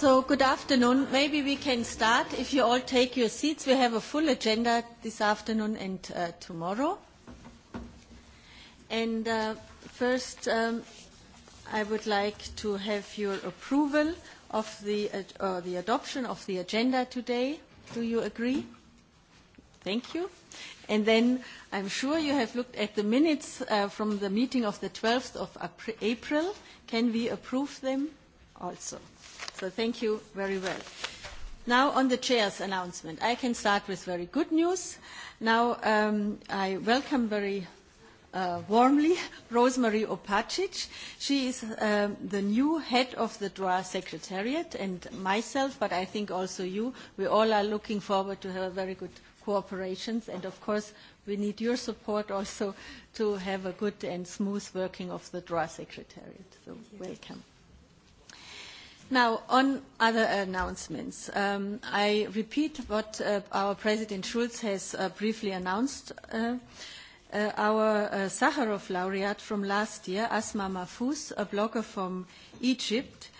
So, good afternoon. Maybe we can start if you all take your seats. We have a full agenda this afternoon and uh, tomorrow. And uh, first, um, I would like to have your approval of the, uh, uh, the adoption of the agenda today. Do you agree? Thank you. And then I'm sure you have looked at the minutes uh, from the meeting of the 12th of April. Can we approve them also? So thank you very well. Now on the chair's announcement. I can start with very good news. Now um, I welcome very uh, warmly Rosemary Opacic. She is um, the new head of the DRA Secretariat and myself, but I think also you. We all are looking forward to have a very good cooperations and of course we need your support also to have a good and smooth working of the DRA Secretariat. So welcome. Now, on other announcements, um, I repeat what uh, our President Schulz has uh, briefly announced. Uh, uh, our uh, Sakharov laureate from last year, Asma Mahfouz, a blogger from Egypt,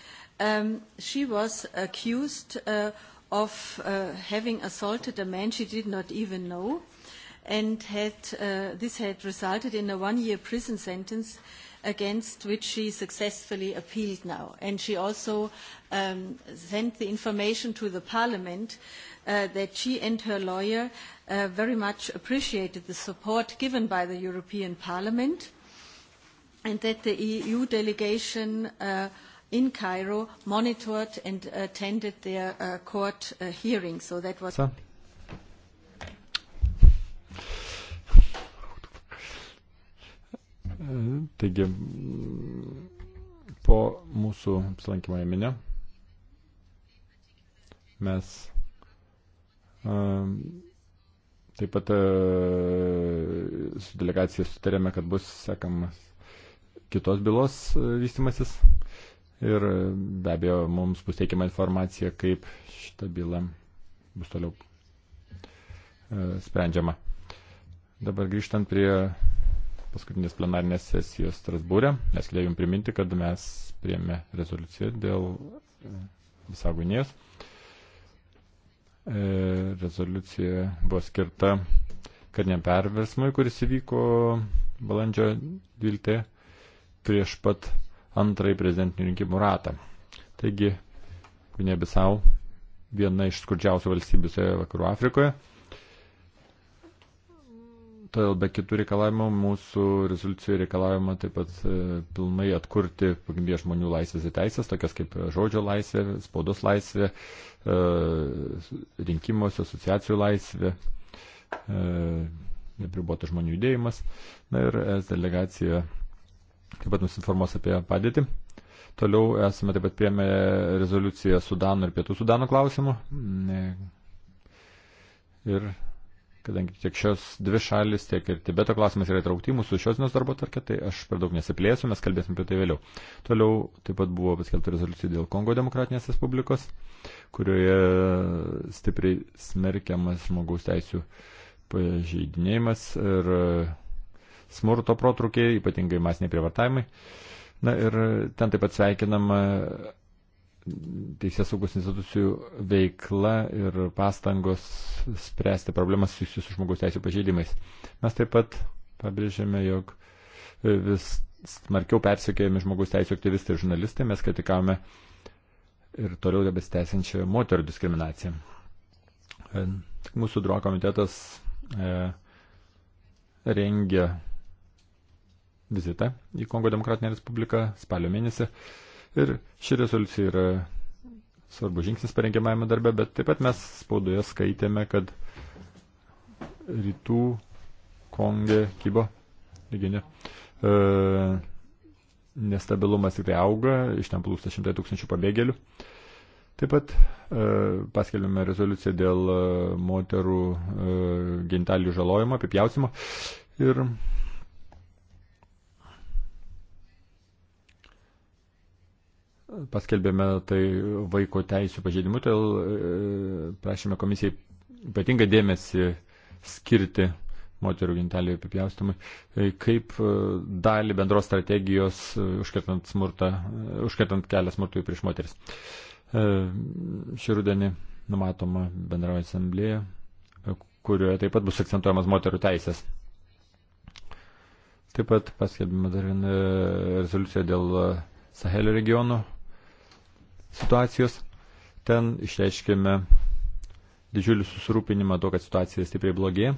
um, she was accused uh, of uh, having assaulted a man she did not even know, and had, uh, this had resulted in a one-year prison sentence uh, against which she successfully appealed now. And she also um, sent the information to the parliament uh, that she and her lawyer uh, very much appreciated the support given by the European Parliament and that the EU delegation uh, in Cairo monitored and attended their uh, court uh, hearing. So that was... So. Taigi, po mūsų apsilankimo Jemenė mes taip pat su delegacija sutarėme, kad bus sekamas kitos bylos vystimasis ir be abejo mums bus teikiama informacija, kaip šita byla bus toliau sprendžiama. Dabar grįžtant prie paskutinės plenarinės sesijos Strasbūrė. Leiskite jums priminti, kad mes priėmė rezoliuciją dėl e, visagunės. E, rezoliucija buvo skirta kariniam perversmui, kuris įvyko balandžio 12 prieš pat antrąjį prezidentinių rinkimų ratą. Taigi, Gvinė Bisau viena iš skurdžiausių valstybių vakarų Afrikoje. Todėl be kitų reikalavimų mūsų rezoliucijoje reikalavimo taip pat e, pilnai atkurti pagrindinės žmonių laisvės ir teisės, tokias kaip žodžio laisvė, spaudos laisvė, e, rinkimuose, asociacijų laisvė, e, nepribuotas žmonių judėjimas. Na ir es delegacija taip pat mus informuos apie padėtį. Toliau esame taip pat priemę rezoliuciją Sudano ir Pietų Sudano klausimų. Ir kadangi tiek šios dvi šalis, tiek ir Tibeto klausimas yra įtraukti mūsų šios dienos darbo tarkė, tai aš per daug nesiplėsiu, mes kalbėsim apie tai vėliau. Toliau taip pat buvo paskelbta rezoliucija dėl Kongo demokratinės Respublikos, kurioje stipriai smerkiamas žmogaus teisų pažeidinėjimas ir smurto protrukiai, ypatingai masiniai prievartavimai. Na ir ten taip pat sveikinama teisės saugos institucijų veikla ir pastangos spręsti problemas susijusius su žmogaus teisų pažeidimais. Mes taip pat pabrėžėme, jog vis smarkiau persikėjami žmogaus teisų aktyvistai ir žurnalistai, mes kritikavome ir toliau besitęsiančią moterų diskriminaciją. E, mūsų druo komitetas e, rengia vizitą į Kongo Demokratinę Respubliką spalio mėnesį. E, Ir ši rezoliucija yra svarbu žingsnis parengiamajame darbe, bet taip pat mes spaudoje skaitėme, kad rytų Konge kybo lyginė. E, nestabilumas tik tai auga, iš ten plūsta šimtai tūkstančių pabėgėlių. Taip pat e, paskelbėme rezoliuciją dėl e, moterų e, genitalių žalojimo, apipjausimo. Ir paskelbėme tai vaiko teisų pažeidimu, todėl e, prašėme komisijai ypatingą dėmesį skirti moterų gintalijų apipjaustimui, e, kaip e, dalį bendros strategijos užkertant, smurtą, užkertant kelią smurtui prieš moteris. Šį rudenį numatoma bendroji asamblėja, kurioje taip pat bus akcentuojamas moterų teisės. Taip pat paskelbėme dar vieną rezoliuciją dėl Sahelio regionų, situacijos. Ten išreiškėme didžiulį susirūpinimą to, kad situacija stipriai blogėja.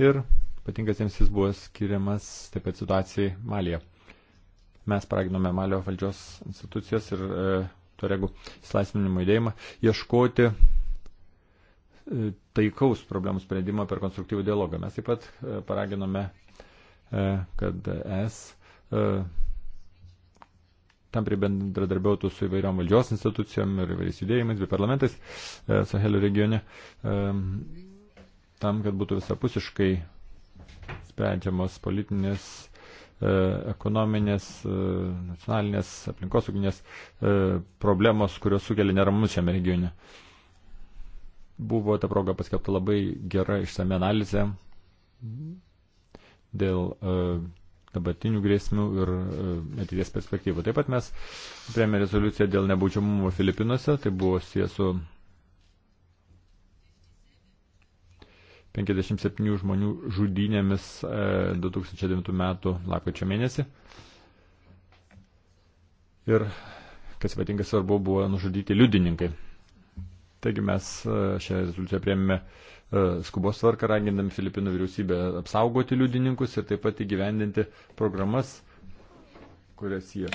Ir patinkas jiems jis buvo skiriamas taip pat situacijai Malija. Mes paraginome Malio valdžios institucijas ir e, toregų įsilaisvinimo judėjimą ieškoti e, taikaus problemų sprendimo per konstruktyvų dialogą. Mes taip pat e, paraginome, e, kad es tampriai bendradarbiautų su įvairiom valdžios institucijom ir įvairiais judėjimais bei parlamentais e, Sahelio regione, e, tam, kad būtų visapusiškai sprendžiamos politinės e, ekonominės, e, nacionalinės, aplinkosauginės e, problemos, kurios sukelia neramus šiame regione. Buvo ta proga paskelbta labai gera išsame analizė dėl dabartinių grėsmių ir e, ateities perspektyvų. Taip pat mes priemė rezoliuciją dėl nebūčiamumo Filipinuose, tai buvo sies su 57 žmonių žudynėmis 2009 e, metų lapkričio mėnesį. Ir, kas ypatingai svarbu, buvo nužudyti liudininkai. Taigi mes e, šią rezoliuciją priemėme E, skubos tvarką ragindami Filipinų vyriausybę apsaugoti liudininkus ir taip pat įgyvendinti programas, kurias jie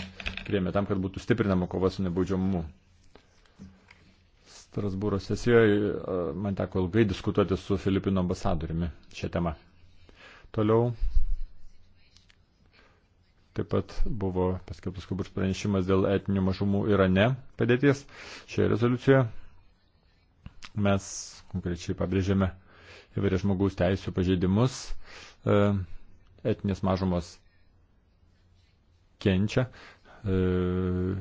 priemė tam, kad būtų stiprinama kova su nebaudžiamumu. Strasbūro sesijoje e, man teko ilgai diskutuoti su Filipino ambasadoriumi šią temą. Toliau taip pat buvo paskelbtas skubus pranešimas dėl etinių mažumų Irane padėties. Šioje rezoliucijoje mes konkrečiai pabrėžėme įvairias žmogaus teisų pažeidimus, e, etinės mažumos kenčia, e,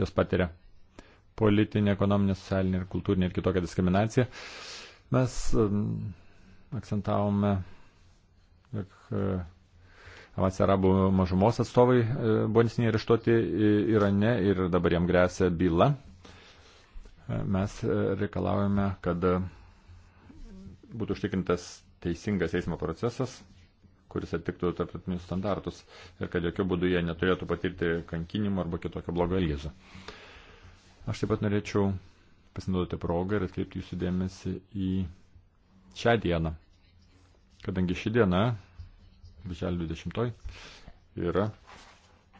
jos patiria politinė, ekonominė, socialinė ir kultūrinė ir kitokia diskriminacija. Mes e, akcentavome, jog Avats arabų mažumos atstovai buvo nesiniai areštuoti Irane ir dabar jam grėsia byla mes reikalaujame, kad būtų užtikrintas teisingas eismo procesas, kuris atitiktų tarptautinius standartus ir kad jokių būdų jie neturėtų patirti kankinimo arba kitokio blogo elgesio. Aš taip pat norėčiau pasinaudoti progą ir atkreipti jūsų dėmesį į šią dieną. Kadangi ši diena, birželio 20, yra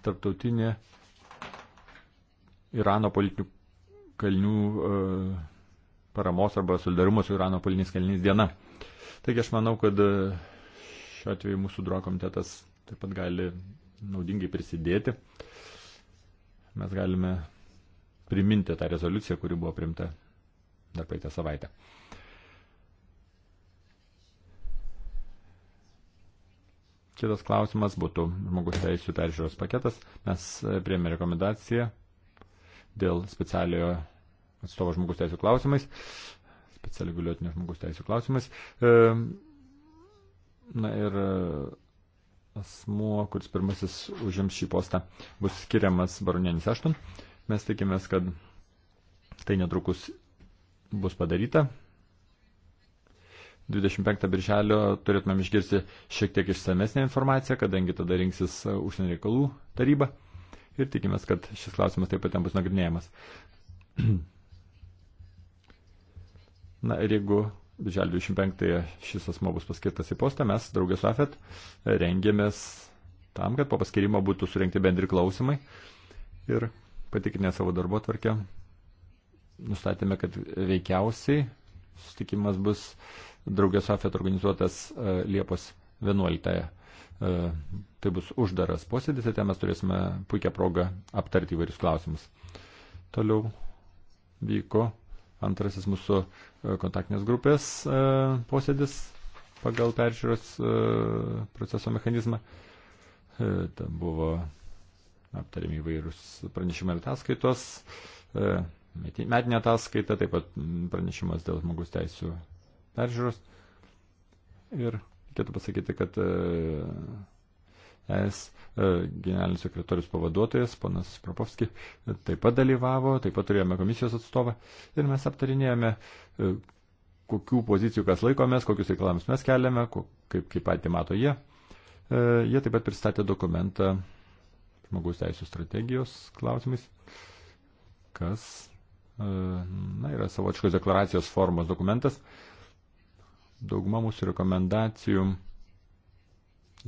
tarptautinė Irano politinių kalinių e, paramos arba solidarumo su Irano politinis kalinys diena. Taigi aš manau, kad e, šiuo atveju mūsų dro komitetas taip pat gali naudingai prisidėti. Mes galime priminti tą rezoliuciją, kuri buvo primta dar praeitą savaitę. Kitas klausimas būtų žmogus teisų peržiūros paketas. Mes priėmė rekomendaciją dėl specialiojo atstovo žmogus teisų klausimais, specialiai galiotinio žmogus teisų klausimais. E, na ir e, asmuo, kuris pirmasis užims šį postą, bus skiriamas baronienis Aštun. Mes tikimės, kad tai netrukus bus padaryta. 25 birželio turėtumėm išgirsti šiek tiek išsamesnę informaciją, kadangi tada rinksis e, užsienio reikalų taryba ir tikimės, kad šis klausimas taip pat ten bus nagrinėjamas. Na ir jeigu Birželio 25-ąją šis asmo bus paskirtas į postą, mes, draugės Rafet, rengėmės tam, kad po paskirimo būtų surinkti bendri klausimai ir patikrinę savo darbo tvarkę, nustatėme, kad veikiausiai sustikimas bus draugės Rafet organizuotas e, Liepos 11-ąją Tai bus uždaras posėdis ir ten mes turėsime puikią progą aptarti įvairius klausimus. Toliau vyko antrasis mūsų e, kontaktinės grupės e, posėdis pagal peržiūros e, proceso mechanizmą. Ten buvo aptarėm įvairius pranešimai ir ataskaitos, metinė ataskaita, taip pat pranešimas dėl žmogus teisų peržiūros. Ir reikėtų pasakyti, kad es e, generalinis sekretorius pavaduotojas, ponas Propovski, taip pat dalyvavo, taip pat turėjome komisijos atstovą ir mes aptarinėjome, e, kokių pozicijų kas laikomės, kokius reikalavimus mes keliame, kaip, kaip patį mato jie. E, jie taip pat pristatė dokumentą žmogaus teisų strategijos klausimais, kas na, yra savočios deklaracijos formos dokumentas. Dauguma mūsų rekomendacijų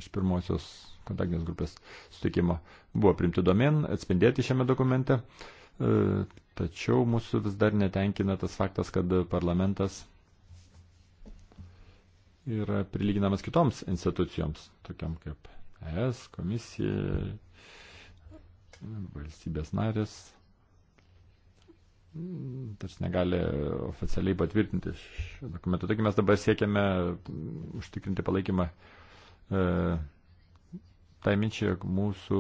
iš pirmosios kontaktinės grupės sutikimo buvo primti domen, atspindėti šiame dokumente. E, tačiau mūsų vis dar netenkina tas faktas, kad parlamentas yra prilyginamas kitoms institucijoms, tokiam kaip ES, komisija, valstybės narės. Tarsi negali oficialiai patvirtinti šio dokumento. Taigi mes dabar siekiame užtikrinti palaikymą e, tai minčiai, jog mūsų,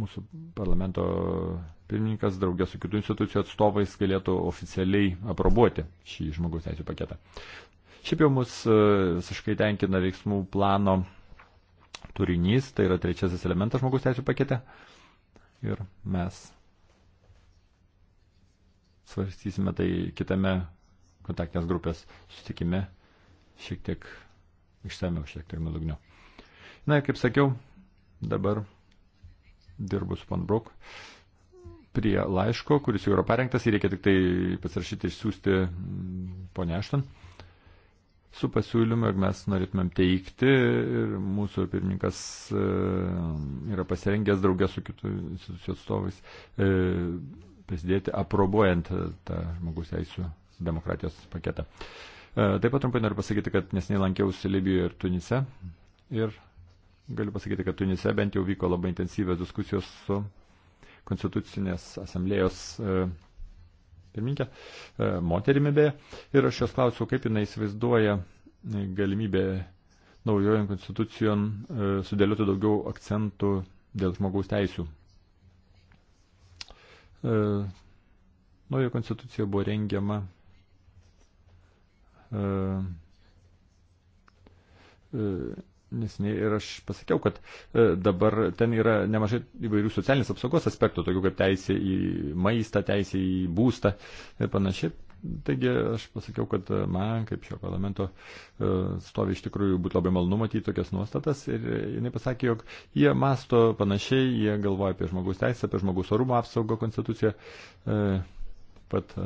mūsų parlamento pirmininkas draugė su kitų institucijų atstovais galėtų oficialiai aprobuoti šį žmogaus teisų paketą. Šiaip jau mus e, visiškai tenkina veiksmų plano turinys, tai yra trečiasis elementas žmogus teisų pakete. Ir mes svarstysime tai kitame kontaktinės grupės susitikime šiek tiek išsamiau šiek tiek nuodugniau. Na ir kaip sakiau, dabar dirbu su Pan Brook prie laiško, kuris jau yra parengtas ir reikia tik tai pasirašyti išsiųsti mm, ponia Ašton su pasiūlymu, jog mes norėtumėm teikti ir mūsų pirmininkas e, yra pasirengęs draugė su kitų institucijų atstovais e, prisidėti aprobuojant tą žmogus teisų demokratijos paketą. Uh, E, taip pat trumpai noriu pasakyti, kad nesiniai lankiausi Libijoje ir Tunise ir galiu pasakyti, kad Tunise bent jau vyko labai intensyvios diskusijos su Konstitucinės asamblėjos e, pirmininkė, e, moterimi beje, ir aš jos klausiau, kaip jinai įsivaizduoja galimybę naujojant konstitucijon sudėlioti daugiau akcentų dėl žmogaus teisių. Nauja konstitucija buvo rengiama E, e, nesiniai ir aš pasakiau, kad e, dabar ten yra nemažai įvairių socialinės apsaugos aspektų, tokių kaip teisė į maistą, teisė į būstą ir panašiai. Taigi aš pasakiau, kad man kaip šio parlamento stovi iš tikrųjų būtų labai malonu matyti tokias nuostatas ir jinai pasakė, jog jie masto panašiai, jie galvoja apie žmogaus teisę, apie žmogaus orumo apsaugą konstituciją. Pat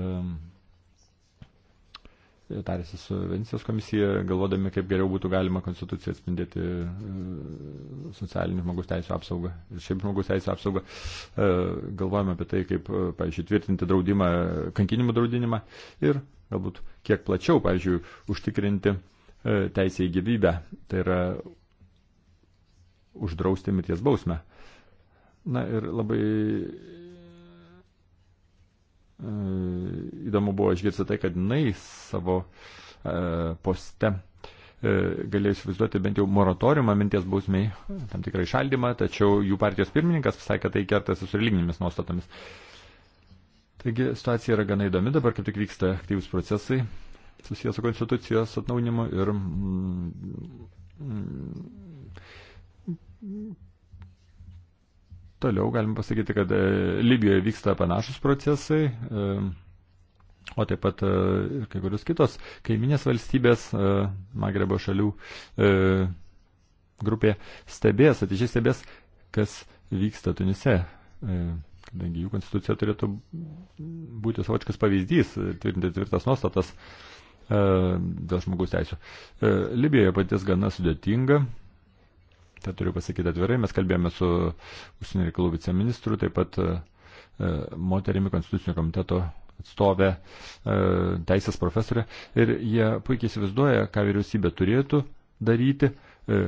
tarėsi su Venecijos komisija, galvodami, kaip geriau būtų galima konstituciją atspindėti e, socialinių žmogus teisų apsaugą. Ir šiaip žmogus teisų apsaugą e, galvojame apie tai, kaip, e, pavyzdžiui, tvirtinti draudimą, kankinimų draudinimą ir galbūt kiek plačiau, pavyzdžiui, užtikrinti teisę į gyvybę. Tai yra uždrausti mirties bausmę. Na ir labai E, įdomu buvo išgirsti tai, kad jinai savo e, poste e, galėjo įsivaizduoti bent jau moratoriumą minties bausmiai, tam tikrą išaldymą, tačiau jų partijos pirmininkas pasakė, kad tai kertasi su religinėmis nuostatomis. Taigi situacija yra gana įdomi, dabar kaip tik vyksta aktyvus procesai susijęs su konstitucijos atnaunimu ir mm, mm Toliau galim pasakyti, kad e, Libijoje vyksta panašus procesai, e, o taip pat e, ir kai kurios kitos kaiminės valstybės, Magrebo šalių grupė stebės, atidžiai stebės, kas vyksta Tunise kadangi jų konstitucija turėtų būti savočkas pavyzdys, tvirtinti tvirtas nuostatas e, dėl žmogaus teisų. E, Libijoje paties gana sudėtinga, Tai turiu pasakyti atvirai, mes kalbėjome su užsienio reikalų viceministru, taip pat e, e, moterimi konstitucinio komiteto atstovė, e, teisės profesorė. Ir jie puikiai įsivaizduoja, ką vyriausybė turėtų daryti. E,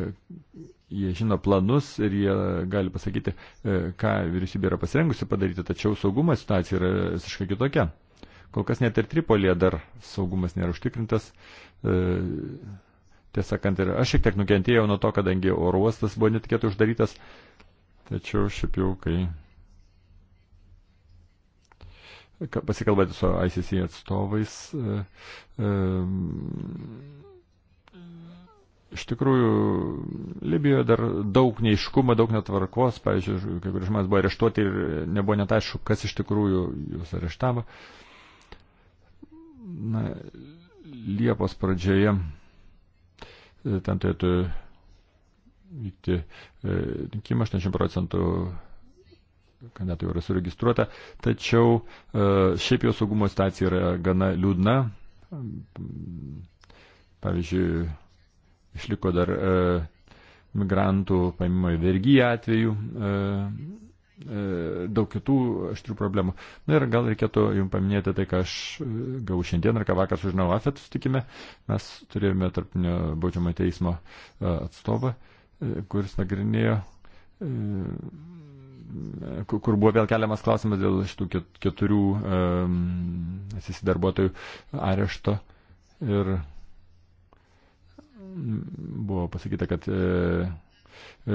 jie žino planus ir jie gali pasakyti, e, ką vyriausybė yra pasirengusi padaryti, tačiau saugumo situacija yra visiškai kitokia. Kol kas net ir Tripolėje dar saugumas nėra užtikrintas. E, Tiesąkant, ir aš šiek tiek nukentėjau nuo to, kadangi oro uostas buvo netikėtų uždarytas, tačiau šiaip jau, kai pasikalbėti su ICC atstovais, e, e, iš tikrųjų Libijoje dar daug neiškumo, daug netvarkos, pavyzdžiui, kai kurie žmonės buvo areštuoti ir nebuvo net aišku, kas iš tikrųjų juos areštavo. Na, Liepos pradžioje ten turėtų vykti e, rinkimai, 80 procentų kandidatų yra suregistruota, tačiau e, šiaip jau saugumo situacija yra gana liūdna. Pavyzdžiui, išliko dar e, migrantų paimimo į vergyją atveju E, daug kitų aštrių problemų. Na ir gal reikėtų jums paminėti tai, ką aš e, gau šiandien ar ką vakar sužinau AFET sutikime. Mes turėjome tarpinio baudžiamo teismo e, atstovą, kuris nagrinėjo, kur buvo vėl keliamas klausimas dėl šitų keturių įsidarbuotojų arešto. Ir buvo pasakyta, kad E,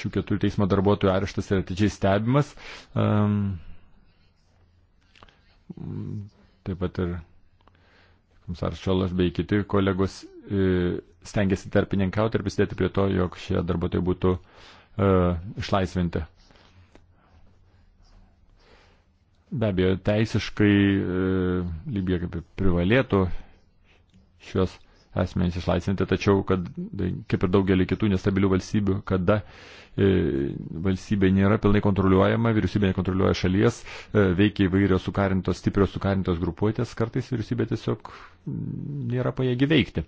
šių keturių teismo darbuotojų areštas yra atidžiai stebimas. Taip pat ir komisaras Čiolas bei kiti kolegos e, stengiasi tarpininkauti ir prisidėti prie to, jog šie darbuotojai būtų e, išlaisvinti. Be abejo, teisiškai Libija kaip ir privalėtų šios asmenys išlaisvinti, tačiau, kad, tai kaip ir daugelį kitų nestabilių valstybių, kada e, valstybė nėra pilnai kontroliuojama, vyriausybė nekontroliuoja šalies, e, veikia įvairios sukarintos, stiprios sukarintos grupuotės, kartais vyriausybė tiesiog nėra pajėgi veikti.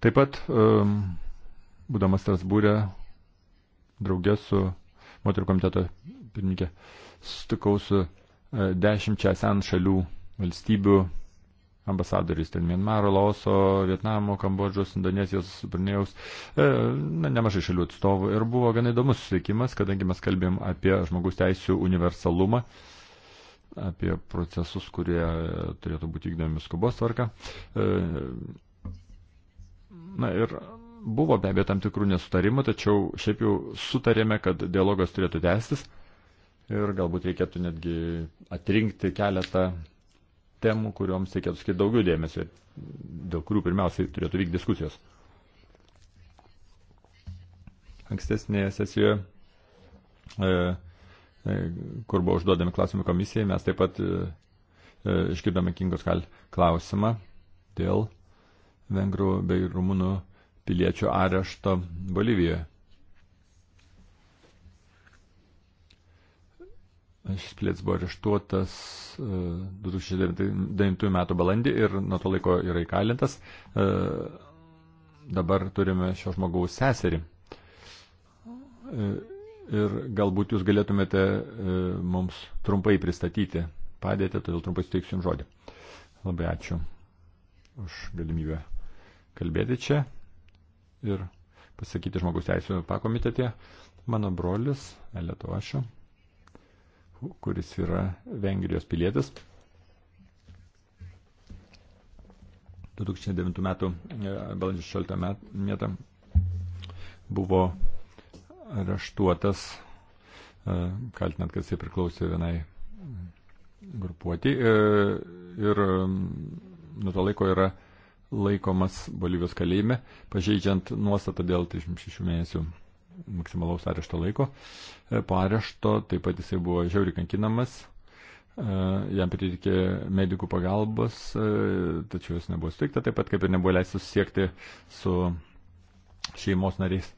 Taip pat, e, būdamas Strasbūrė, draugė su moterų komiteto pirmininkė, sutikau su e, dešimčia sen šalių valstybių ambasadoriais, ten Mienmaro, Laoso, Vietnamo, Kambodžos, Indonezijos, Brunėjaus, e, na, nemažai šalių atstovų. Ir buvo gana įdomus susitikimas, kadangi mes kalbėjom apie žmogus teisų universalumą, apie procesus, kurie turėtų būti vykdomi skubos tvarka. E, na ir buvo be abejo tam tikrų nesutarimų, tačiau šiaip jau sutarėme, kad dialogas turėtų tęstis. Ir galbūt reikėtų netgi atrinkti keletą temų, kuriuoms reikėtų skirti daugiau dėmesio ir dėl kurių pirmiausiai turėtų vykti diskusijos. Ankstesnėje sesijoje, e, e, kur buvo užduodami klausimai komisijai, mes taip pat e, išgirdome Kingos Kal klausimą dėl vengrų bei rumunų piliečių arešto Bolivijoje. Šis pilietis buvo areštuotas 2009 m. balandį ir nuo to laiko yra įkalintas. E, dabar turime šio žmogaus seserį. E, ir galbūt jūs galėtumėte e, mums trumpai pristatyti padėtį, todėl trumpai suteiksiu jums žodį. Labai ačiū už galimybę kalbėti čia ir pasakyti žmogus teisų pakomitetė. Mano brolis, Elėto Ašio, kuris yra Vengrijos pilietis. 2009 metų e, balandžio 16 metą buvo areštuotas, e, kaltinant, kad jisai priklausė vienai grupuoti e, ir mm, nuo to laiko yra laikomas Bolivijos kalėjime, pažeidžiant nuostatą dėl 36 mėnesių maksimalaus arešto laiko. E, po arešto taip pat jisai buvo žiauriai kankinamas, e, jam prireikė medikų pagalbos, e, tačiau jis nebuvo suteikta, taip pat kaip ir nebuvo leista susisiekti su šeimos nariais.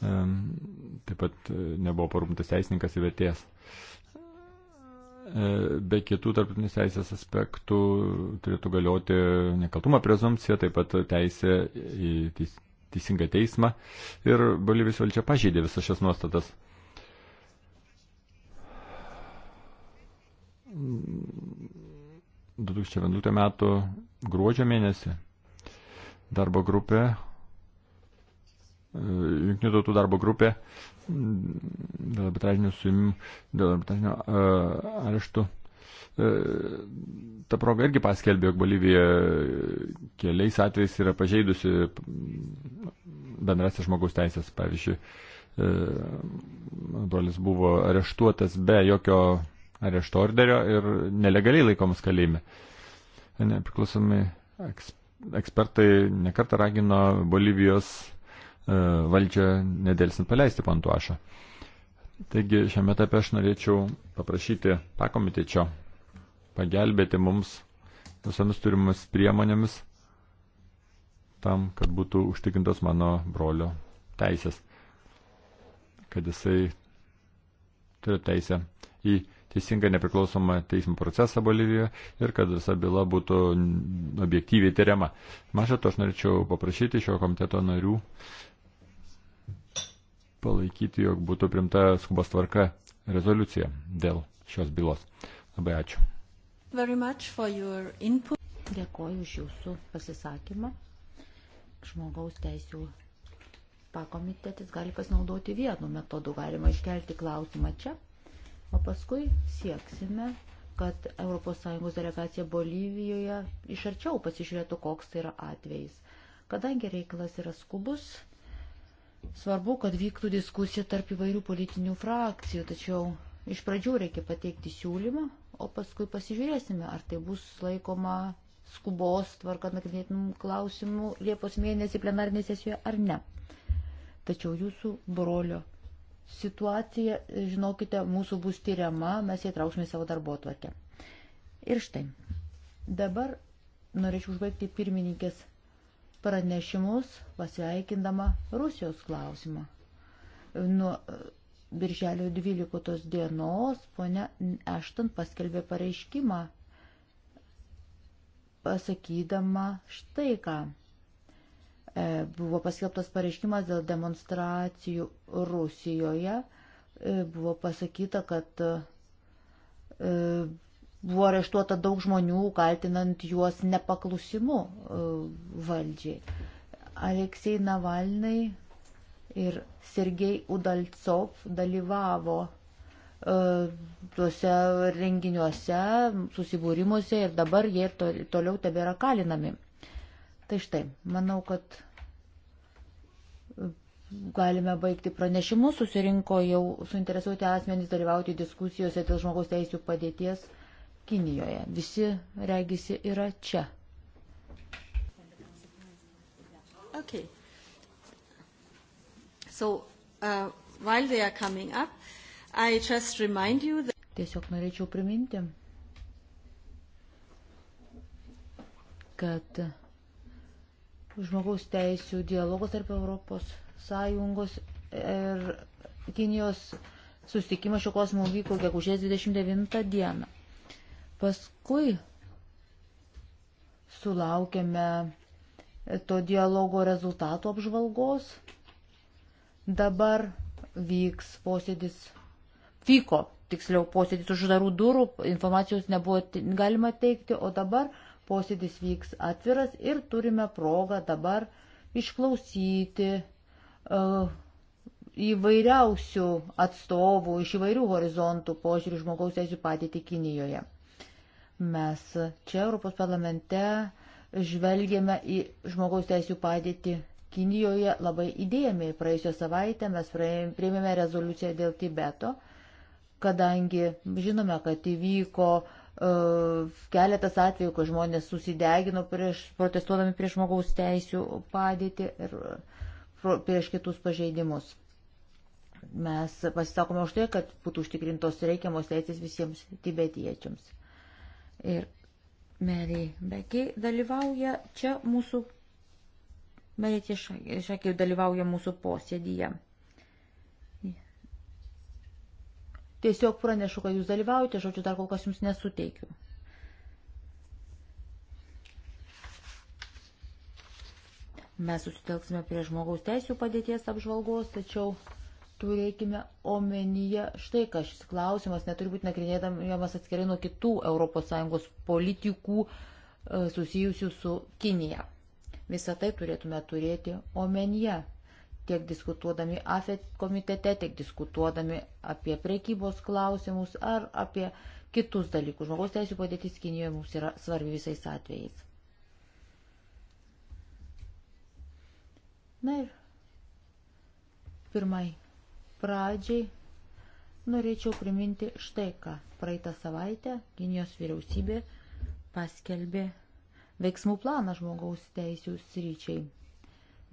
Taip pat nebuvo parūpintas teisininkas įvertėjas be kitų tarptautinės teisės aspektų turėtų galioti nekaltumo prezumcija, taip pat teisė į teis, teisingą teismą ir Bolivijos valdžia pažeidė visas šias nuostatas. Mm. 2011 metų gruodžio mėnesį darbo grupė, e, Junktinių tautų darbo grupė dėl arbitražinių suimimų, dėl arbitražinio e, areštų E, ta proga irgi paskelbė, jog Bolivija keliais atvejais yra pažeidusi bendrasis žmogaus teisės. Pavyzdžiui, e, brolis buvo areštuotas be jokio arešto orderio ir nelegaliai laikomas kalėjime. Nepriklausomi ekspertai nekartą ragino Bolivijos e, valdžią nedėlsint paleisti Pantuašą. Po Taigi šiame etape aš norėčiau paprašyti pakomitečio pagelbėti mums visomis turimomis priemonėmis tam, kad būtų užtikrintos mano brolio teisės, kad jisai turi teisę į teisingą nepriklausomą teismo procesą Bolivijoje ir kad visa byla būtų objektyviai tyriama. Maža to aš norėčiau paprašyti šio komiteto narių palaikyti, jog būtų primta skubos tvarka rezoliucija dėl šios bylos. Labai ačiū. Dėkoju už jūsų pasisakymą. Žmogaus teisų pakomitetis gali pasinaudoti vienu metodu, galima iškelti klausimą čia, o paskui sieksime, kad ES delegacija Bolivijoje iš arčiau pasižiūrėtų, koks tai yra atvejis. Kadangi reikalas yra skubus, Svarbu, kad vyktų diskusija tarp įvairių politinių frakcijų, tačiau iš pradžių reikia pateikti siūlymą, o paskui pasižiūrėsime, ar tai bus laikoma skubos tvarka nagrinėtinų klausimų Liepos mėnesį plenarinėje sesijoje ar ne. Tačiau jūsų brolio situacija, žinokite, mūsų bus tyriama, mes įtrauksime savo darbo tvarkę. Ir štai, dabar norėčiau užbaigti pirmininkės pranešimus pasveikindama Rusijos klausimą. Nuo e, Birželio 12 dienos ponia Ešton paskelbė pareiškimą pasakydama štai ką. E, buvo paskelbtas pareiškimas dėl demonstracijų Rusijoje. E, buvo pasakyta, kad e, Buvo areštuota daug žmonių, kaltinant juos nepaklusimu e, valdžiai. Aleksei Navalnai ir Sergei Udalcov dalyvavo e, tuose renginiuose, susibūrimuose ir dabar jie ir toliau tebėra kalinami. Tai štai, manau, kad e, galime baigti pranešimus, susirinko jau suinteresuoti asmenys dalyvauti diskusijose dėl žmogaus teisų padėties. Kinijoje. Visi, regisi, yra čia. Okay. So, uh, while they are coming up, I just remind you that... Tiesiog norėčiau priminti, kad žmogaus teisų dialogos tarp Europos Sąjungos ir Kinijos susitikimas šio klausimo vyko gegužės 29 dieną. Paskui sulaukėme to dialogo rezultatų apžvalgos. Dabar vyks posėdis, vyko tiksliau posėdis uždarų durų, informacijos nebuvo galima teikti, o dabar posėdis vyks atviras ir turime progą dabar išklausyti uh, įvairiausių atstovų iš įvairių horizontų požiūrių žmogaus teisų patį Kinijoje. Mes čia Europos parlamente žvelgėme į žmogaus teisų padėtį Kinijoje labai įdėmiai. Praėjusią savaitę mes priėmėme rezoliuciją dėl Tibeto, kadangi žinome, kad įvyko uh, keletas atvejų, kai žmonės susidegino prieš, protestuodami prieš žmogaus teisų padėtį ir prieš kitus pažeidimus. Mes pasisakome už tai, kad būtų užtikrintos reikiamos teisės visiems tibetiečiams ir Mary Becky dalyvauja čia mūsų, Mary Tiešakė dalyvauja mūsų posėdyje. Tiesiog pranešu, kad jūs dalyvaujate, žodžiu, dar kol kas jums nesuteikiu. Mes susitelksime prie žmogaus teisų padėties apžvalgos, tačiau turėkime omenyje štai, kad šis klausimas neturi būti nagrinėdamas atskirai nuo kitų ES politikų e, susijusių su Kinija. Visą tai turėtume turėti omenyje, tiek diskutuodami AFET komitete, tiek diskutuodami apie prekybos klausimus ar apie kitus dalykus. Žmogaus teisų padėtis Kinijoje mums yra svarbi visais atvejais. Na ir pirmai pradžiai norėčiau priminti štai ką. Praeitą savaitę Kinijos vyriausybė paskelbė veiksmų planą žmogaus teisų sryčiai.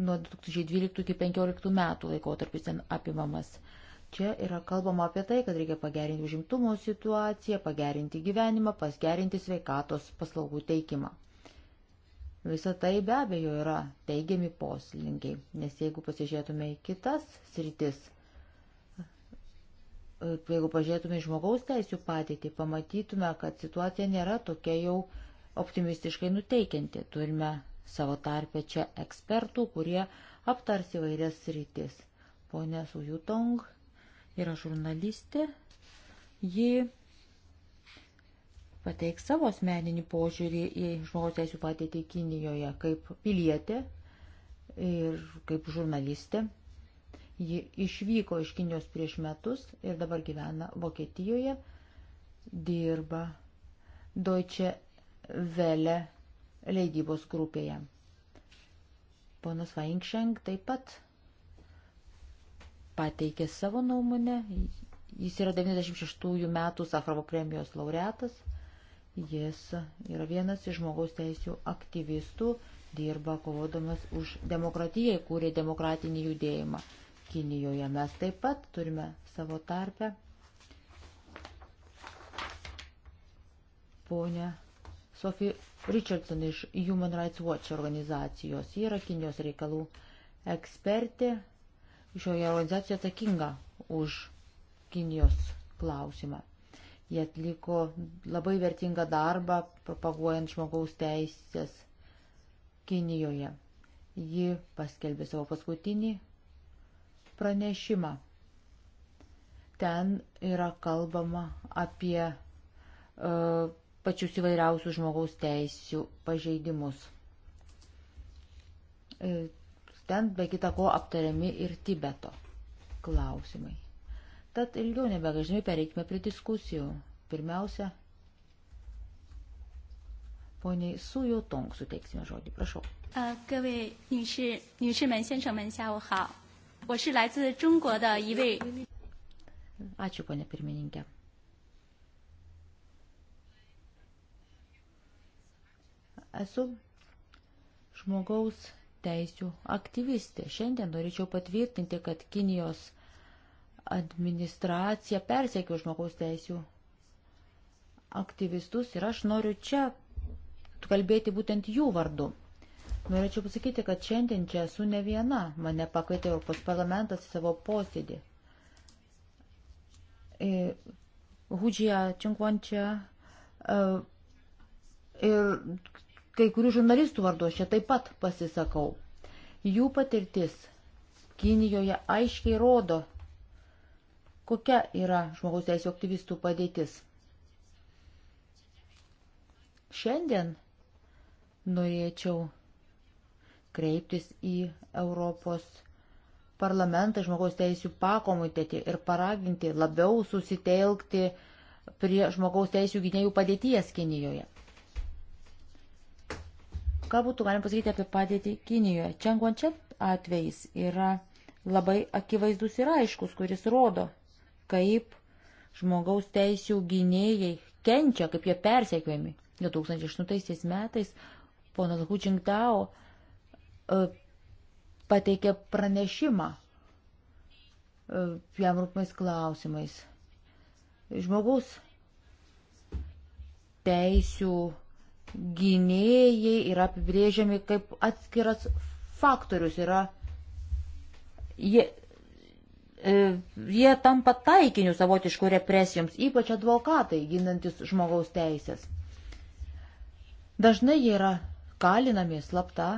Nuo 2012 iki 2015 metų laikotarpis ten apimamas. Čia yra kalbama apie tai, kad reikia pagerinti užimtumo situaciją, pagerinti gyvenimą, pasgerinti sveikatos paslaugų teikimą. Visą tai be abejo yra teigiami poslinkiai, nes jeigu pasižiūrėtume į kitas sritis, jeigu pažiūrėtume žmogaus teisų patirtį, pamatytume, kad situacija nėra tokia jau optimistiškai nuteikianti. Turime savo tarpę čia ekspertų, kurie aptars įvairias rytis. Pone Sujutong yra žurnalistė. Ji pateiks savo asmeninį požiūrį į žmogaus teisų patirtį Kinijoje kaip pilietė ir kaip žurnalistė. Ji išvyko iš Kinijos prieš metus ir dabar gyvena Vokietijoje, dirba Deutsche Welle leidybos grupėje. Ponas Vainkšeng taip pat pateikė savo nuomonę. Jis yra 96 metų Safrovo premijos laureatas. Jis yra vienas iš žmogaus teisų aktyvistų, dirba kovodamas už demokratiją, kūrė demokratinį judėjimą. Kinijoje. Mes taip pat turime savo tarpę. Pone Sophie Richardson iš Human Rights Watch organizacijos. Ji yra Kinijos reikalų ekspertė. Šioje organizacijoje atsakinga už Kinijos klausimą. Jie atliko labai vertingą darbą propaguojant žmogaus teisės Kinijoje. Ji paskelbė savo paskutinį pranešimą. Ten yra kalbama apie uh, pačius įvairiausius žmogaus teisų pažeidimus. E, ten be kita ko aptariami ir Tibeto klausimai. Tad ilgiau nebegažinai pereikime prie diskusijų. Pirmiausia, poniai Su Jotong suteiksime žodį. Prašau. Uh, Ačiū, ponė pirmininkė. Esu žmogaus teisių aktyvistė. Šiandien norėčiau patvirtinti, kad Kinijos administracija persiekė žmogaus teisių aktyvistus ir aš noriu čia kalbėti būtent jų vardu. Norėčiau pasakyti, kad šiandien čia esu ne viena. Mane pakvietė Europos parlamentas į savo posėdį. E, Hudžia Činkvančia e, ir kai kurių žurnalistų vardu aš čia taip pat pasisakau. Jų patirtis Kinijoje aiškiai rodo, kokia yra žmogaus teisų aktyvistų padėtis. Šiandien norėčiau kreiptis į Europos parlamentą, žmogaus teisų pakomitetį ir paraginti labiau susitelkti prie žmogaus teisų gynėjų padėties Kinijoje. Ką būtų galima pasakyti apie padėtį Kinijoje? Čenguančiat atvejs yra labai akivaizdus ir aiškus, kuris rodo, kaip žmogaus teisų gynėjai kenčia, kaip jie persekiojami. 2008 metais ponas Hu Jingtao E, pateikė pranešimą e, jam rūpimais klausimais. Žmogaus teisių gynėjai yra apibrėžiami kaip atskiras faktorius. Yra, jie, e, jie tampa taikiniu savotiškų represijoms, ypač advokatai ginantis žmogaus teisės. Dažnai jie yra kalinami slapta,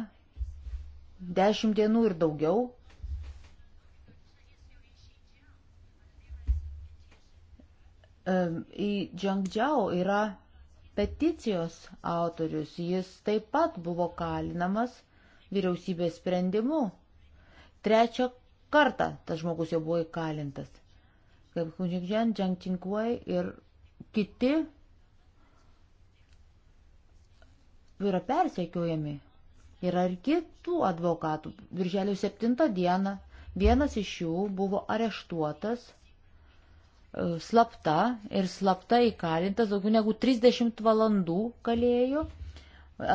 dešimt dienų ir daugiau. Į Džangdžiau yra peticijos autorius, jis taip pat buvo kalinamas vyriausybės sprendimu. Trečią kartą tas žmogus jau buvo įkalintas. Kaip Hunžikžian, Džangčinkuai ir kiti yra persekiojami Yra ir kitų advokatų. Birželio 7 dieną vienas iš jų buvo areštuotas e, slapta ir slapta įkalintas daugiau negu 30 valandų kalėjo.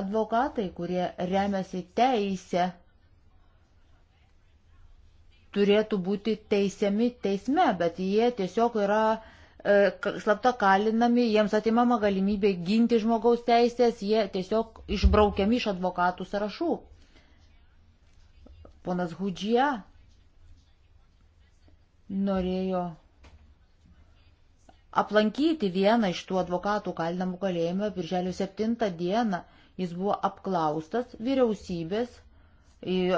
Advokatai, kurie remiasi teisę, turėtų būti teisiami teisme, bet jie tiesiog yra E, slapta kalinami, jiems atimama galimybė ginti žmogaus teisės, jie tiesiog išbraukiami iš advokatų sąrašų. Ponas Hudžija norėjo aplankyti vieną iš tų advokatų kalinamų kalėjime birželio 7 dieną. Jis buvo apklaustas vyriausybės,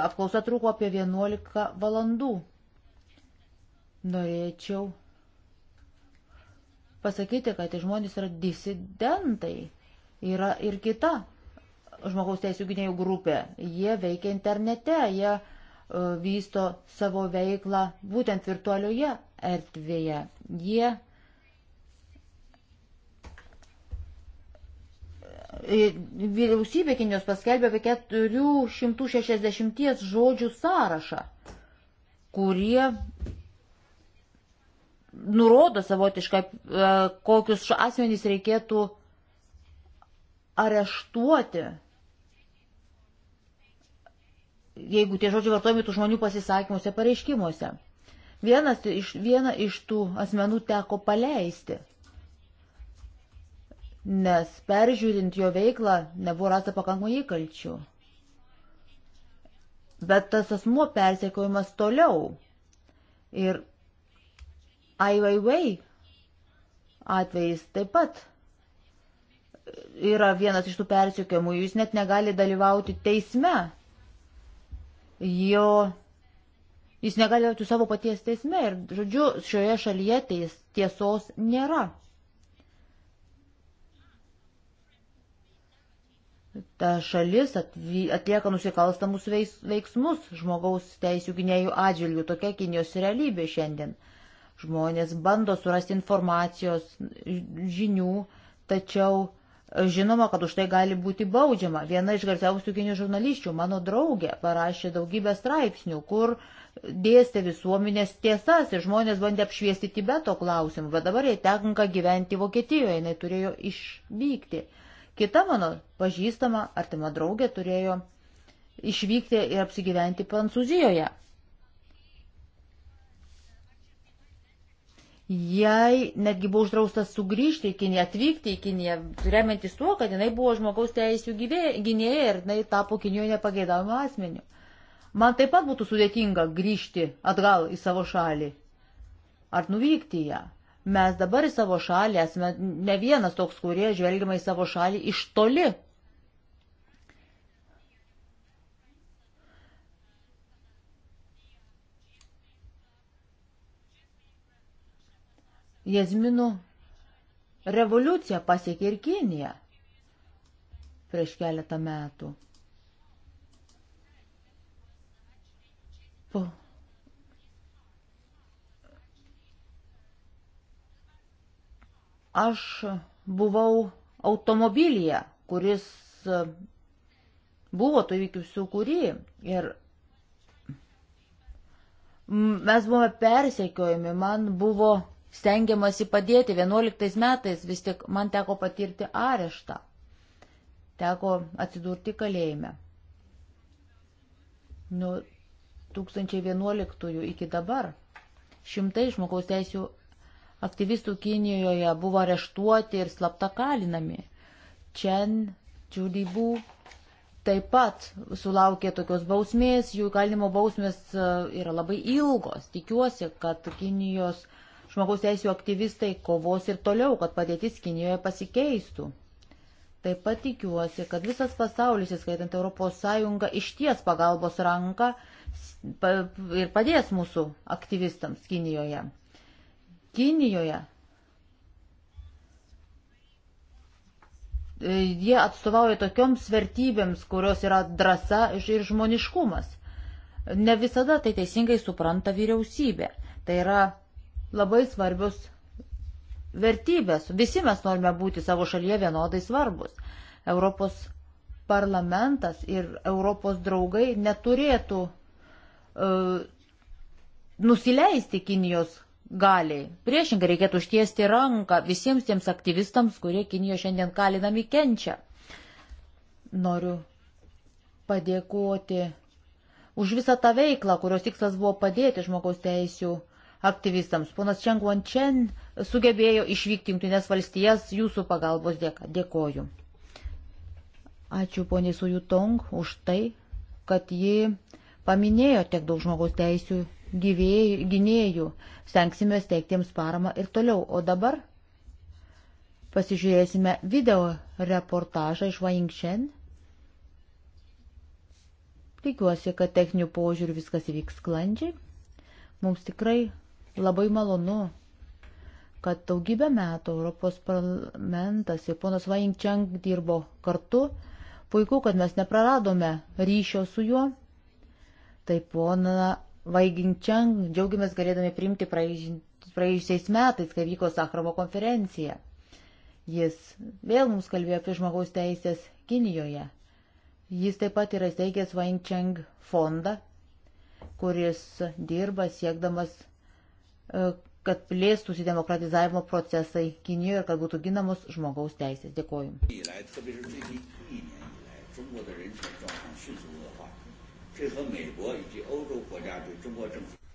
apklausa truko apie 11 valandų. Norėčiau pasakyti, kad tie žmonės yra disidentai. Yra ir kita žmogaus teisų gynėjų grupė. Jie veikia internete, jie uh, vysto savo veiklą būtent virtualioje erdvėje. Jie e, Vyriausybė Kinijos paskelbė apie 460 žodžių sąrašą, kurie nurodo savotiškai, e, kokius asmenys reikėtų areštuoti. Jeigu tie žodžiai vartojami tų žmonių pasisakymuose, pareiškimuose. Vienas iš, vieną iš tų asmenų teko paleisti, nes peržiūrint jo veiklą nebuvo rasta pakankamai įkalčių. Bet tas asmuo persekiojimas toliau. Ir Ai Weiwei atvejais taip pat yra vienas iš tų persiekiamų, jis net negali dalyvauti teisme. Jo, jis negali dalyvauti savo paties teisme ir, žodžiu, šioje šalyje teis, tiesos nėra. Ta šalis atvy, atlieka nusikalstamus veiks, veiksmus žmogaus teisų gynėjų atžvilgių. Tokia Kinijos realybė šiandien. Uh, Žmonės bando surasti informacijos, žinių, tačiau e, žinoma, kad už tai gali būti baudžiama. Viena iš garsiausių kinių žurnalisčių, mano draugė, parašė daugybę straipsnių, kur dėstė visuomenės tiesas ir žmonės bandė apšviesti Tibeto klausimų, bet dabar jai tenka gyventi Vokietijoje, jinai turėjo išvykti. Kita mano pažįstama, artima draugė turėjo išvykti ir apsigyventi Prancūzijoje. Jai netgi buvo uždraustas sugrįžti į Kiniją, atvykti į Kiniją, remiantis tuo, kad jinai buvo žmogaus teisų gynėja ir jinai tapo Kinijoje nepageidavimo asmeniu. Man taip pat būtų sudėtinga grįžti atgal į savo šalį ar nuvykti ją. Mes dabar į savo šalį esame ne vienas toks, kurie žvelgiama į savo šalį iš toli, Jazminų revoliucija pasiekė ir Kiniją prieš keletą metų. Po. Aš buvau automobilyje, kuris e, buvo to įvykių sukūry ir mes buvome persekiojami, man buvo stengiamasi padėti. 11 metais vis tik man teko patirti areštą. Teko atsidurti kalėjime. Nuo 2011 iki dabar šimtai žmogaus teisų aktyvistų Kinijoje buvo areštuoti ir slapta kalinami. Čen, Čiudybu taip pat sulaukė tokios bausmės, jų kalinimo bausmės e, yra labai ilgos. Tikiuosi, kad Kinijos uh, Žmogaus teisų aktyvistai kovos ir toliau, kad padėtis Kinijoje pasikeistų. Taip pat tikiuosi, kad visas pasaulis, įskaitant ES, išties pagalbos ranką ir padės mūsų aktyvistams Kinijoje. Kinijoje e, jie atstovauja tokioms vertybėms, kurios yra drąsa ir žmoniškumas. Ne visada tai teisingai supranta vyriausybė. Tai yra labai svarbios vertybės. Visi mes norime būti savo šalyje vienodai svarbus. Europos parlamentas ir Europos draugai neturėtų uh, nusileisti Kinijos galiai. Priešingai reikėtų ištiesti ranką visiems tiems aktyvistams, kurie Kinijoje šiandien kalinami kenčia. Noriu padėkoti už visą tą veiklą, kurios tikslas buvo padėti žmogaus teisų uh, aktyvistams. Ponas Čeng Wančen sugebėjo išvykti Junktinės valstijas jūsų pagalbos dėka. Dėkoju. Ačiū poniai Sujutong už tai, kad ji paminėjo tiek daug žmogaus teisių gyvėjų, gynėjų. Stengsime steiktiems paramą ir toliau. O dabar pasižiūrėsime video reportažą iš Vaingšen. Tikiuosi, kad techninių požiūrių viskas vyks sklandžiai. Mums tikrai Labai malonu, kad daugybę metų Europos parlamentas ir ponas Vainkčiang dirbo kartu. Puiku, kad mes nepraradome ryšio su juo. Tai pona Vaiginkčiang džiaugiamės galėdami priimti praėjusiais metais, kai vyko Sakrovo konferencija. Jis vėl mums kalbėjo apie žmogaus teisės Kinijoje. Jis taip pat yra steigęs Vainčiang fondą, kuris dirba siekdamas E, kad plėstųsi demokratizavimo procesai Kinijoje ir kad būtų ginamos žmogaus teisės. Dėkoju.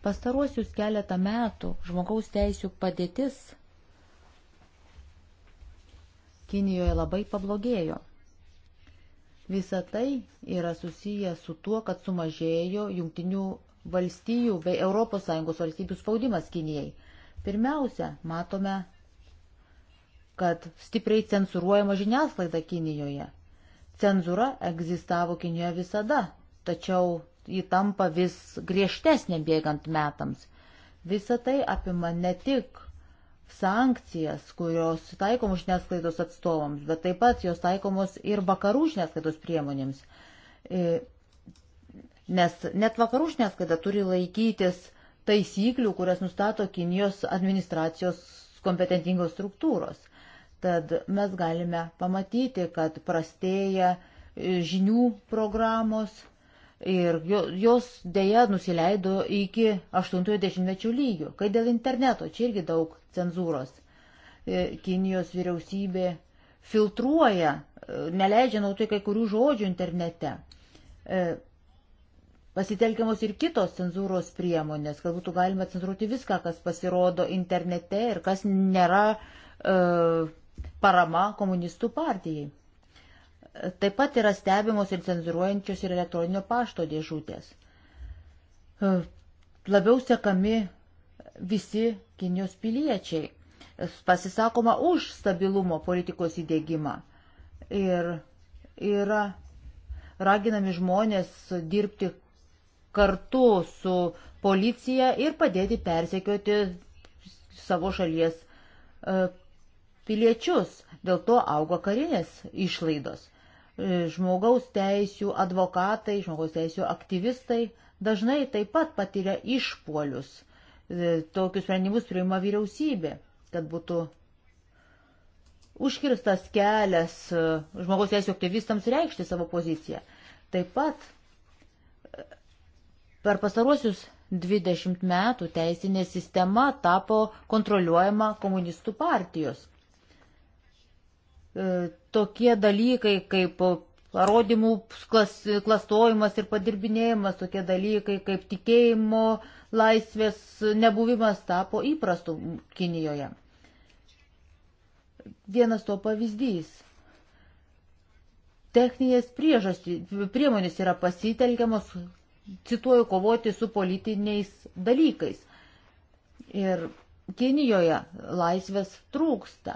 Pastaruosius keletą metų žmogaus teisų padėtis Kinijoje labai pablogėjo. Visa tai yra susiję su tuo, kad sumažėjo jungtinių valstijų bei ES valstybių spaudimas Kinijai. Pirmiausia, matome, kad stipriai cenzuruojama žiniasklaida Kinijoje. Cenzūra egzistavo Kinijoje visada, tačiau ji tampa vis griežtesnė bėgant metams. Visa tai apima ne tik sankcijas, kurios taikomos žiniasklaidos atstovams, bet taip pat jos taikomos ir vakarų žiniasklaidos priemonėms. E, nes net vakarų žiniasklaida turi laikytis taisyklių, kurias nustato Kinijos administracijos kompetentingos struktūros. Tad mes galime pamatyti, kad prastėja e, žinių programos ir jos dėja nusileido iki 80-mečių lygių, kai dėl interneto čia irgi daug cenzūros. E, Kinijos vyriausybė filtruoja, e, neleidžia naudoti kai kurių žodžių internete pasitelkiamos ir kitos cenzūros priemonės, kad būtų galima cenzūruoti viską, kas pasirodo internete ir kas nėra e, parama komunistų partijai. Taip pat yra stebimos ir cenzūruojančios ir elektroninio pašto dėžutės. E, labiau sekami visi Kinijos piliečiai. Pasisakoma už stabilumo politikos įdėgymą. Ir yra raginami žmonės dirbti kartu su policija ir padėti persekioti savo šalies e, piliečius. Dėl to auga karinės išlaidos. E, žmogaus teisų advokatai, žmogaus teisų aktyvistai dažnai taip pat patiria išpolius. E, tokius sprendimus priima vyriausybė, kad būtų užkirstas kelias žmogaus teisų aktyvistams reikšti savo poziciją. Taip pat Per pastaruosius 20 metų teisinė sistema tapo kontroliuojama komunistų partijos. E, tokie dalykai kaip parodymų klas, klastojimas ir padirbinėjimas, tokie dalykai kaip tikėjimo laisvės nebuvimas tapo įprastų Kinijoje. Vienas to pavyzdys techninės priežastys, priemonės yra pasitelkiamos cituoju, kovoti su politiniais dalykais. Ir Kinijoje laisvės trūksta.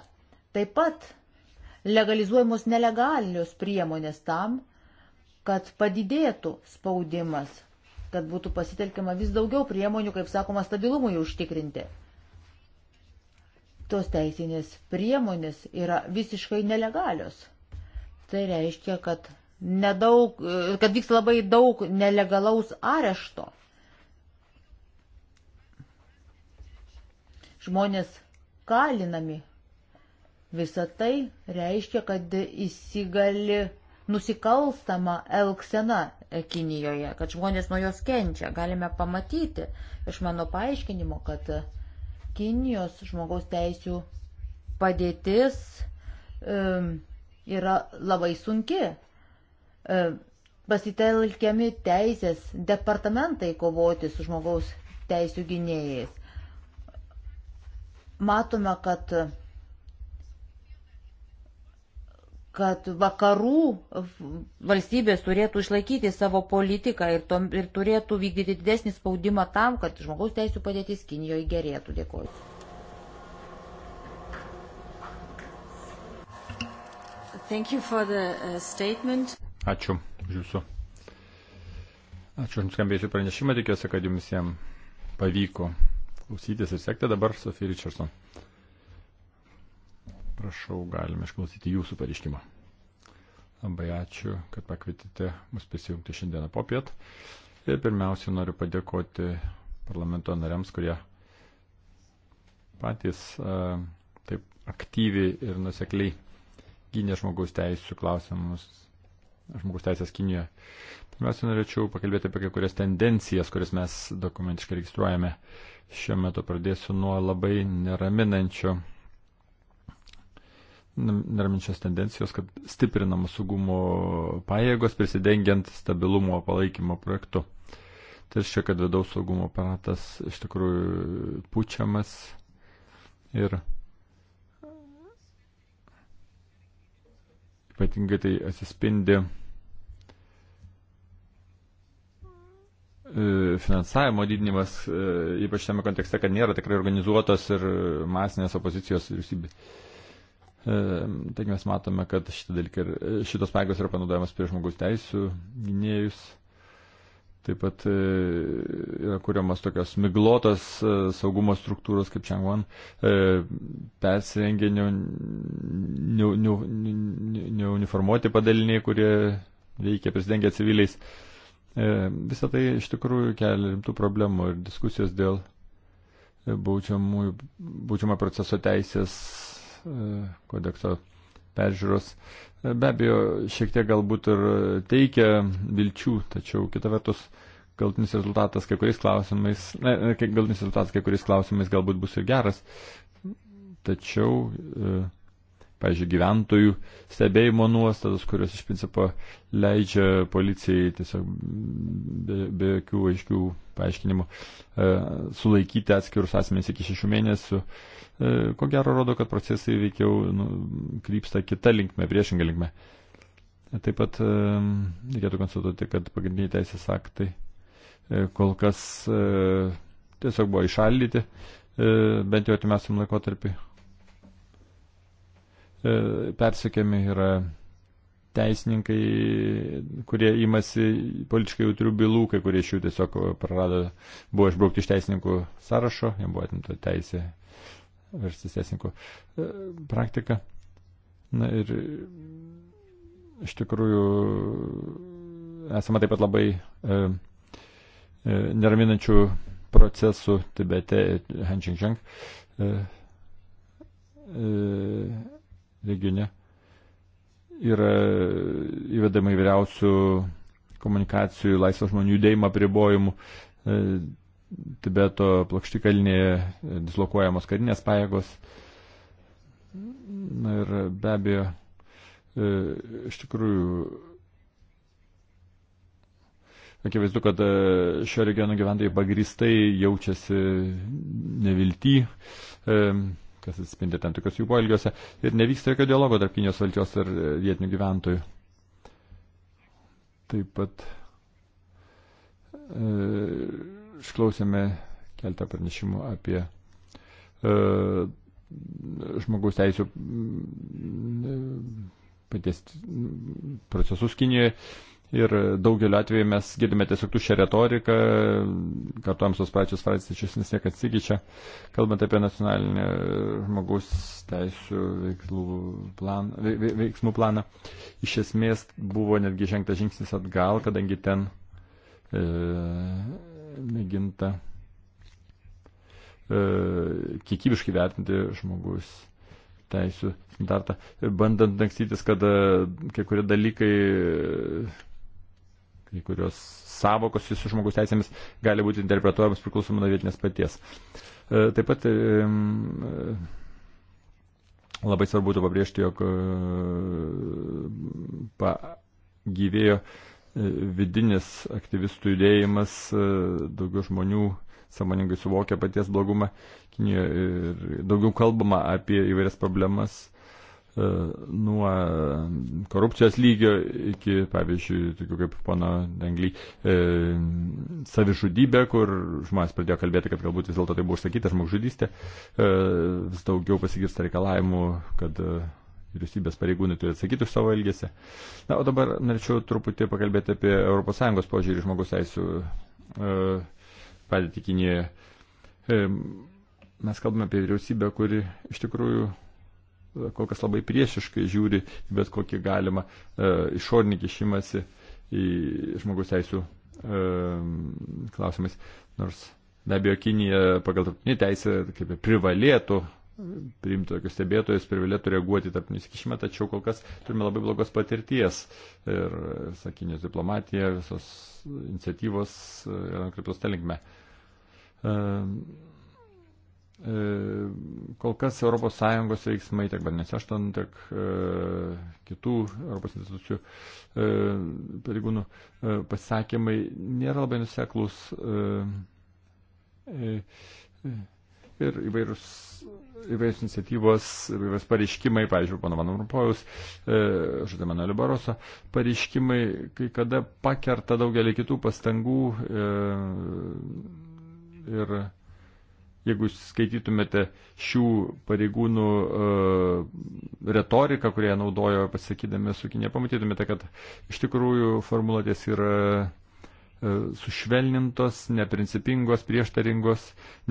Taip pat legalizuojamos nelegalios priemonės tam, kad padidėtų spaudimas, kad būtų pasitelkiama vis daugiau priemonių, kaip sakoma, stabilumui užtikrinti. Tos teisinės priemonės yra visiškai nelegalios. Tai reiškia, kad nedaug, kad vyks labai daug nelegalaus arešto. Žmonės kalinami. Visą tai reiškia, kad įsigali nusikalstama elksena Kinijoje, kad žmonės nuo jos kenčia. Galime pamatyti iš mano paaiškinimo, kad Kinijos žmogaus teisų padėtis um, yra labai sunki. E, pasitelkiami teisės departamentai kovoti su žmogaus teisų gynėjais. Matome, kad, kad vakarų valstybės turėtų išlaikyti savo politiką ir, tom, ir turėtų vykdyti didesnį spaudimą tam, kad žmogaus teisų padėtis Kinijoje gerėtų. Dėkuoju. Thank you for the uh, statement. Ačiū už jūsų. Ačiū už skambėjusių pranešimą, tikiuosi, kad jums jiems pavyko klausytis ir sekti dabar Sofija Richardson. Prašau, galime išklausyti jūsų pareiškimą. Labai ačiū, kad pakvietėte mus prisijungti šiandieną popiet. Ir pirmiausia, noriu padėkoti parlamento nariams, kurie patys uh, taip aktyviai ir nusekliai gynė žmogaus teisų klausimus žmogus teisės Kinijoje. Pirmiausia, norėčiau pakalbėti apie kai kurias tendencijas, kurias mes dokumentiškai registruojame. Šiuo metu pradėsiu nuo labai neraminančio neraminčios tendencijos, kad stiprinama saugumo pajėgos prisidengiant stabilumo palaikymo projektu. Tai reiškia, kad vidaus saugumo aparatas iš tikrųjų pučiamas ir Ypatingai tai atsispindi e, finansavimo didinimas, e, ypač tame kontekste, kad nėra tikrai organizuotos ir masinės opozicijos vyriausybės. E, taigi mes matome, kad šitie dalykai, šitos paėgos yra panaudojamas prie žmogaus teisų gynėjus. Taip pat e, yra kuriamas tokios miglotos e, saugumo struktūros kaip Čiangvan, e, persirengė neuniformuoti padaliniai, kurie veikia, prisidengia civiliais. Visą tai iš tikrųjų kelia rimtų problemų ir diskusijos dėl baudžiamo proceso teisės kodekso peržiūros be abejo šiek tiek galbūt ir teikia vilčių, tačiau kita vertus galtinis rezultatas kai kuriais klausimais, ne, galtinis rezultatas kai kuriais klausimais galbūt bus ir geras, tačiau e, pavyzdžiui, gyventojų stebėjimo nuostatas, kurios iš principo leidžia policijai tiesiog be, be jokių aiškių paaiškinimų e, sulaikyti atskirus asmenys iki šešių mėnesių. E, ko gero rodo, kad procesai veikiau nu, krypsta kita linkme, priešinga linkme. Taip pat e, reikėtų konstatuoti, kad pagrindiniai teisės aktai e, kol kas e, tiesiog buvo išaldyti, e, bent jau atimiausiam laikotarpiu. E, persiekiami yra teisininkai, kurie imasi politiškai jautrių bylų, kai kurie iš jų tiesiog prarado, buvo išbraukti iš teisininkų sąrašo, jiems buvo atimta teisė verstis teisininkų e, praktika. Na ir iš tikrųjų esame taip pat labai e, e neraminančių procesų Tibete, Hančingženg. E, e, regione yra įvedama įvairiausių komunikacijų, laisvas žmonių judėjimo apribojimų. E, Tibeto plokštikalinėje e, dislokuojamos karinės pajėgos. Na ir be abejo, e, iš tikrųjų, akivaizdu, kad šio regiono gyventojai pagristai jaučiasi nevilti. E, kas atspindi tam tikros jų poelgiuose, ir nevyksta jokio dialogo tarp Kinijos valdžios ir e, vietinių gyventojų. Taip pat e, išklausėme e, keltą pranešimų apie e, žmogaus teisų paties procesus Kinijoje. E, Ir daugeliu atveju mes girdime tiesiog tuščią retoriką, kartuojam tos pačios frazės, iš esmės niekas nesikeičia. Kalbant apie nacionalinį žmogaus teisų plan, ve, veiksmų planą, iš esmės buvo netgi žengtas žingsnis atgal, kadangi ten e, mėginta e, kiekybiškai vertinti žmogus teisų standartą, bandant dangstytis, kad e, kai kurie dalykai kai kurios savokos su žmogus teisėmis gali būti interpretuojamas priklausomai nuo vietinės paties. E, taip pat e, labai svarbu būtų pabrėžti, jog e, pagyvėjo vidinis aktyvistų judėjimas, daugiau žmonių samoningai suvokia paties blogumą Kinijoje ir daugiau kalbama apie įvairias problemas E, nuo korupcijos lygio iki, pavyzdžiui, tokių kaip pono Dengly, e, savižudybė, kur žmonės pradėjo kalbėti, kad galbūt vis dėlto tai buvo užsakyta žmogžudystė, e, vis daugiau pasigirsta reikalavimų, kad e, vyriausybės pareigūnai turi atsakyti už savo elgesį. Na, o dabar norėčiau truputį pakalbėti apie ES požiūrį žmogus teisų e, padėtį Kinijoje. E, mes kalbame apie vyriausybę, kuri iš tikrųjų kol kas labai priešiškai žiūri bet kokį galimą e, išorinį kišimąsi į žmogus teisų e, klausimais. Nors be abejo Kinija pagal tarptautinį teisę kaip ir privalėtų priimti tokius stebėtojus, privalėtų reaguoti tarp nusikišimą, tačiau kol kas turime labai blogos patirties. Ir sakinės diplomatija, visos iniciatyvos yra nukreiptos tą linkme. E, E, kol kas ES veiksmai tiek Banės Ašton, tiek e, kitų ES institucijų e, pareigūnų e, pasisakymai nėra labai nuseklus e, e, ir įvairūs, įvairūs iniciatyvos, įvairūs pareiškimai, pavyzdžiui, pana Mano Rupojaus, žodė Manuelio Baroso, pareiškimai kai kada pakerta daugelį kitų pastangų ir, ir Jeigu skaitytumėte šių pareigūnų e, retoriką, kurie naudojo pasakydami su Kinė, pamatytumėte, kad iš tikrųjų formuluotės yra e, sušvelnintos, neprincipingos, prieštaringos,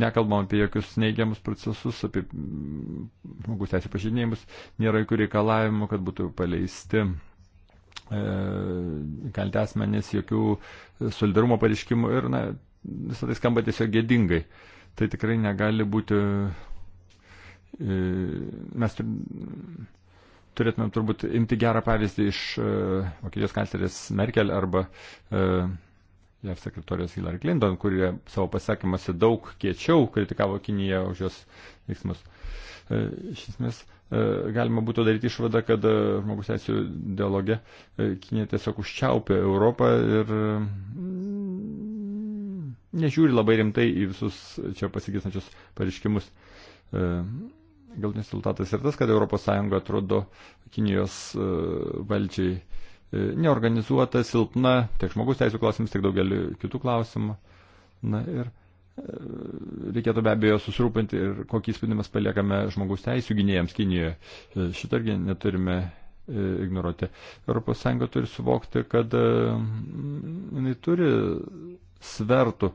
nekalbam apie jokius neigiamus procesus, apie mm, žmogus teisų pažydinėjimus, nėra jokių reikalavimų, kad būtų paleisti e, kalti asmenys, jokių solidarumo pareiškimų ir na, visą tai skamba tiesiog gėdingai. Uh, tai tikrai negali būti. E, mes turėtumėm turbūt imti gerą pavyzdį iš e, Vokietijos kanclerės Merkel arba e, JAV sekretorijos Hillary Clinton, kurie savo pasakymuose daug kiečiau kritikavo Kiniją už jos veiksmus. Iš esmės, galima būtų daryti išvadą, kad žmogus teisų dialogė Kinė tiesiog užčiaupė Europą ir nežiūri labai rimtai į visus čia pasikisnačius pareiškimus. E, Galtinis rezultatas yra tas, kad ES atrodo Kinijos e, valdžiai e, neorganizuota, silpna, tiek žmogus teisų klausimus, tiek daugeliu kitų klausimų. Na ir reikėtų be abejo susirūpinti ir kokį įspūdį mes paliekame žmogaus teisų gynėjams Kinijoje. Šitą irgi neturime ignoruoti. ES turi suvokti, kad jinai turi svertų.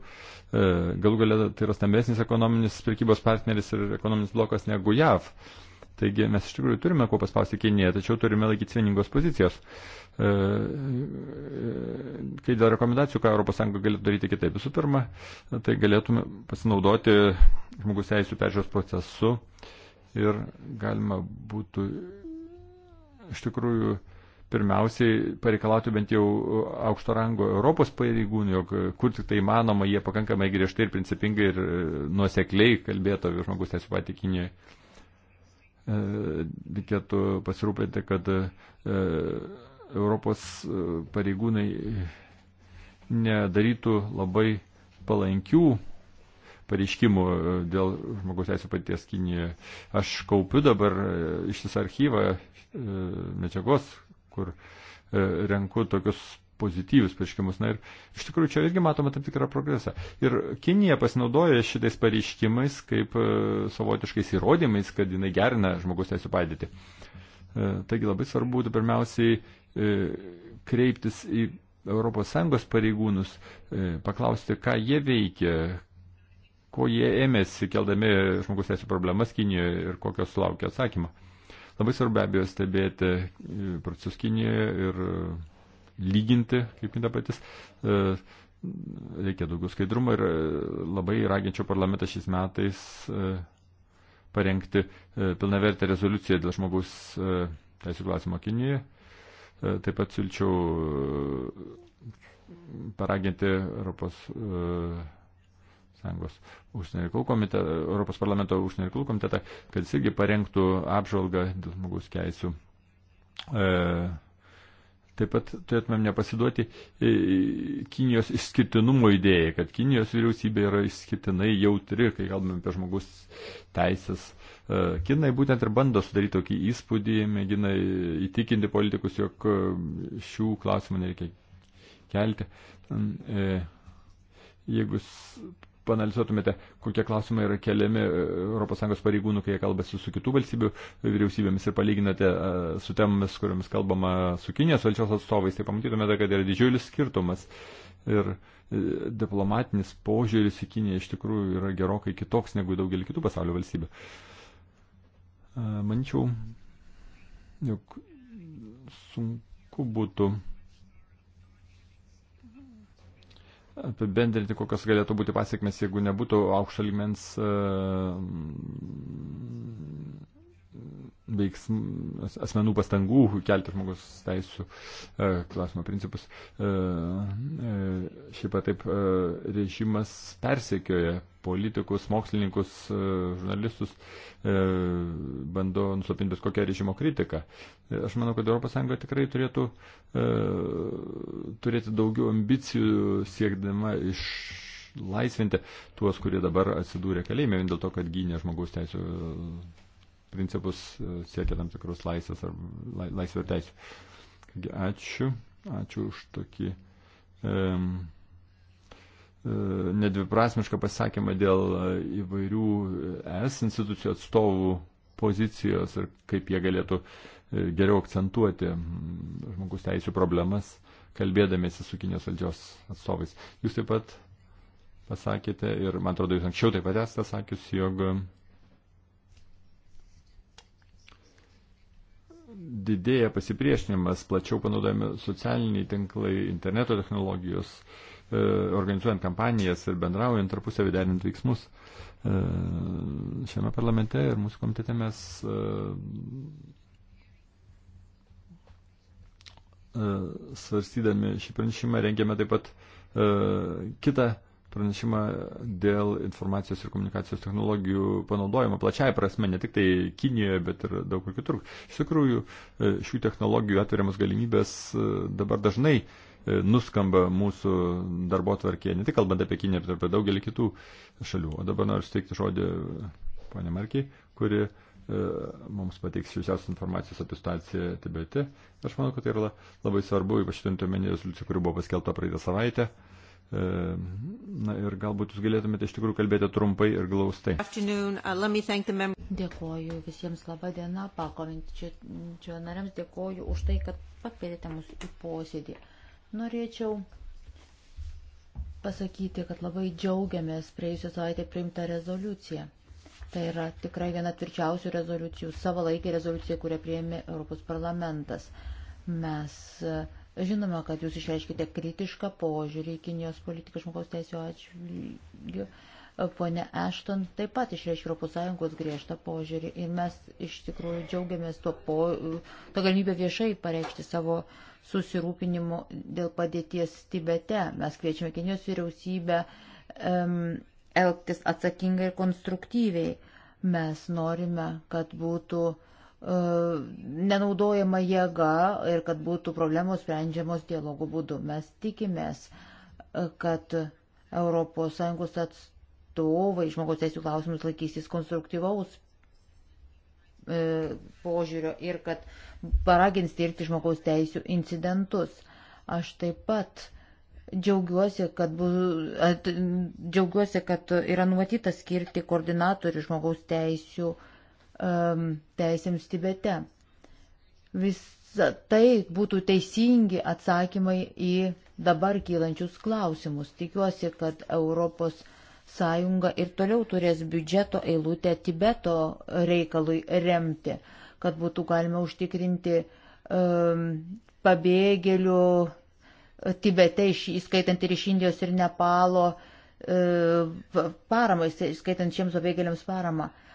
E, galų galę tai yra stambesnis ekonominis prekybos partneris ir ekonominis blokas negu JAV. Taigi mes iš tikrųjų turime kuo paspausti Kiniją, tačiau turime laikytis vieningos pozicijos. E, e, kai dėl rekomendacijų, ką ES galėtų daryti kitaip, visų pirma, tai galėtume pasinaudoti žmogus teisų peržiūros procesu ir galima būtų iš tikrųjų pirmiausiai pareikalauti bent jau aukšto rango Europos pareigūnų, jog kur tik tai manoma, jie pakankamai griežtai ir principingai ir e, nuosekliai kalbėtų apie žmogus teisų patį Kinijoje. E, reikėtų pasirūpinti, kad e, Europos pareigūnai nedarytų labai palankių pareiškimų dėl žmogaus teisų paties Kinijoje. Aš kaupiu dabar ištis archyvą medžiagos, kur e, renku tokius pozityvius pareiškimus. Na ir iš tikrųjų čia irgi matome tam tikrą progresą. Ir Kinija pasinaudoja šitais pareiškimais kaip e, savotiškais įrodymais, kad jinai gerina žmogus teisų padėtį. E, taigi labai svarbu būtų pirmiausiai kreiptis į ES pareigūnus, paklausti, ką jie veikia, ko jie ėmėsi keldami žmogus teisų problemas Kinijoje ir kokios sulaukia atsakymą. Labai svarbu be abejo stebėti e, procesus Kinijoje ir e, lyginti, kaip jinta patys. E, reikia daugiau skaidrumo ir labai raginčiau parlamentą šiais metais parengti pilnavertę rezoliuciją dėl žmogaus teisų klausimo Kinijoje. Taip pat siūlyčiau paraginti Europos Sąjungos užsienio reikalų komitetą, Europos parlamento užsienio reikalų komitetą, kad jis irgi parengtų apžvalgą dėl žmogaus teisų. E, taip pat turėtumėm nepasiduoti e, Kinijos išskirtinumo idėjai, kad Kinijos vyriausybė yra išskirtinai jautri, kai kalbame apie žmogus teisės. E, Kinai būtent ir bando sudaryti tokį įspūdį, mėgina įtikinti politikus, jog e, šių klausimų nereikia kelti. Jeigu panalizuotumėte, kokie klausimai yra keliami e, ES pareigūnų, kai jie kalbasi su kitų valstybių vyriausybėmis ir palyginate e, su temomis, kuriomis kalbama su Kinijos valdžios atstovais, tai pamatytumėte, kad yra didžiulis skirtumas. Ir e, diplomatinis požiūris į Kiniją iš tikrųjų yra gerokai kitoks negu daugelį kitų pasaulio valstybių. Maničiau, jog sunku būtų apibendrinti, kokios galėtų būti pasiekmes, jeigu nebūtų aukšto lygmens e, veiksm, asmenų pastangų kelti žmogus teisų e, klausimo principus. E, e, šiaip ar taip režimas persekioja politikus, mokslininkus, žurnalistus, bando nuslopinti bet kokią režimo kritiką. Aš manau, kad ES tikrai turėtų turėti daugiau ambicijų siekdama iš laisvinti tuos, kurie dabar atsidūrė kalėjime vien dėl to, kad gynė žmogaus teisų principus e, siekia tam tikrus laisvės ar laisvę teisų. Ačiū, ačiū už tokį um, nedviprasmišką pasakymą dėl e, įvairių ES institucijų atstovų pozicijos ir kaip jie galėtų geriau akcentuoti žmogus teisų problemas, kalbėdamėsi su Kinijos valdžios atstovais. Jūs taip pat pasakėte ir, man atrodo, jūs anksčiau taip pat esate sakius, jog didėja pasipriešinimas, plačiau panaudojami socialiniai tinklai, interneto technologijos, e, organizuojant kampanijas ir bendraujant tarpusavį derinant veiksmus. E, šiame parlamente ir mūsų komitete mes e, svarstydami šį pranešimą rengėme taip pat kitą pranešimą dėl informacijos ir komunikacijos technologijų panaudojimo plačiai prasme, ne tik tai Kinijoje, bet ir daug kur kitur. Iš tikrųjų, e, šių technologijų atveriamas galimybės e, dabar dažnai e, nuskamba mūsų darbo tvarkėje, ne tik kalbant apie Kiniją, bet ir apie daugelį kitų šalių. O dabar noriu suteikti žodį ponė Markiai, kuri mums pateiks šiusios informacijos apie situaciją Tibete. Aš manau, kad tai yra labai svarbu, ypač turint omenyje rezoliuciją, kuri buvo paskelbta praeitą savaitę. Uh, E, na ir galbūt jūs galėtumėte iš tikrųjų kalbėti trumpai ir glaustai. Uh, dėkoju visiems labą dieną, pakomenčio nariams dėkoju už tai, kad pakvietėte mus į posėdį. Norėčiau pasakyti, kad labai džiaugiamės praėjusią savaitę priimtą rezoliuciją. Tai yra tikrai viena tvirčiausių rezoliucijų, savalaikė rezoliucija, kurią priėmė Europos parlamentas. Mes uh, Žinoma, kad jūs išreiškite kritišką požiūrį į Kinijos politiką žmogaus teisų atžvilgių. Pone Ešton taip pat išreiškė ES griežtą požiūrį ir mes iš tikrųjų džiaugiamės tuo po, to galimybę viešai pareikšti savo susirūpinimu dėl padėties Tibete. Mes kviečiame Kinijos vyriausybę um, elgtis atsakingai ir konstruktyviai. Mes norime, kad būtų uh, E, nenaudojama jėga ir kad būtų problemos sprendžiamos dialogų būdu. Mes tikimės, e, kad ES atstovai žmogaus teisų klausimus laikysis konstruktyvaus e, požiūrio ir kad paragins tirti žmogaus teisų incidentus. Aš taip pat džiaugiuosi, kad, bu, at, džiaugiuosi, kad yra numatyta skirti koordinatorių žmogaus teisų uh, um, teisėms Tibete. Visa tai būtų teisingi atsakymai į dabar kylančius klausimus. Tikiuosi, kad Europos Sąjunga ir toliau turės biudžeto eilutę Tibeto reikalui remti, kad būtų galima užtikrinti um, pabėgėlių uh, Tibete, įskaitant ir iš Indijos ir Nepalo, uh, paramą, įskaitant šiems pabėgėliams paramą. Uh,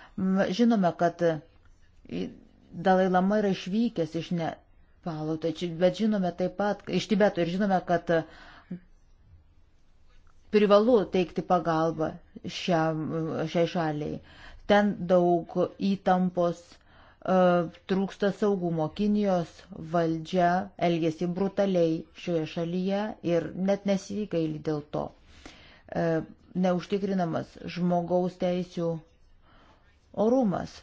Žinome, kad Dalai Lama yra išvykęs iš Nepalo, tačiau, bet žinome taip pat, iš Tibeto ir žinome, kad privalu teikti pagalbą šiam, šiai šaliai. Ten daug įtampos, e, trūksta saugumo. Kinijos valdžia elgesi brutaliai šioje šalyje ir net nesigaili dėl to. E, neužtikrinamas žmogaus teisių Orumas.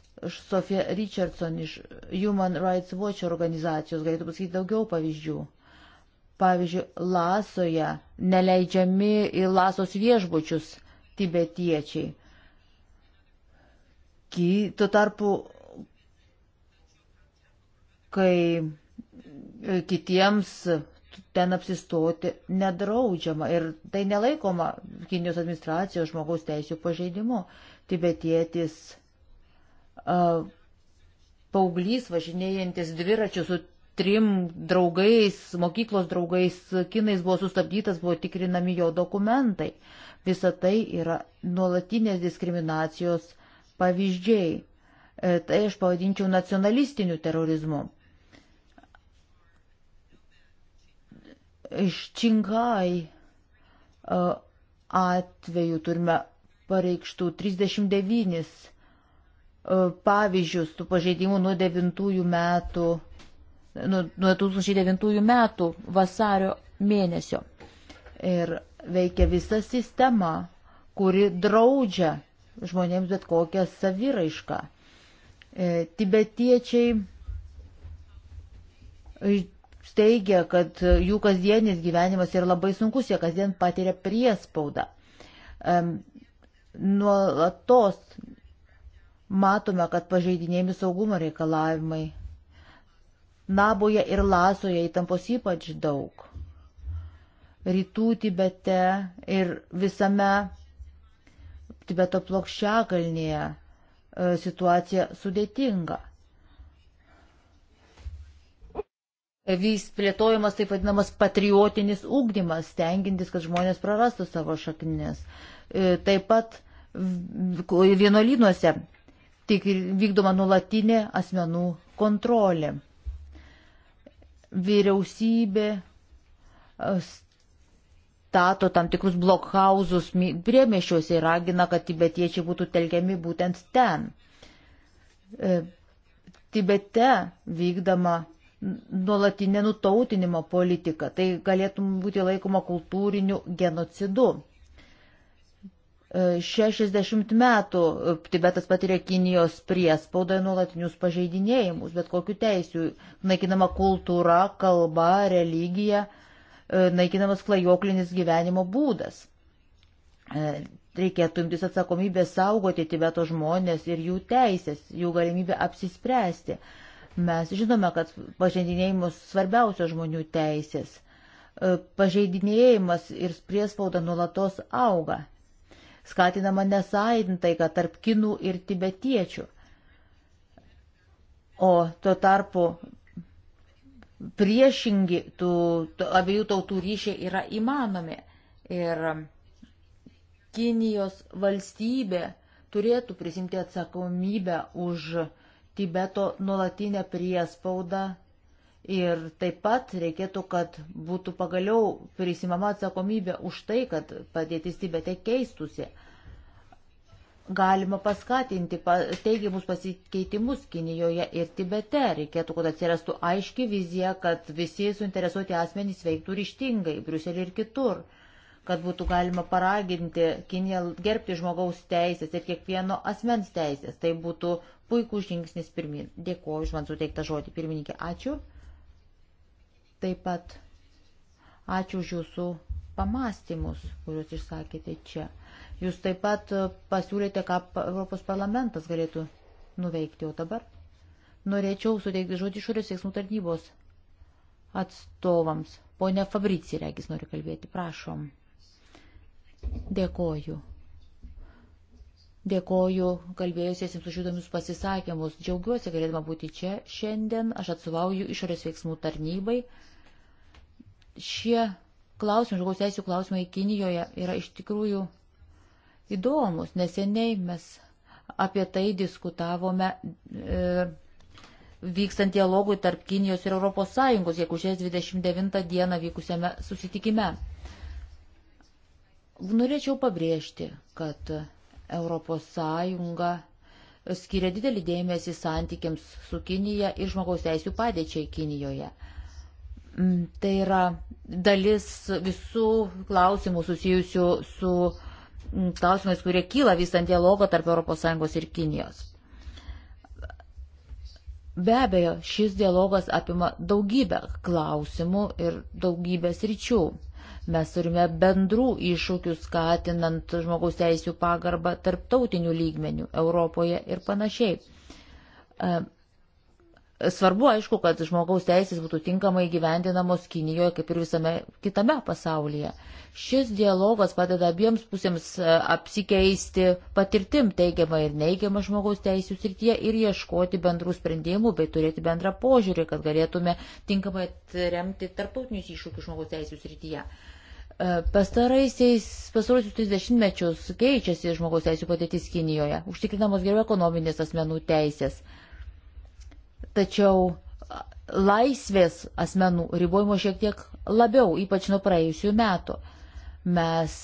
Sofija Richardson iš Human Rights Watch organizacijos galėtų pasakyti daugiau pavyzdžių. Pavyzdžiui, Lasoje neleidžiami į Lasos viešbučius tibetiečiai. Tuo tarpu, kai e, kitiems ten apsistoti nedraudžiama ir tai nelaikoma Kinijos administracijos žmogaus teisų pažeidimu. Tibetietis Pauglys važinėjantis dviračiu su trim draugais, mokyklos draugais, kinais buvo sustabdytas, buvo tikrinami jo dokumentai. Visa tai yra nuolatinės diskriminacijos pavyzdžiai. E, tai aš pavadinčiau nacionalistiniu terorizmu. Iš Čingai e, atveju turime pareikštų 39 E, pavyzdžius tų pažeidimų nuo 9 metų, nuo, nuo 2009 metų vasario mėnesio. Ir veikia visa sistema, kuri draudžia žmonėms bet kokią saviraišką. E, tibetiečiai steigia, kad jų kasdienis gyvenimas yra labai sunkus, jie kasdien patiria priespaudą. E, nuolatos matome, kad pažeidinėjami saugumo reikalavimai. Naboje ir Lasoje įtampos ypač daug. Rytų Tibete ir visame Tibeto plokščiakalnyje e, situacija sudėtinga. Vis plėtojamas taip vadinamas patriotinis ūkdymas, tengintis, kad žmonės prarastų savo šaknis. E, taip pat vienolynuose tik vykdoma nulatinė asmenų kontrolė. Vyriausybė e, stato tam tikrus blokhausus priemiešiuose ir ragina, kad tibetiečiai būtų telkiami būtent ten. E, Tibete vykdama nuolatinė nutautinimo politika, tai galėtų būti laikoma kultūriniu genocidu. 60 metų Tibetas patiria Kinijos priespaudoje nuolatinius pažeidinėjimus, bet kokiu teisiu naikinama kultūra, kalba, religija, e, naikinamas klajoklinis gyvenimo būdas. E, reikėtų imtis atsakomybės saugoti Tibeto žmonės ir jų teisės, jų galimybę apsispręsti. Mes žinome, kad pažeidinėjimus svarbiausios žmonių teisės. E, pažeidinėjimas ir priespauda nuolatos auga skatinama nesaintai, kad tarp kinų ir tibetiečių. O tuo tarpu priešingi tų, tų abiejų tautų ryšiai yra įmanomi. Ir Kinijos valstybė turėtų prisimti atsakomybę už Tibeto nuolatinę priespaudą Ir taip pat reikėtų, kad būtų pagaliau prisimama atsakomybė už tai, kad padėtis Tibete keistusi. Galima paskatinti teigiamus pasikeitimus Kinijoje ir Tibete. Reikėtų, kad atsirastų aiški vizija, kad visi suinteresuoti asmenys veiktų ryštingai, Briuselį ir kitur. Kad būtų galima paraginti Kiniją gerbti žmogaus teisės ir kiekvieno asmens teisės. Tai būtų puikų žingsnis pirmin. Dėkuoju už man suteiktą žodį. Pirmininkė, ačiū. Taip pat ačiū už jūsų pamastymus, kuriuos išsakėte čia. Jūs taip pat e, pasiūlėte, ką Europos parlamentas galėtų nuveikti, o dabar norėčiau suteikti žodį išorės veiksmų tarnybos atstovams. Pone Fabrici, regis, nori kalbėti, prašom. Dėkoju. Dėkoju kalbėjusiesiems už įdomius pasisakymus. Džiaugiuosi galėdama būti čia šiandien. Aš atsuvauju išorės veiksmų tarnybai šie klausimai, žmogaus teisų klausimai Kinijoje yra iš tikrųjų įdomus. Neseniai mes apie tai diskutavome e, vykstant dialogui tarp Kinijos ir ES, jeigu šias 29 dieną vykusiame susitikime. Norėčiau pabrėžti, kad ES skiria didelį dėmesį santykiams su Kinija ir žmogaus teisų padėčiai Kinijoje. Mm, tai yra dalis visų klausimų susijusių su mm, klausimais, kurie kyla vystant dialogą tarp ES ir Kinijos. Be abejo, šis dialogas apima daugybę klausimų ir daugybės ryčių. Mes turime bendrų iššūkių skatinant žmogaus teisų pagarbą tarptautinių lygmenių Europoje ir panašiai. Svarbu, aišku, kad žmogaus teisės būtų tinkamai gyvendinamos Kinijoje, kaip ir visame kitame pasaulyje. Šis dialogas padeda abiems pusėms e, apsikeisti patirtim teigiamą ir neigiamą žmogaus teisų srityje ir ieškoti bendrų sprendimų, bei turėti bendrą požiūrį, kad galėtume tinkamai atremti tarptautinius iššūkius žmogaus teisų srityje. E, pastaraisiais, pastaruosius 30 mečius keičiasi žmogaus teisų padėtis Kinijoje, užtikrinamos geriau ekonominės asmenų teisės tačiau laisvės asmenų ribojimo šiek tiek labiau, ypač nuo praėjusių metų. Mes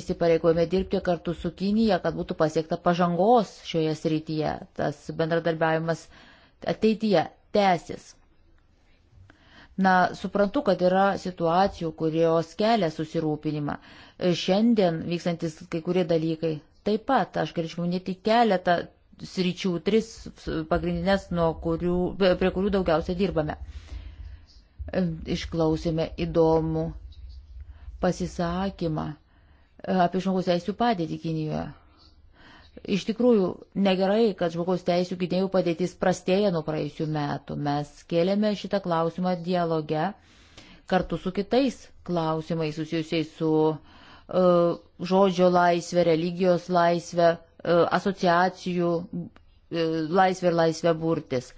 įsipareigojame dirbti kartu su Kinija, kad būtų pasiekta pažangos šioje srityje. Tas bendradarbiavimas ateityje tęsis. Na, suprantu, kad yra situacijų, kurios kelia susirūpinimą. Šiandien vykstantis kai kurie dalykai taip pat, aš galėčiau minėti keletą sričių, tris pagrindinės, kurių, prie kurių daugiausia dirbame. Išklausėme įdomų pasisakymą e, apie žmogaus teisų padėtį Kinijoje. Iš tikrųjų, negerai, kad žmogaus teisų gynėjų padėtis prastėja nuo praėjusių metų. Mes kėlėme šitą klausimą dialoge kartu su kitais klausimais susijusiais su uh, žodžio laisvė, religijos laisvė, asociacijų e, laisvė ir laisvė burtis.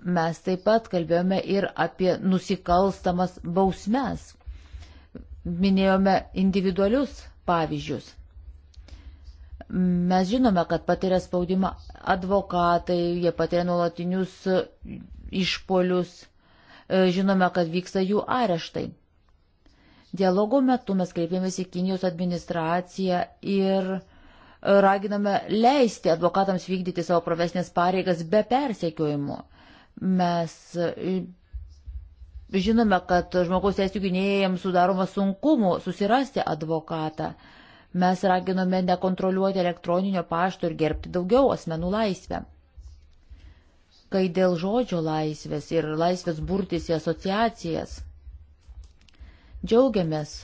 Mes taip pat kalbėjome ir apie nusikalstamas bausmes. Minėjome individualius pavyzdžius. Mes žinome, kad patiria spaudimą advokatai, jie patiria nuolatinius išpolius, e, žinome, kad vyksta jų areštai. Dialogo metu mes kreipėmės į Kinijos administraciją ir raginame leisti advokatams vykdyti savo profesinės pareigas be persekiojimo. Mes e, žinome, kad žmogaus teisų gynėjams sudaroma sunkumu susirasti advokatą. Mes raginome nekontroliuoti elektroninio pašto ir gerbti daugiau asmenų laisvę. Kai dėl žodžio laisvės ir laisvės burtis į asociacijas, džiaugiamės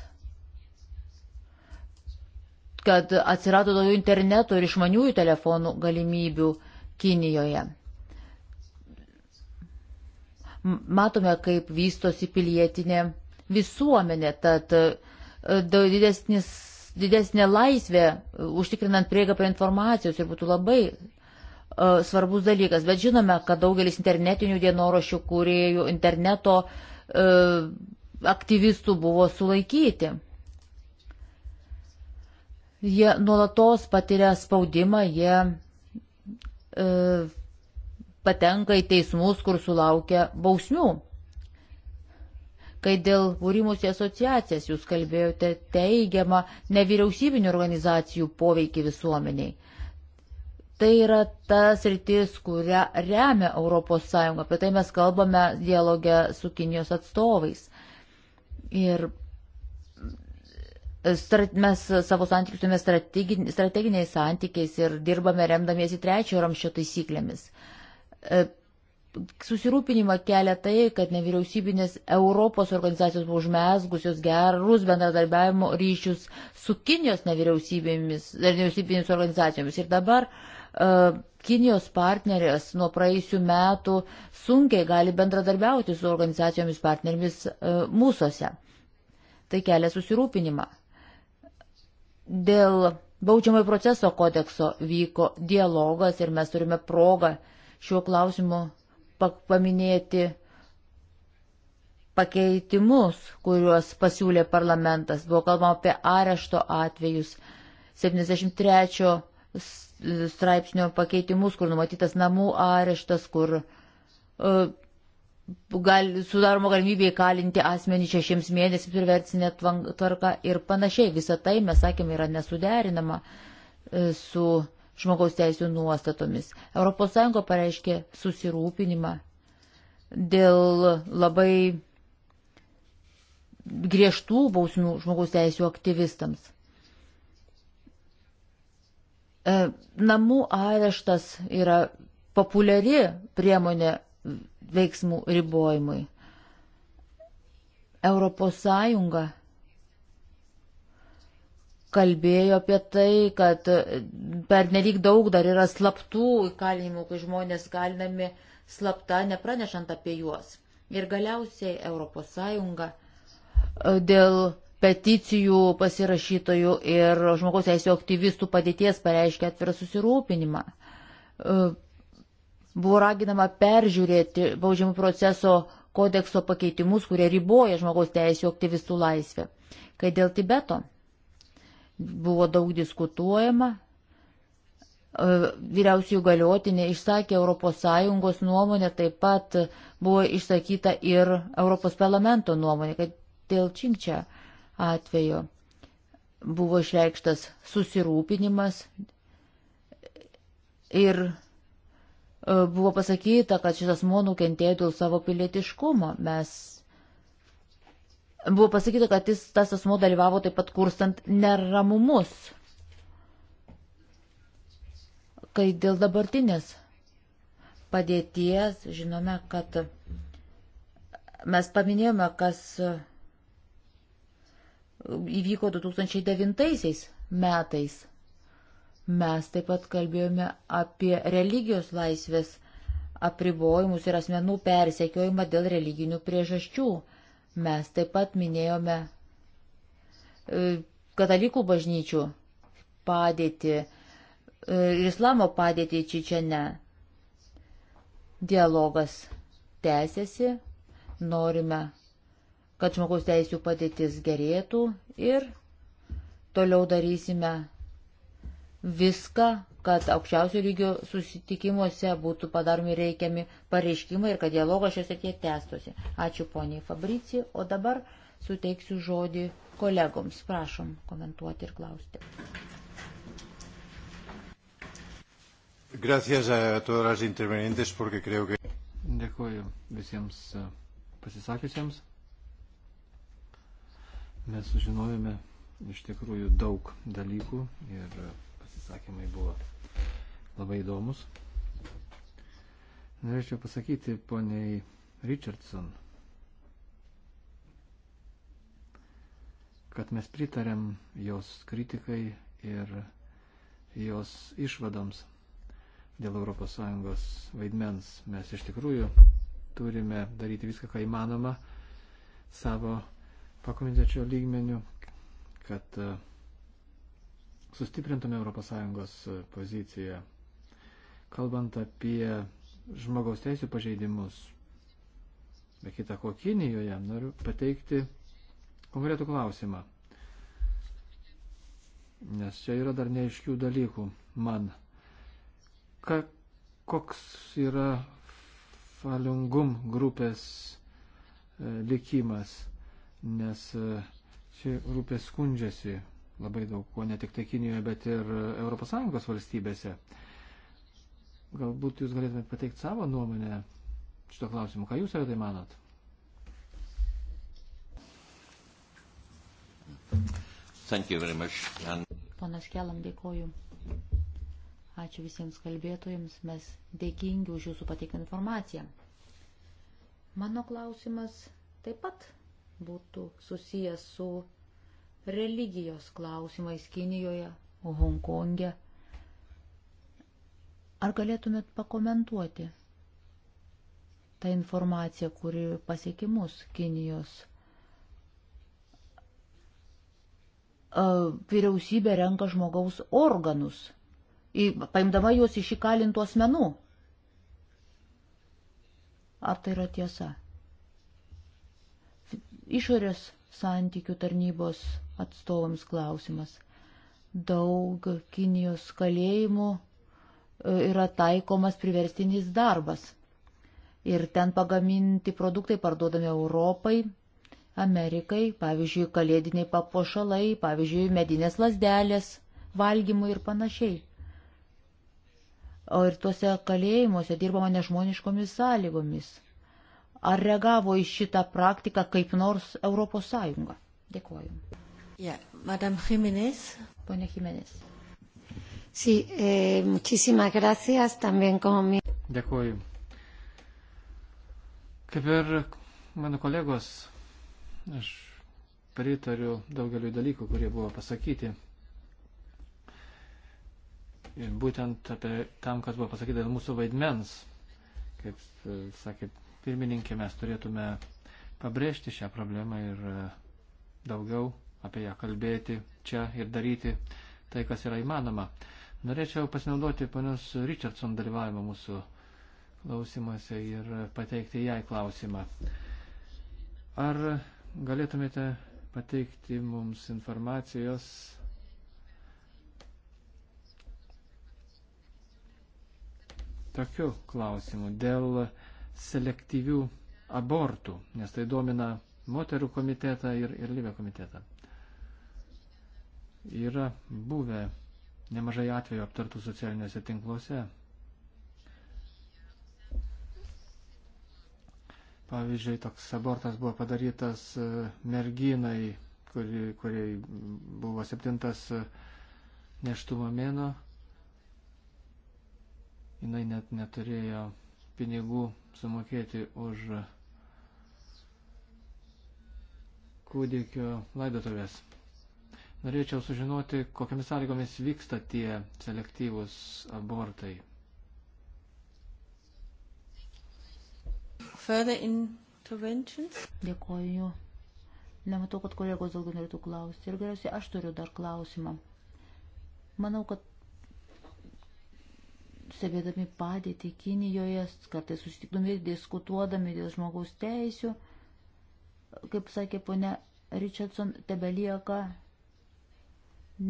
kad atsirado daugiau interneto ir išmaniųjų telefonų galimybių Kinijoje. Matome, kaip vystosi pilietinė visuomenė, tad e, didesnis, didesnė laisvė e, užtikrinant prieigą prie informacijos ir būtų labai uh, svarbus dalykas. Bet žinome, kad daugelis internetinių dienoraščių kūrėjų, interneto uh, aktyvistų buvo sulaikyti. Jie nuolatos patiria spaudimą, jie e, patenka į teismus, kur sulaukia bausmių. Kai dėl būrimus į asociacijas jūs kalbėjote teigiamą nevyriausybinių organizacijų poveikį visuomeniai. Tai yra tas rytis, kurią remia ES. Apie tai mes kalbame dialogę su Kinijos atstovais. Ir mes savo santykius turime strateginiais santykiais ir dirbame remdamiesi trečiojo ramščio taisyklėmis. E, susirūpinimą kelia tai, kad nevyriausybinės Europos organizacijos buvo užmesgusios gerus bendradarbiavimo ryšius su Kinijos nevyriausybėmis, e, nevyriausybinėmis organizacijomis. Ir dabar uh, Kinijos partnerės nuo praėjusių metų sunkiai gali bendradarbiauti su organizacijomis partnerėmis uh, mūsose. Tai kelia susirūpinimą. Dėl baudžiamojo proceso kodekso vyko dialogas ir mes turime progą šiuo klausimu paminėti pakeitimus, kuriuos pasiūlė parlamentas. Buvo kalbama apie arešto atvejus 73 straipsnio pakeitimus, kur numatytas namų areštas, kur uh, gal, sudaroma galimybė įkalinti asmenį šešiems mėnesiams priversinę tvarką ir panašiai. Visą tai, mes sakėme, yra nesuderinama e, su žmogaus teisų nuostatomis. ES pareiškė susirūpinimą dėl labai griežtų bausmių žmogaus teisų aktyvistams. E, namų areštas yra populiari priemonė veiksmų ribojimui. Europos Sąjunga kalbėjo apie tai, kad per nelik daug dar yra slaptų įkalinimų, kai žmonės kalinami slapta, nepranešant apie juos. Ir galiausiai ES e, dėl peticijų pasirašytojų ir žmogaus teisų aktyvistų padėties pareiškia atvirą susirūpinimą. E, Buvo raginama peržiūrėti baudžiamų proceso kodekso pakeitimus, kurie riboja žmogaus teisų aktyvistų laisvę. Kai dėl Tibeto buvo daug diskutuojama, e, vyriausiųjų galiotinė išsakė ES nuomonę, taip pat buvo išsakyta ir ES parlamento nuomonė, kad dėl Činkčia atvejo buvo išreikštas susirūpinimas ir E, buvo pasakyta, kad šis asmo nukentėjo dėl savo pilietiškumo. Mes buvo pasakyta, kad jis, tas asmo dalyvavo taip pat kurstant neramumus. Kai dėl dabartinės padėties žinome, kad mes paminėjome, kas įvyko 2009 metais. Mes taip pat kalbėjome apie religijos laisvės apribojimus ir asmenų persekiojimą dėl religinių priežasčių. Mes taip pat minėjome e, katalikų bažnyčių padėtį e, ir islamo padėtį Čičene. Dialogas tęsiasi, norime, kad žmogaus teisų padėtis gerėtų ir toliau darysime viską, kad aukščiausio lygio susitikimuose būtų padaromi reikiami pareiškimai ir kad dialogas šios atėje tęstusi. Ačiū poniai Fabrici, o dabar suteiksiu žodį kolegoms. Prašom komentuoti ir klausti. Gracias a todas las intervenientes porque creo que. Dėkuoju visiems e, pasisakiusiems. Mes sužinojome iš tikrųjų daug dalykų ir e, Atsakymai buvo labai įdomus. Norėčiau pasakyti poniai Richardson, kad mes pritarėm jos kritikai ir jos išvadoms dėl ES vaidmens. Mes iš tikrųjų turime daryti viską, ką įmanoma savo pakomitečio lygmenių, kad uh, sustiprintume ES poziciją. Kalbant apie žmogaus teisų pažeidimus, be kita ko Kinijoje, noriu pateikti konkretų klausimą. Nes čia yra dar neaiškių dalykų man. Ka, koks yra Falungum grupės e, likimas, nes e, ši grupė skundžiasi labai daug kuo, ne tik tai Kinijoje, bet ir ES valstybėse. Galbūt jūs galėtumėte pateikti savo nuomonę šito klausimu. Ką jūs apie tai manot? And... Panas Kelam, dėkoju. Ačiū visiems kalbėtojams, mes dėkingi už jūsų pateiktą informaciją. Mano klausimas taip pat būtų susijęs su religijos klausimais Kinijoje, Hongkonge. Ar galėtumėt pakomentuoti tą informaciją, kuri pasiekimus Kinijos vyriausybė renka žmogaus organus, paimdama juos iš įkalintų asmenų? Ar tai yra tiesa? Išorės santykių tarnybos atstovams klausimas. Daug Kinijos kalėjimų e, yra taikomas priverstinis darbas. Ir ten pagaminti produktai parduodami Europai, Amerikai, pavyzdžiui, kalėdiniai papuošalai, pavyzdžiui, medinės lasdelės valgymui ir panašiai. O ir tuose kalėjimuose dirbama nežmoniškomis sąlygomis – Ar reagavo į šitą praktiką kaip nors Europos Sąjunga? Dėkuoju. Yeah, Madame Jiménez. Pone Jiménez. Sí, eh, muchísimas gracias también como mi. Dėkuoju. Kaip ir mano kolegos, aš pritariu daugeliu dalykų, kurie buvo pasakyti. Ir būtent apie tam, kas buvo pasakyta dėl mūsų vaidmens, kaip e, sakėt, pirmininkė, mes turėtume pabrėžti šią problemą ir e, daugiau apie ją kalbėti čia ir daryti tai, kas yra įmanoma. Norėčiau pasinaudoti ponios Richardson dalyvavimą mūsų klausimuose ir pateikti jai klausimą. Ar galėtumėte pateikti mums informacijos tokiu klausimu dėl selektyvių abortų, nes tai domina moterų komitetą ir, ir lybę komitetą. Yra buvę nemažai atvejų aptartų socialiniuose tinkluose. Pavyzdžiui, toks abortas buvo padarytas e, merginai, kuri, kuriai buvo septintas e, neštumo mėno. Jis net neturėjo pinigų sumokėti už kūdikio laidotuvės. Norėčiau sužinoti, kokiamis sąlygomis vyksta tie selektyvūs abortai. Dėkoju. Nematau, kad kolegos daugiau norėtų klausti. Ir galiausiai aš turiu dar klausimą. Manau, kad stebėdami padėtį Kinijoje, kartais susitikdami ir diskutuodami dėl žmogaus teisių, kaip sakė ponia Richardson, tebelieka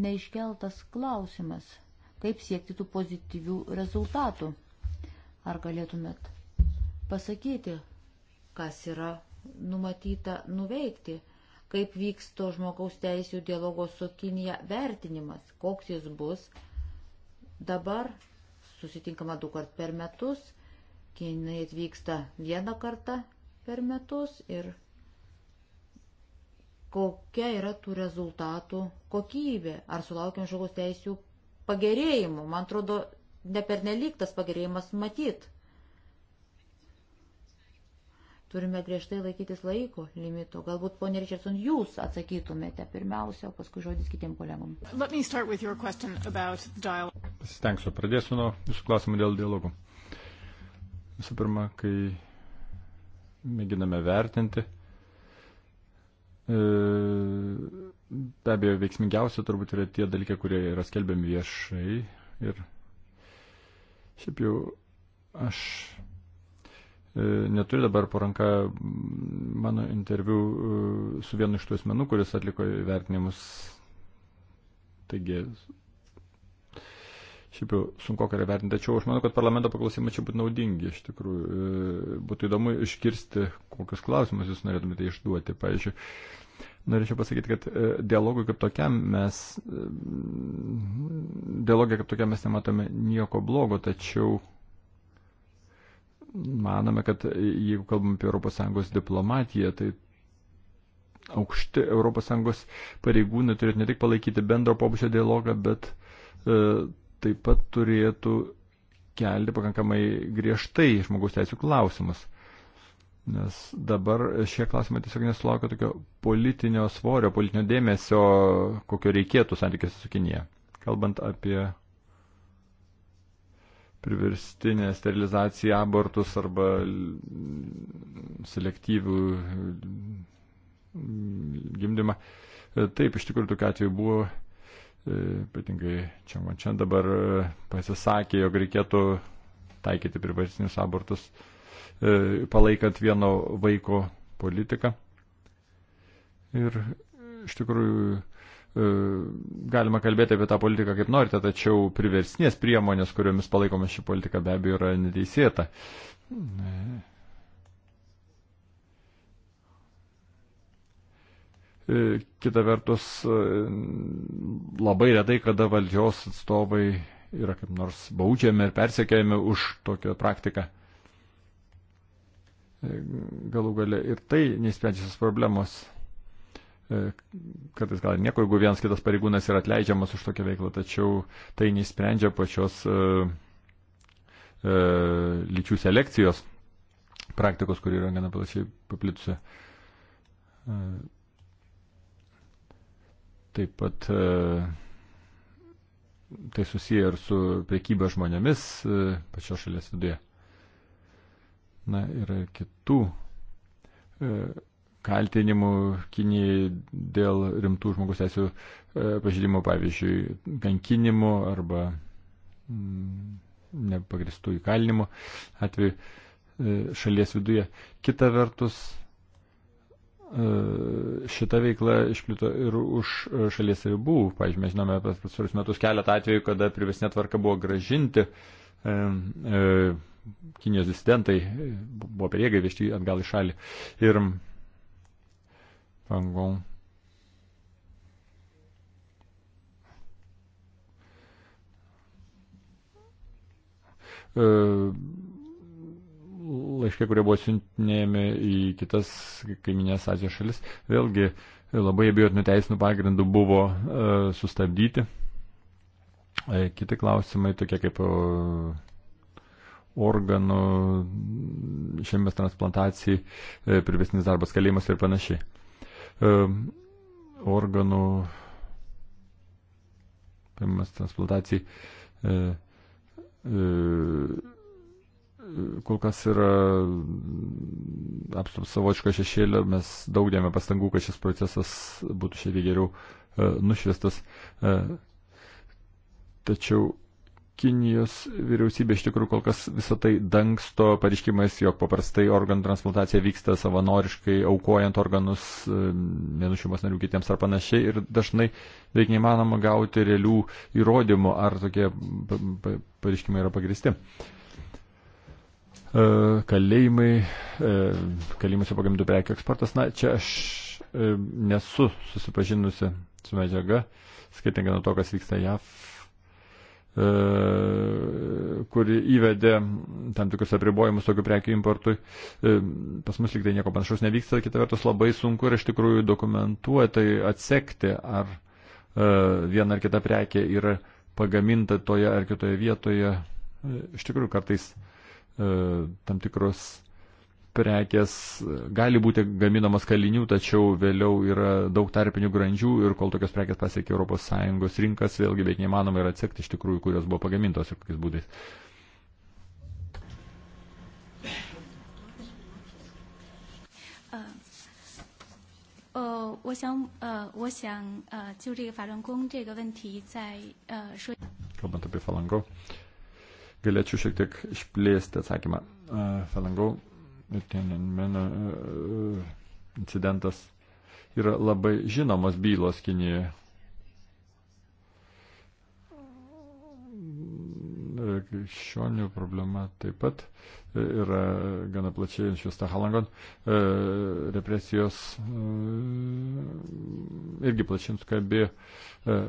neiškeltas klausimas, kaip siekti tų pozityvių rezultatų. Ar galėtumėt pasakyti, kas yra numatyta nuveikti, kaip vyks to žmogaus teisų dialogo su Kinija vertinimas, koks jis bus dabar susitinkama du kart per metus, Kinai atvyksta vieną kartą per metus ir kokia yra tų rezultatų kokybė, ar sulaukiam žmogaus teisų pagerėjimų. Man atrodo, ne pernelyg tas pagerėjimas matyt. Turime griežtai laikytis laiko limito. Galbūt, ponė Richardson, jūs atsakytumėte pirmiausia, o paskui žodis kitiem kolegom. Stengsiu, pradėsiu nuo jūsų klausimų dėl dialogų. Visų pirma, kai mėginame vertinti, e, be abejo, veiksmingiausia turbūt yra tie dalykai, kurie yra skelbiami viešai. Ir šiaip jau aš E, neturiu dabar poranka mano interviu e, su vienu iš tų asmenų, kuris atliko įvertinimus. Taigi, šiaip jau sunku ką vertinti, tačiau aš manau, kad parlamento paklausimai čia būtų naudingi, iš tikrųjų. E, būtų įdomu iškirsti, kokius klausimus jūs norėtumėte išduoti. Pavyzdžiui, norėčiau pasakyti, kad dialogui kaip tokiam mes, dialogė kaip tokiam mes nematome nieko blogo, tačiau manome, kad jeigu kalbam apie ES diplomatiją, tai aukšti ES pareigūnai turėtų ne tik palaikyti bendro pobūdžio dialogą, bet e, taip pat turėtų kelti pakankamai griežtai žmogaus teisų klausimus. Nes dabar šie klausimai tiesiog nesulaukia tokio politinio svorio, politinio dėmesio, kokio reikėtų santykiuose su Kinėje. Kalbant apie priverstinę sterilizaciją, abortus arba selektyvų gimdymą. Taip, iš tikrųjų, tokiu atveju buvo, e, ypatingai čia man čia dabar pasisakė, jog reikėtų taikyti priverstinius abortus, e, palaikant vieno vaiko politiką. Ir iš tikrųjų E, galima kalbėti apie tą politiką kaip norite, tačiau priversinės priemonės, kuriomis palaikoma ši politika, be abejo yra neteisėta. E. E, kita vertus, labai retai, kada valdžios atstovai yra kaip nors baudžiami ir persekiojami už tokią praktiką. Galų gale ir tai neįsprendžiasios problemos. E, kartais gal nieko, jeigu vienas kitas pareigūnas yra atleidžiamas už tokią veiklą, tačiau tai neįsprendžia pačios e, e, lyčių selekcijos praktikos, kuri yra gana plačiai paplitusi. E, taip pat e, tai susiję ir su priekyba žmonėmis e, pačios šalies viduje. Na, yra kitų. E, kaltinimų Kinijai dėl rimtų žmogus teisų e, pažydimų, pavyzdžiui, kankinimų arba mm, nepagristų įkalinimų atveju e, šalies viduje. Kita vertus, e, šita veikla išplito ir už šalies ribų. Pavyzdžiui, mes žinome pas pasarus metus keletą atvejų, kada privesnė tvarka buvo gražinti. Kinijos disidentai buvo per jėgą vežti atgal į šalį. Ir Pangon. E, laiškai, kurie buvo siuntinėjami į kitas kaiminės Azijos šalis, vėlgi labai abijotinų teisinių pagrindų buvo e, sustabdyti. E, kiti klausimai, tokie kaip organų, šeimės transplantacijai, privesnis darbas kalėjimas ir panašiai. E, organų paimimas transplantacijai e, e, kol kas yra apstup savočko šešėlio, mes daug dėmė pastangų, kad šis procesas būtų šiek tiek geriau nušviestas. Tačiau Kinijos vyriausybė iš tikrųjų kol kas visą tai dangsto pareiškimais, jog paprastai organų transplantacija vyksta savanoriškai, aukojant organus vienų šeimos narių kitiems ar panašiai. Ir dažnai beveik neįmanoma gauti realių įrodymų, ar tokie pareiškimai yra pagristi. E, kalėjimai, e, kalėjimuose pagamtų prekių eksportas, na čia aš e, nesu susipažinusi su medžiaga, skirtingai nuo to, kas vyksta JAV E, kuri įvedė tam tikrus apribojimus tokių prekių importui. E, pas mus liktai nieko panašaus nevyksta, kita vertus labai sunku ir iš tikrųjų dokumentuoti, atsekti, ar e, viena ar kita prekė yra pagaminta toje ar kitoje vietoje. Iš tikrųjų kartais tam tikros prekės gali būti gaminamas kalinių, tačiau vėliau yra daug tarpinių grandžių ir kol tokios prekės pasiekia ES rinkas, vėlgi beveik neįmanoma yra atsekti iš tikrųjų, kurios buvo pagamintos ir kokiais būdais. 呃，我想，呃，我想，呃，就这个法轮功这个问题再，呃，说。Kalbant uh, uh, uh, apie falangau, galėčiau šiek tiek išplėsti atsakymą. Uh, falangau Tiananmeno e, e, incidentas yra labai žinomos bylos Kinijoje. krikščionių problema taip pat e, yra gana plačiai išvesta Halangon. E, represijos e, irgi plačiai nuskambėjo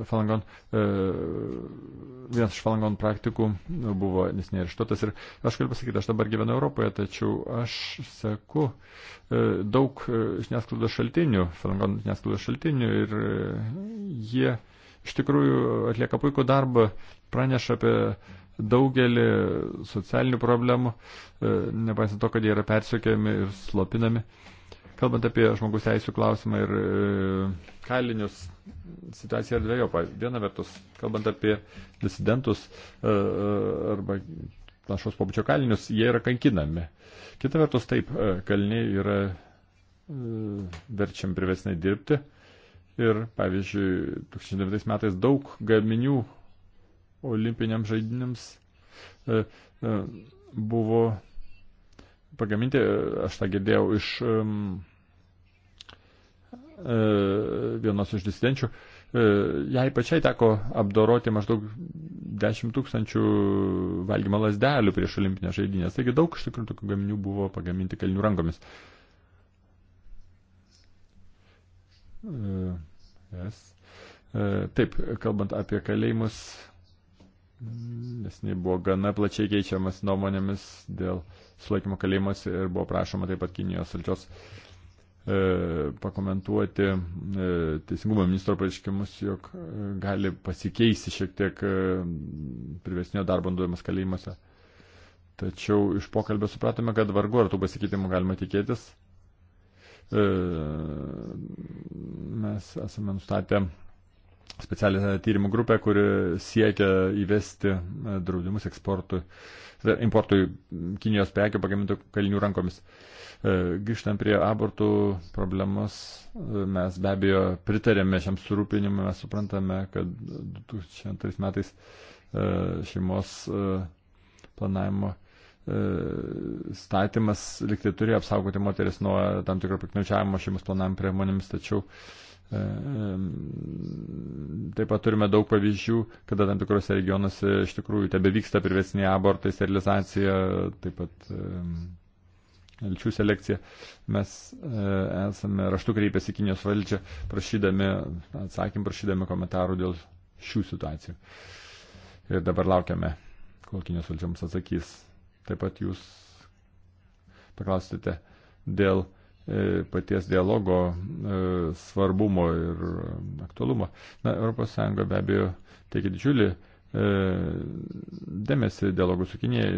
Falangon. Vienas iš Falangon praktikų buvo nesiniai areštuotas ir aš galiu pasakyti, aš dabar gyvenu Europoje, tačiau aš seku daug žiniasklaidos šaltinių, Falangon žiniasklaidos šaltinių ir jie iš tikrųjų atlieka puikų darbą, praneša apie daugelį socialinių problemų, e, nepaisant to, kad jie yra persiekiami ir slopinami. Kalbant apie žmogus teisų klausimą ir e, kalinius, situacija yra dviejopa. Viena vertus, kalbant apie disidentus e, arba panašaus pabučio kalinius, jie yra kankinami. Kita vertus, taip, kaliniai yra verčiam privesnai dirbti. Ir, pavyzdžiui, 2009 metais daug gaminių olimpiniam žaidinėms e, e, buvo pagaminti, e, aš tą girdėjau iš vienos iš disidenčių, jai pačiai teko apdoroti maždaug 10 tūkstančių valgymo lasdelių prieš olimpinę žaidynę. Taigi daug iš tikrųjų tokių gaminių buvo pagaminti kalinių rankomis. Yes. Taip, kalbant apie kalėjimus, nes jis buvo gana plačiai keičiamas nuomonėmis dėl sulaikymo kalėjimuose ir buvo prašoma taip pat Kinijos valdžios e, pakomentuoti e, teisingumo ministro pareiškimus, jog e, gali pasikeisti šiek tiek e, privesnio darbo nudojimas kalėjimuose. Tačiau iš pokalbio supratome, kad vargu ar tų pasikeitimų galima tikėtis. E, mes esame nustatę specialią tyrimų grupę, kuri siekia įvesti e, draudimus eksportui, e, importui Kinijos prekių pagamintų kalinių rankomis. E, grįžtant prie abortų problemos, mes be abejo pritarėme šiam surūpinimui, mes suprantame, kad 2002 metais šeimos planavimo statymas liktai turėjo apsaugoti moteris nuo tam tikro piknaučiavimo šeimos planavimo priemonėmis, tačiau uh, E, taip pat turime daug pavyzdžių, kada tam tikrose regionuose iš tikrųjų tebe vyksta privesnė abortai, sterilizacija, taip pat lyčių selekcija. Mes e, esame raštu kreipęs į Kinijos valdžią, prašydami, atsakym, prašydami komentarų dėl šių situacijų. Ir dabar laukiame, kol Kinijos valdžia mums atsakys. Taip pat jūs paklausite dėl E, paties dialogo e, svarbumo ir aktualumo. Na, ES be abejo teikia didžiulį E, dėmesį dialogų su Kinėje,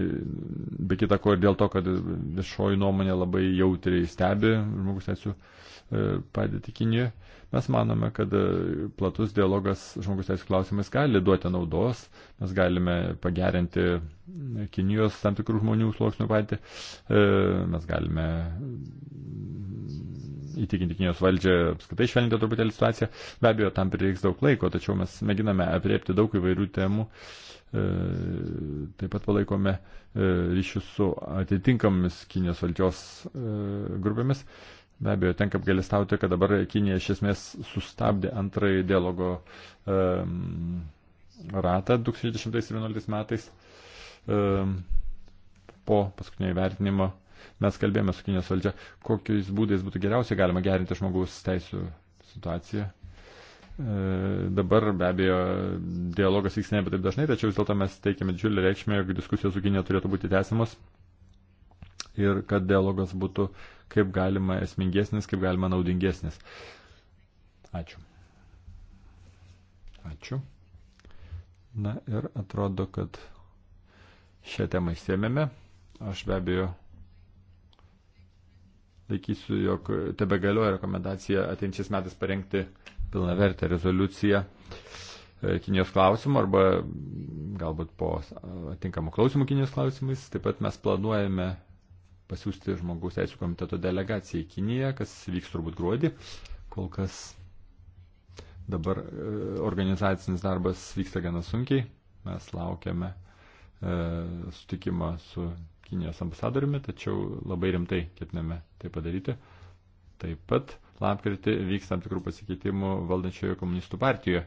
be kita ko ir dėl to, kad viešoji nuomonė labai jautriai stebi žmogus teisų e, padėti Kinijoje. Mes manome, kad e, platus dialogas žmogus teisų klausimais gali duoti naudos, mes galime pagerinti Kinijos tam tikrų žmonių sluoksnių patį, mes galime įtikinti Kinijos valdžią apskaitai švelninti truputėlį situaciją. Be abejo, tam prireiks daug laiko, tačiau mes mėginame apriepti daug įvairių temų. E, taip pat palaikome e, ryšius su atitinkamomis Kinijos valdžios e, grupėmis. Be abejo, tenka apgalistauti, kad dabar Kinija iš esmės sustabdė antrąjį dialogo um, ratą 2011 metais um, po paskutinio įvertinimo uh, Mes kalbėjome su Kinijos valdžia, kokiais būdais būtų geriausiai galima gerinti žmogaus teisų situaciją. E, dabar be abejo dialogas vyks nebe taip dažnai, tačiau vis dėlto mes teikiame didžiulį reikšmę, jog diskusijos su Kinė turėtų būti tęsiamos ir kad dialogas būtų kaip galima esmingesnis, kaip galima naudingesnis. Ačiū. Ačiū. Na ir atrodo, kad šią temą įsėmėme. Aš be abejo laikysiu, jog tebe galioja rekomendacija ateinčiais metais parengti pilna vertę rezoliuciją e, Kinijos klausimų arba galbūt po atinkamų klausimų Kinijos klausimais. Taip pat mes planuojame pasiūsti žmogaus teisų komiteto delegaciją į Kiniją, kas vyks turbūt gruodį. Kol kas dabar e, organizacinis darbas vyksta gana sunkiai. Mes laukiame e, sutikimą su Kinijos ambasadoriumi, tačiau labai rimtai ketiname tai padaryti. Taip pat lapkritį vyks tam tikrų pasikeitimų valdančiojo komunistų partijoje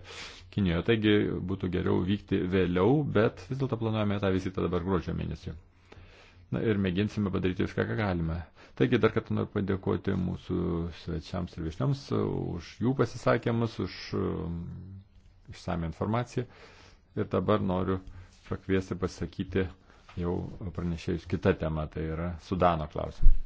Kinijoje. Taigi būtų geriau vykti vėliau, bet vis dėlto planuojame tą vizitą dabar gruodžio mėnesį. Na ir mėginsime padaryti viską, ką galime. Taigi dar kartą noriu padėkoti mūsų svečiams ir viešniams už jų pasisakymus, už um, išsame informaciją. Ir dabar noriu pakviesti pasakyti jau pranešėjus kitą temą, tai yra Sudano klausimą.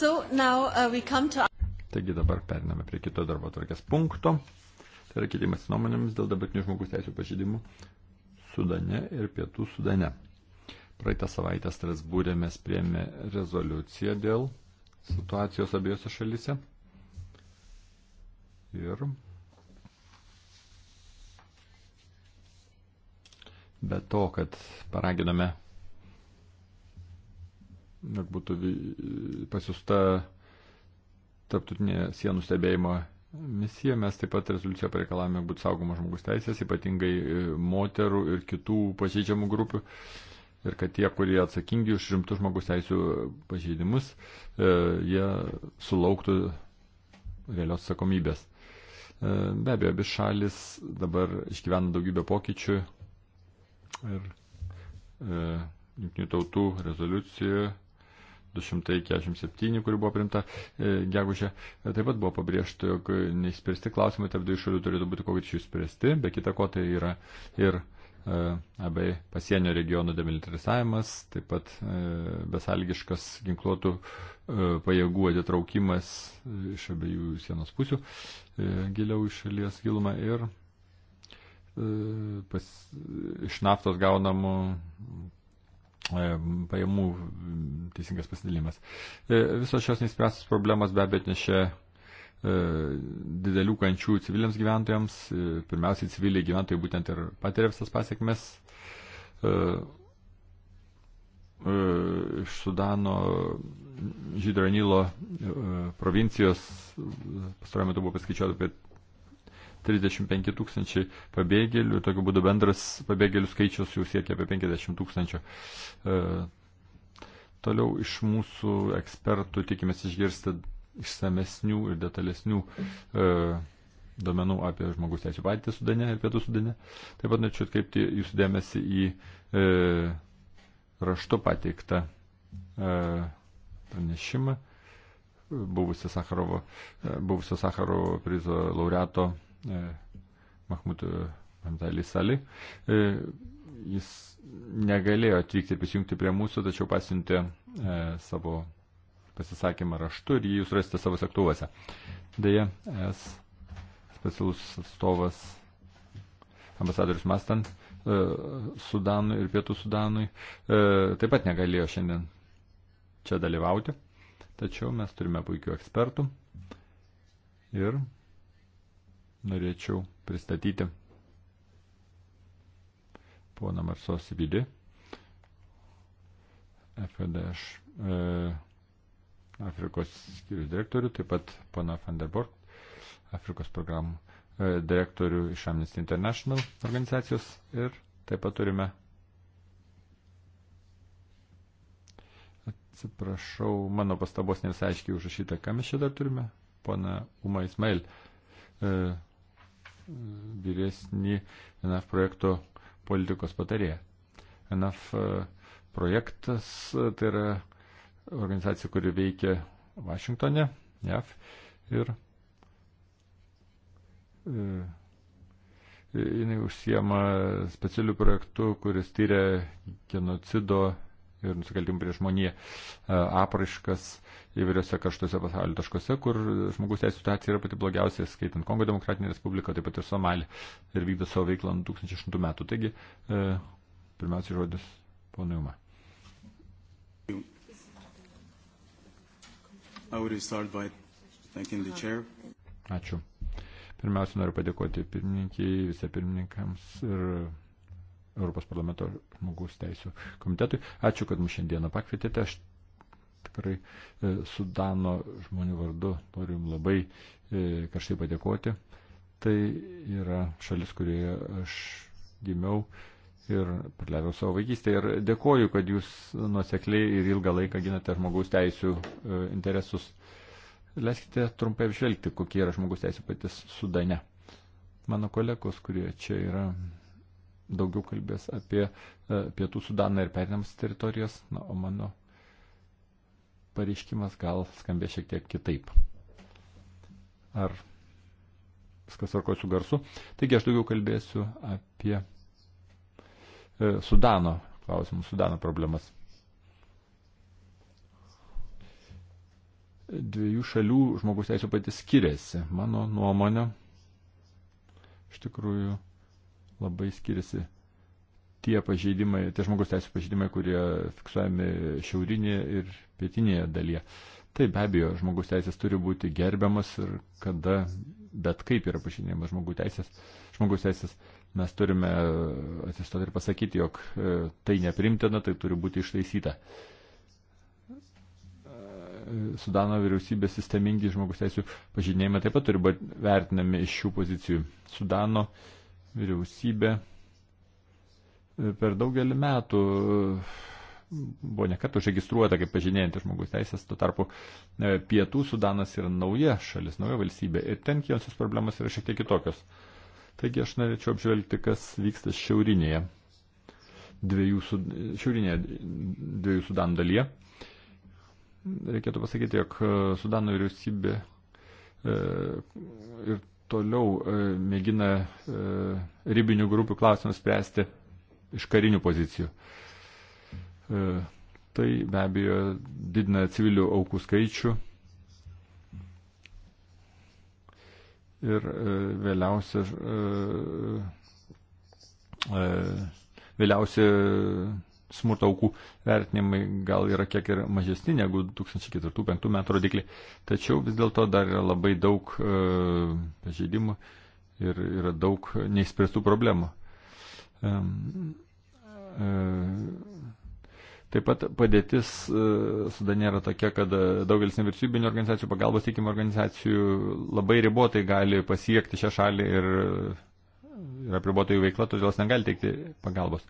So now, uh, to... Taigi dabar periname prie kito darbo tvarkės punkto. Tai yra kitimas nuomonėmis dėl dabartinių žmogus teisų pažydimų Sudane ir Pietų Sudane. Praeitą savaitę Strasbūrė mes priėmė rezoliuciją dėl situacijos abiejose šalyse. Ir be to, kad paraginome jog būtų pasiusta tarptautinė sienų stebėjimo misija. Mes taip pat rezoliuciją pareikalavome būti saugomos žmogus teisės, ypatingai e, moterų ir kitų pažeidžiamų grupių. Ir kad tie, kurie atsakingi už rimtus žmogus teisų pažeidimus, e, jie sulauktų realios atsakomybės. E, be abejo, abi šalis dabar išgyvena daugybę pokyčių ir jungtinių tautų rezoliucijoje 247, kuri buvo primta e, gegužė, e, taip pat buvo pabrėžta, jog neįspręsti klausimai tarp dviejų šalių turėtų būti kokius jų spręsti, be kita ko tai yra ir e, abai pasienio regionų demilitarizavimas, taip pat besalgiškas ginkluotų pajėgų atitraukimas iš abiejų sienos pusių giliau iš šalies gilumą ir pas, iš naftos gaunamų E, pajamų teisingas pasidalimas. E, visos šios neįspręstos problemos be abejo atnešė e, didelių kančių civiliams gyventojams. Pirmiausiai civiliai gyventojai būtent ir patiria visas pasiekmes. Iš Sudano Žydro Nilo provincijos pastarojame metu buvo paskaičiuota apie 35 tūkstančiai pabėgėlių, tokiu būdu bendras pabėgėlių skaičius jau siekia apie 50 tūkstančių. E, toliau iš mūsų ekspertų tikimės išgirsti išsamesnių ir detalesnių e, duomenų apie žmogus teisų patį Sudane ir Pietų Sudane. Taip pat norėčiau atkreipti jūsų dėmesį į e, raštu pateiktą e, pranešimą e, buvusio Sakarovo, buvusio Sakarovo prizo laureato E, Mahmudu Hamdali e, Sali. E, jis negalėjo atvykti ir prisijungti prie mūsų, tačiau pasiuntė savo pasisakymą raštu ir jį jūs rasite savo sektuvose. Deja, es specialus atstovas ambasadorius Mastan Sudanui ir Pietų Sudanui taip pat negalėjo šiandien čia dalyvauti, tačiau mes turime puikių ekspertų ir norėčiau pristatyti poną Marsos Vidį, FDŠ e, Afrikos skyrių direktorių, taip pat pana Vanderborg, Afrikos programų e, direktorių iš Amnesty International organizacijos ir taip pat turime Atsiprašau, mano pastabos nesaiškiai užrašyta, ką mes čia dar turime? Pana Uma Ismail, e, vyresnį NF projekto politikos patarėją. NF e, projektas e, tai yra organizacija, kuri veikia Vašingtone, JAV ir e, jinai užsiema specialių projektų, kuris tyria genocido ir nusikaltimų prieš žmoniją e, apraiškas įvairiose karštuose pasaulio taškuose, kur žmogus teisų situacija yra pati blogiausia, skaitant Kongo Demokratinę Respubliką, taip pat ir Somalį, ir vykdo savo veiklą nuo 2008 metų. Taigi, e, pirmiausia, žodis ponui Juma. Ačiū. Pirmiausia, noriu padėkoti pirmininkiai, vicepirmininkams ir Europos parlamento žmogaus teisų komitetui. Ačiū, kad mus šiandieną pakvietėte. Aš tikrai e, Sudano žmonių vardu noriu jums labai e, kažtai padėkoti. Tai yra šalis, kurioje aš gimiau ir praleidau savo vaikystę. Ir dėkoju, kad jūs nusekliai ir ilgą laiką ginate žmogaus teisų e, interesus. Leiskite trumpai apžvelgti, kokie yra žmogaus teisų patys Sudane. Mano kolegos, kurie čia yra daugiau kalbės apie e, pietų Sudaną ir perinamas teritorijas, na, o mano pareiškimas gal skambė šiek tiek kitaip. Ar viskas varko su garsu? Taigi aš daugiau kalbėsiu apie e, Sudano klausimus, Sudano problemas. Dviejų šalių žmogus teisų patys skiriasi. Mano nuomonė, iš tikrųjų, labai skiriasi tie pažeidimai, tie žmogus teisų pažeidimai, kurie fiksuojami šiaurinėje ir pietinėje dalyje. Taip, be abejo, žmogus teisės turi būti gerbiamas ir kada, bet kaip yra pažinėjimas žmogus teisės. Žmogus teisės mes turime e, atsistoti ir pasakyti, jog e, tai neprimtina, tai turi būti ištaisyta. E, Sudano vyriausybės sistemingi žmogus teisų pažinėjimai taip pat turi būti vertinami iš šių pozicijų. Sudano uh, vyriausybė e, per daugelį metų e, buvo nekart užregistruota kaip pažinėjanti žmogus teisės, tuo tarpu e, pietų Sudanas yra nauja šalis, nauja valstybė ir ten kilusios problemos yra šiek tiek kitokios. Taigi aš norėčiau apžvelgti, kas vyksta šiaurinėje, dviejų, šiaurinėje dviejų Sudanų dalyje. Reikėtų pasakyti, jog Sudano vyriausybė ir toliau e, mėgina e, ribinių grupių klausimus spręsti iš karinių pozicijų. E, tai be abejo didina civilių aukų skaičių ir vėliausia, vėliausia smurto aukų vertinimai gal yra kiek ir mažesni negu 2004-2005 metų rodikliai, tačiau vis dėlto dar yra labai daug e, pažeidimų ir yra daug neįspręstų problemų. E, e, Taip pat padėtis e, sudane yra tokia, kad e, daugelis nevyriausybinio organizacijų, pagalbos teikimo organizacijų labai ribotai gali pasiekti šią šalį ir yra e, apribota jų veikla, todėl jos negali teikti pagalbos.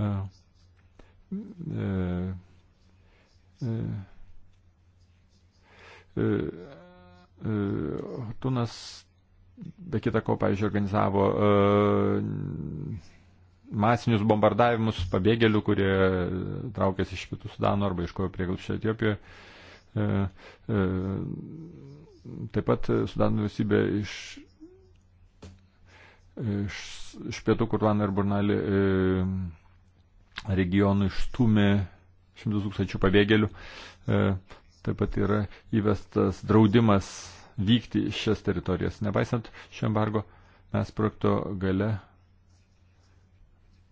Uh E, e, e, Tunas, be kita ko, pavyzdžiui, organizavo masinius bombardavimus pabėgėlių, kurie traukėsi iš pietų Sudano arba iškojo prieglupščio Etiopijoje. Taip pat Sudano vyriausybė iš, iš, iš pietų Kurvano ir Burnali regionų išstumė šimtus tūkstančių pabėgėlių. E, taip pat yra įvestas draudimas vykti į šias teritorijas. Nepaisant šio embargo, mes projekto gale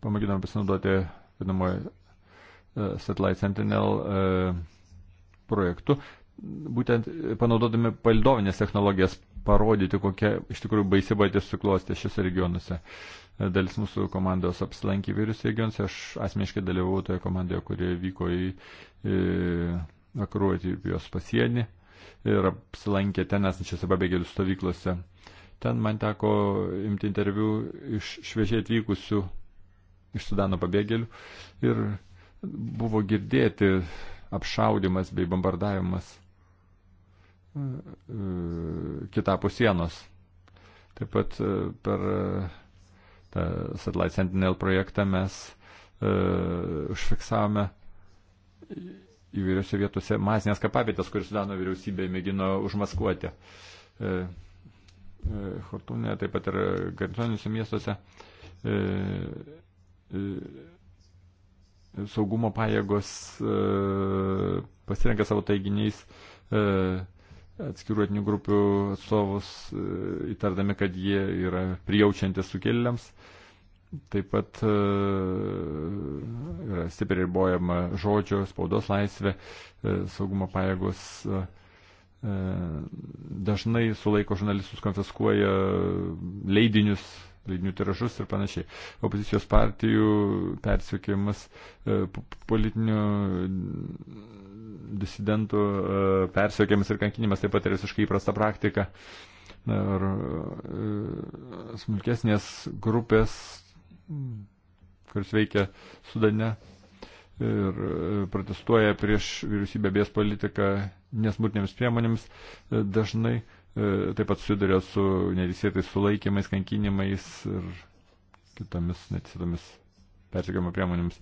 pamėginom pasinaudoti vadinamoje Satellite Sentinel e, projektu, būtent panaudodami paldovinės technologijas parodyti, kokia iš tikrųjų baisi baigtis suklostė šiuose regionuose. E, dalis mūsų komandos apsilankė įvairius regionus. Aš asmeniškai dalyvau toje komandoje, kurie vyko į, į vakarų Etiopijos pasienį ir apsilankė ten esančiose pabėgėlių stovyklose. Ten man teko imti interviu iš šviežiai atvykusių iš Sudano pabėgėlių ir buvo girdėti apšaudimas bei bombardavimas e, e, kitapus sienos. Taip pat e, per tą Satellite Sentinel projektą mes uh, užfiksavome įvairiose vietose masinės kapavietės, kuris Sudano vyriausybė mėgino užmaskuoti. Uh, uh, Hortūnė, taip pat ir garnizoniniuose miestuose. Uh, uh, saugumo pajėgos e, pasirenka savo taiginiais e, atskirų etinių grupių atstovus, e, įtardami, kad jie yra prijaučiantis sukėlėliams. Taip pat e, yra stipriai ribojama žodžio, spaudos laisvė, e, saugumo pajėgos dažnai sulaiko žurnalistus, konfiskuoja leidinius, leidinių tiražus ir panašiai. Opozicijos partijų persiekėjimas politinių disidentų e, persiekėjimas ir kankinimas taip pat yra visiškai įprasta praktika. Ir e, smulkesnės grupės, kuris veikia Sudane ir e, protestuoja prieš vyriausybę bės politiką nesmurtinėms priemonėms, dažnai taip pat susiduria su neteisėtais sulaikymais, kankinimais ir kitomis neteisėtomis persikėjimo priemonėms.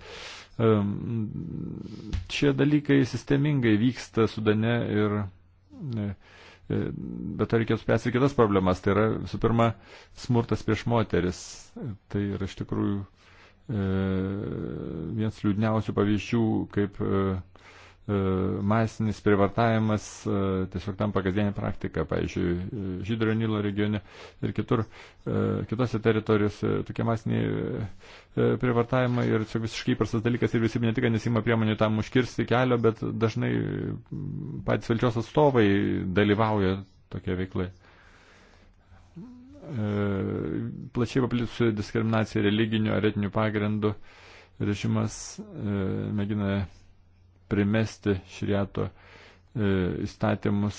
Šie dalykai sistemingai vyksta Sudane ir e, e, bet to reikėtų spręsti kitas problemas. Tai yra, visų pirma, smurtas prieš moteris. Tai yra iš tikrųjų e, vienas liūdniausių pavyzdžių, kaip E, masinis privartavimas e, tiesiog tampa kasdienė praktika, pavyzdžiui, e, Žydrio Nilo regione ir kitur, kitose teritorijose tokie masiniai privartavimai ir čia visiškai įprastas dalykas ir visi ne tik nesima priemonių tam užkirsti kelio, bet dažnai patys valdžios atstovai dalyvauja tokie veiklai plačiai paplitusi diskriminacija religinių ar etinių pagrindų režimas mėgina primesti širieto e, įstatymus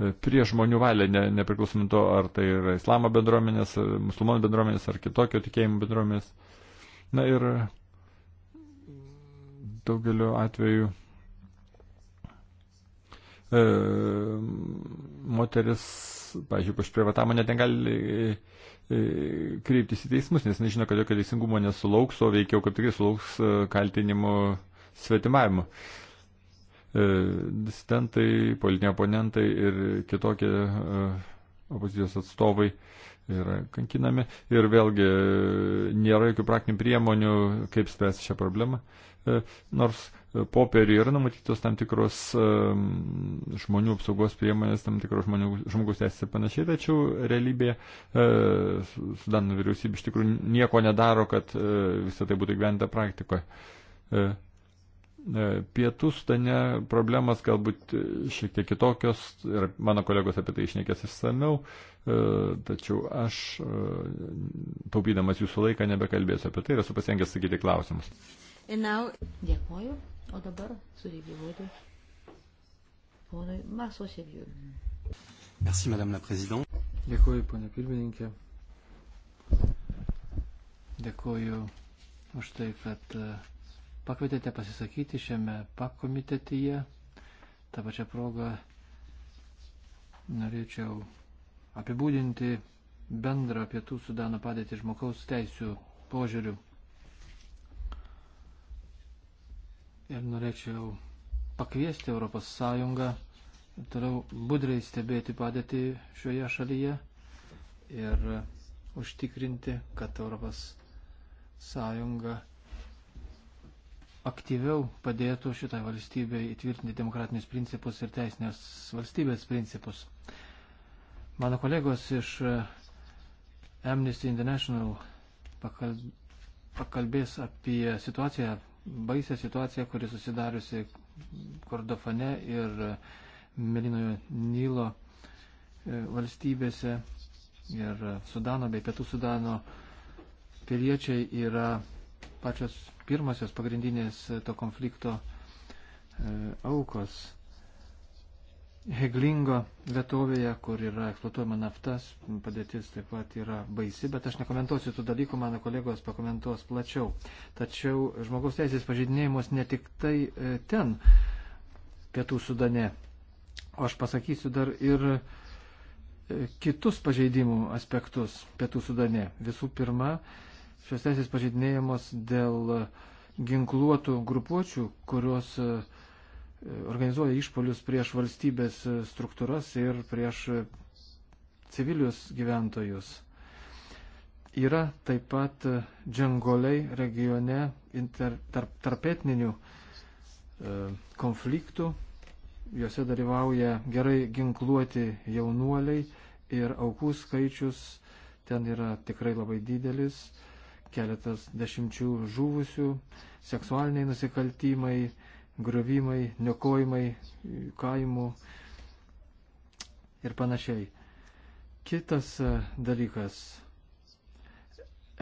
e, prie žmonių valią, ne, nepriklausom to, ar tai yra islamo bendruomenės, musulmonų bendruomenės ar kitokio tikėjimo bendruomenės. Na ir daugeliu atveju e, moteris, pažiūrėjau, po išprivatamo net negali e, e, kreiptis į teismus, nes nežino, kad jokio teisingumo nesulauks, o veikiau, kad tikrai sulauks e, kaltinimų svetimavimu. E, disidentai, politiniai oponentai ir kitokie e, opozicijos atstovai yra kankinami ir vėlgi e, nėra jokių praktinių priemonių, kaip spręsti šią problemą. E, nors e, popierių yra numatytos tam tikros um, žmonių apsaugos priemonės, tam tikros žmonių, žmogus teisės ir panašiai, tačiau realybėje uh, Sudano vyriausybė iš tikrųjų nieko nedaro, kad uh, visą tai būtų gyventa praktikoje. Uh, E, Pietų stane problemas galbūt šiek tiek kitokios ir mano kolegos apie tai išnekės išsameu, e, tačiau aš, e, taupydamas jūsų laiką, nebekalbėsiu apie tai ir esu pasirengęs sakyti klausimus. And now, dėkoju, o dabar sureaguoju ponui Marso Seviu. Merci, madame la présidente. Dėkoju, ponė pirmininkė. Dėkoju už tai, kad uh, pakvietėte pasisakyti šiame pakomitetyje. Ta pačia proga norėčiau apibūdinti bendrą pietų sudano padėtį žmogaus teisų požiūrių. Ir norėčiau pakviesti Europos Sąjungą toliau budriai stebėti padėtį šioje šalyje ir užtikrinti, kad Europos Sąjunga aktyviau padėtų šitai valstybei įtvirtinti demokratinius principus ir teisinės valstybės principus. Mano kolegos iš eh, Amnesty International pakalbės apie situaciją, baisę situaciją, kuri susidariusi Kordofane ir eh, Melinojo Nilo eh, valstybėse ir Sudano bei Pietų Sudano piliečiai yra pačios pirmasios pagrindinės to konflikto e, aukos. Heglingo vietovėje, kur yra eksploatuojama naftas, padėtis taip pat yra baisi, bet aš nekomentuosiu tų dalykų, mano kolegos pakomentuos plačiau. Tačiau žmogaus teisės pažydinėjimus ne tik tai e, ten, pietų sudane, o aš pasakysiu dar ir e, kitus pažeidimų aspektus pietų sudane. Visų pirma, šios teisės pažeidinėjamos dėl ginkluotų grupuočių, kurios e, organizuoja išpolius prieš valstybės e, struktūras ir prieš civilius gyventojus. Yra taip pat e, džengoliai regione inter, tarp, tarpetninių e, konfliktų, juose dalyvauja gerai ginkluoti jaunuoliai ir aukų skaičius ten yra tikrai labai didelis. E, keletas dešimčių žuvusių, seksualiniai nusikaltimai, grovimai, nekojimai kaimų ir panašiai. Kitas e, dalykas.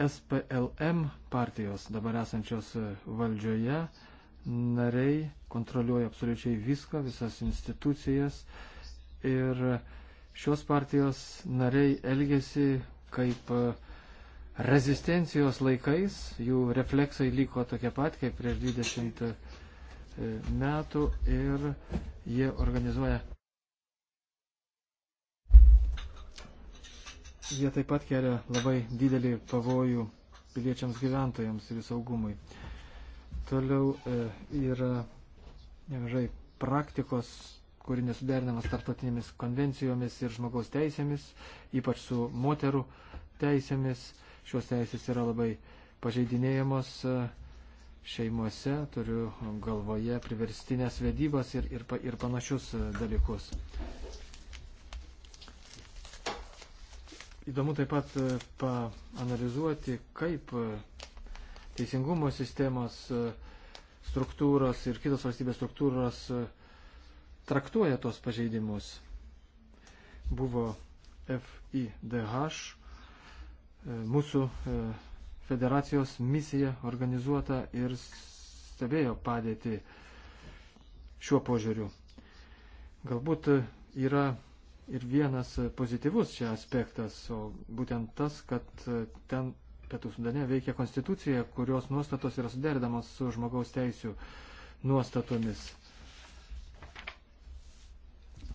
SPLM partijos dabar esančios e, valdžioje nariai kontroliuoja absoliučiai viską, visas institucijas ir šios partijos nariai elgesi kaip uh, rezistencijos laikais jų refleksai liko tokie pat kaip prieš 20 e, metų ir jie organizuoja. Jie taip pat kelia labai didelį pavojų piliečiams gyventojams ir saugumui. Toliau e, yra nemažai praktikos, kuri nesuderinamas tarptautinėmis konvencijomis ir žmogaus teisėmis, ypač su moterų teisėmis. E, šios teisės yra labai pažeidinėjamos e, šeimuose, turiu galvoje priverstinės vedybas ir, ir, ir panašius e, dalykus. Įdomu taip pat e, paanalizuoti, kaip teisingumo sistemos struktūros ir kitos valstybės struktūros traktuoja tos pažeidimus. Buvo FIDH E, mūsų e, federacijos misija organizuota ir stebėjo padėti šiuo požiūriu. Galbūt yra ir vienas pozityvus čia aspektas, o būtent tas, kad ten Pietų Sudane veikia konstitucija, kurios nuostatos yra suderinamos su žmogaus teisų nuostatomis.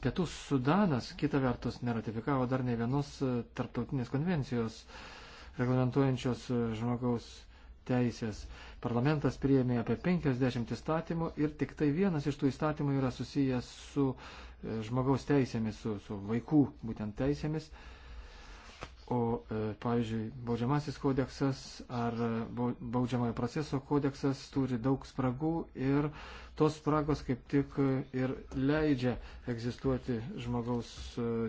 Pietų Sudanas, kita vertus, neratifikavo dar ne vienos tarptautinės konvencijos, uh, reglamentuojančios e, žmogaus teisės. Parlamentas priėmė apie 50 įstatymų ir tik tai vienas iš tų įstatymų yra susijęs su e, žmogaus teisėmis, su, su vaikų būtent teisėmis. E, O, e, pavyzdžiui, baudžiamasis kodeksas ar e, baudžiamojo proceso kodeksas turi daug spragų ir tos spragos kaip tik e, ir leidžia egzistuoti žmogaus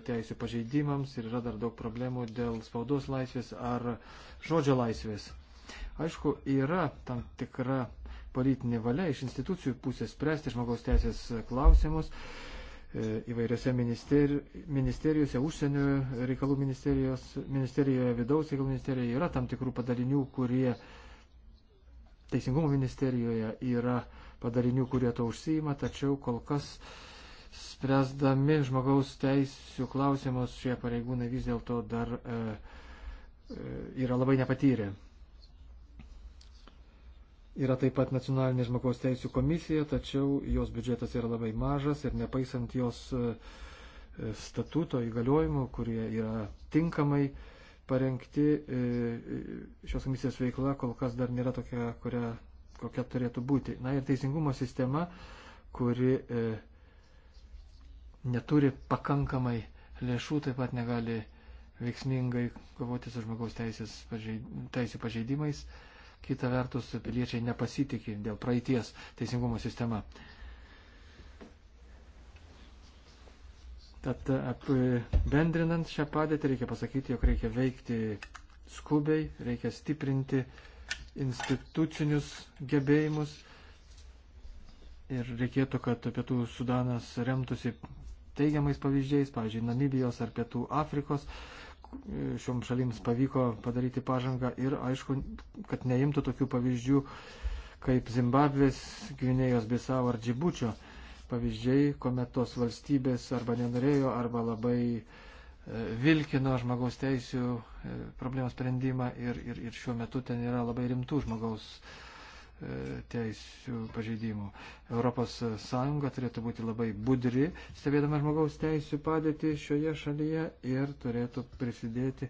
teisų pažeidimams ir yra dar daug problemų dėl spaudos laisvės ar žodžio laisvės. Aišku, yra tam tikra politinė valia iš institucijų pusės spręsti žmogaus teisės klausimus. E, E, įvairiose ministeri, ministerijose, užsienio reikalų ministerijoje, vidaus reikalų ministerijoje yra tam tikrų padalinių, kurie teisingumo ministerijoje yra padalinių, kurie to užsijima, tačiau kol kas spręsdami žmogaus teisų klausimus šie pareigūnai vis dėlto dar e, e, yra labai nepatyrę. Yra taip pat nacionalinė žmogaus teisų komisija, tačiau jos biudžetas yra labai mažas ir nepaisant jos e, statuto įgaliojimų, kurie yra tinkamai parengti, e, e, šios komisijos veikla kol kas dar nėra tokia, kuria, kokia turėtų būti. Na ir teisingumo sistema, kuri neturi pakankamai lėšų, taip pat negali veiksmingai kovoti su žmogaus teisės pažeidimais. Teisės pažeidimais kita vertus piliečiai nepasitikė dėl praeities teisingumo sistema. Tad apibendrinant šią padėtį reikia pasakyti, jog reikia veikti skubiai, reikia stiprinti institucinius gebėjimus ir reikėtų, kad pietų Sudanas remtųsi teigiamais pavyzdžiais, pavyzdžiui, Namibijos ar pietų Afrikos šioms šalims pavyko padaryti pažangą ir aišku, kad neimtų tokių pavyzdžių kaip Zimbabvės, Gvinėjos Bisau ar Džibučio pavyzdžiai, kuomet tos valstybės arba nenorėjo, arba labai e, vilkino žmogaus teisų e, problemos sprendimą ir, ir, ir šiuo metu ten yra labai rimtų žmogaus teisų teisų pažeidimų. ES turėtų būti labai budri, stebėdama žmogaus teisų padėtį šioje šalyje ir turėtų prisidėti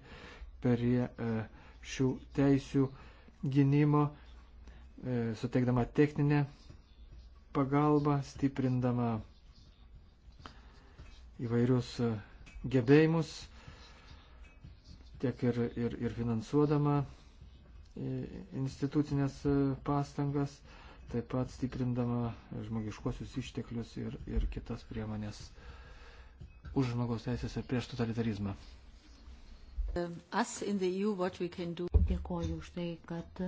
prie e, šių teisų gynimo, e, suteikdama techninę pagalbą, stiprindama įvairius e, gebėjimus, tiek ir, ir, ir finansuodama institucinės e, pastangas, taip pat stiprindama žmogiškuosius išteklius ir, ir kitas priemonės už žmogaus teisės ir prieš totalitarizmą. EU, e Dėkoju už tai, kad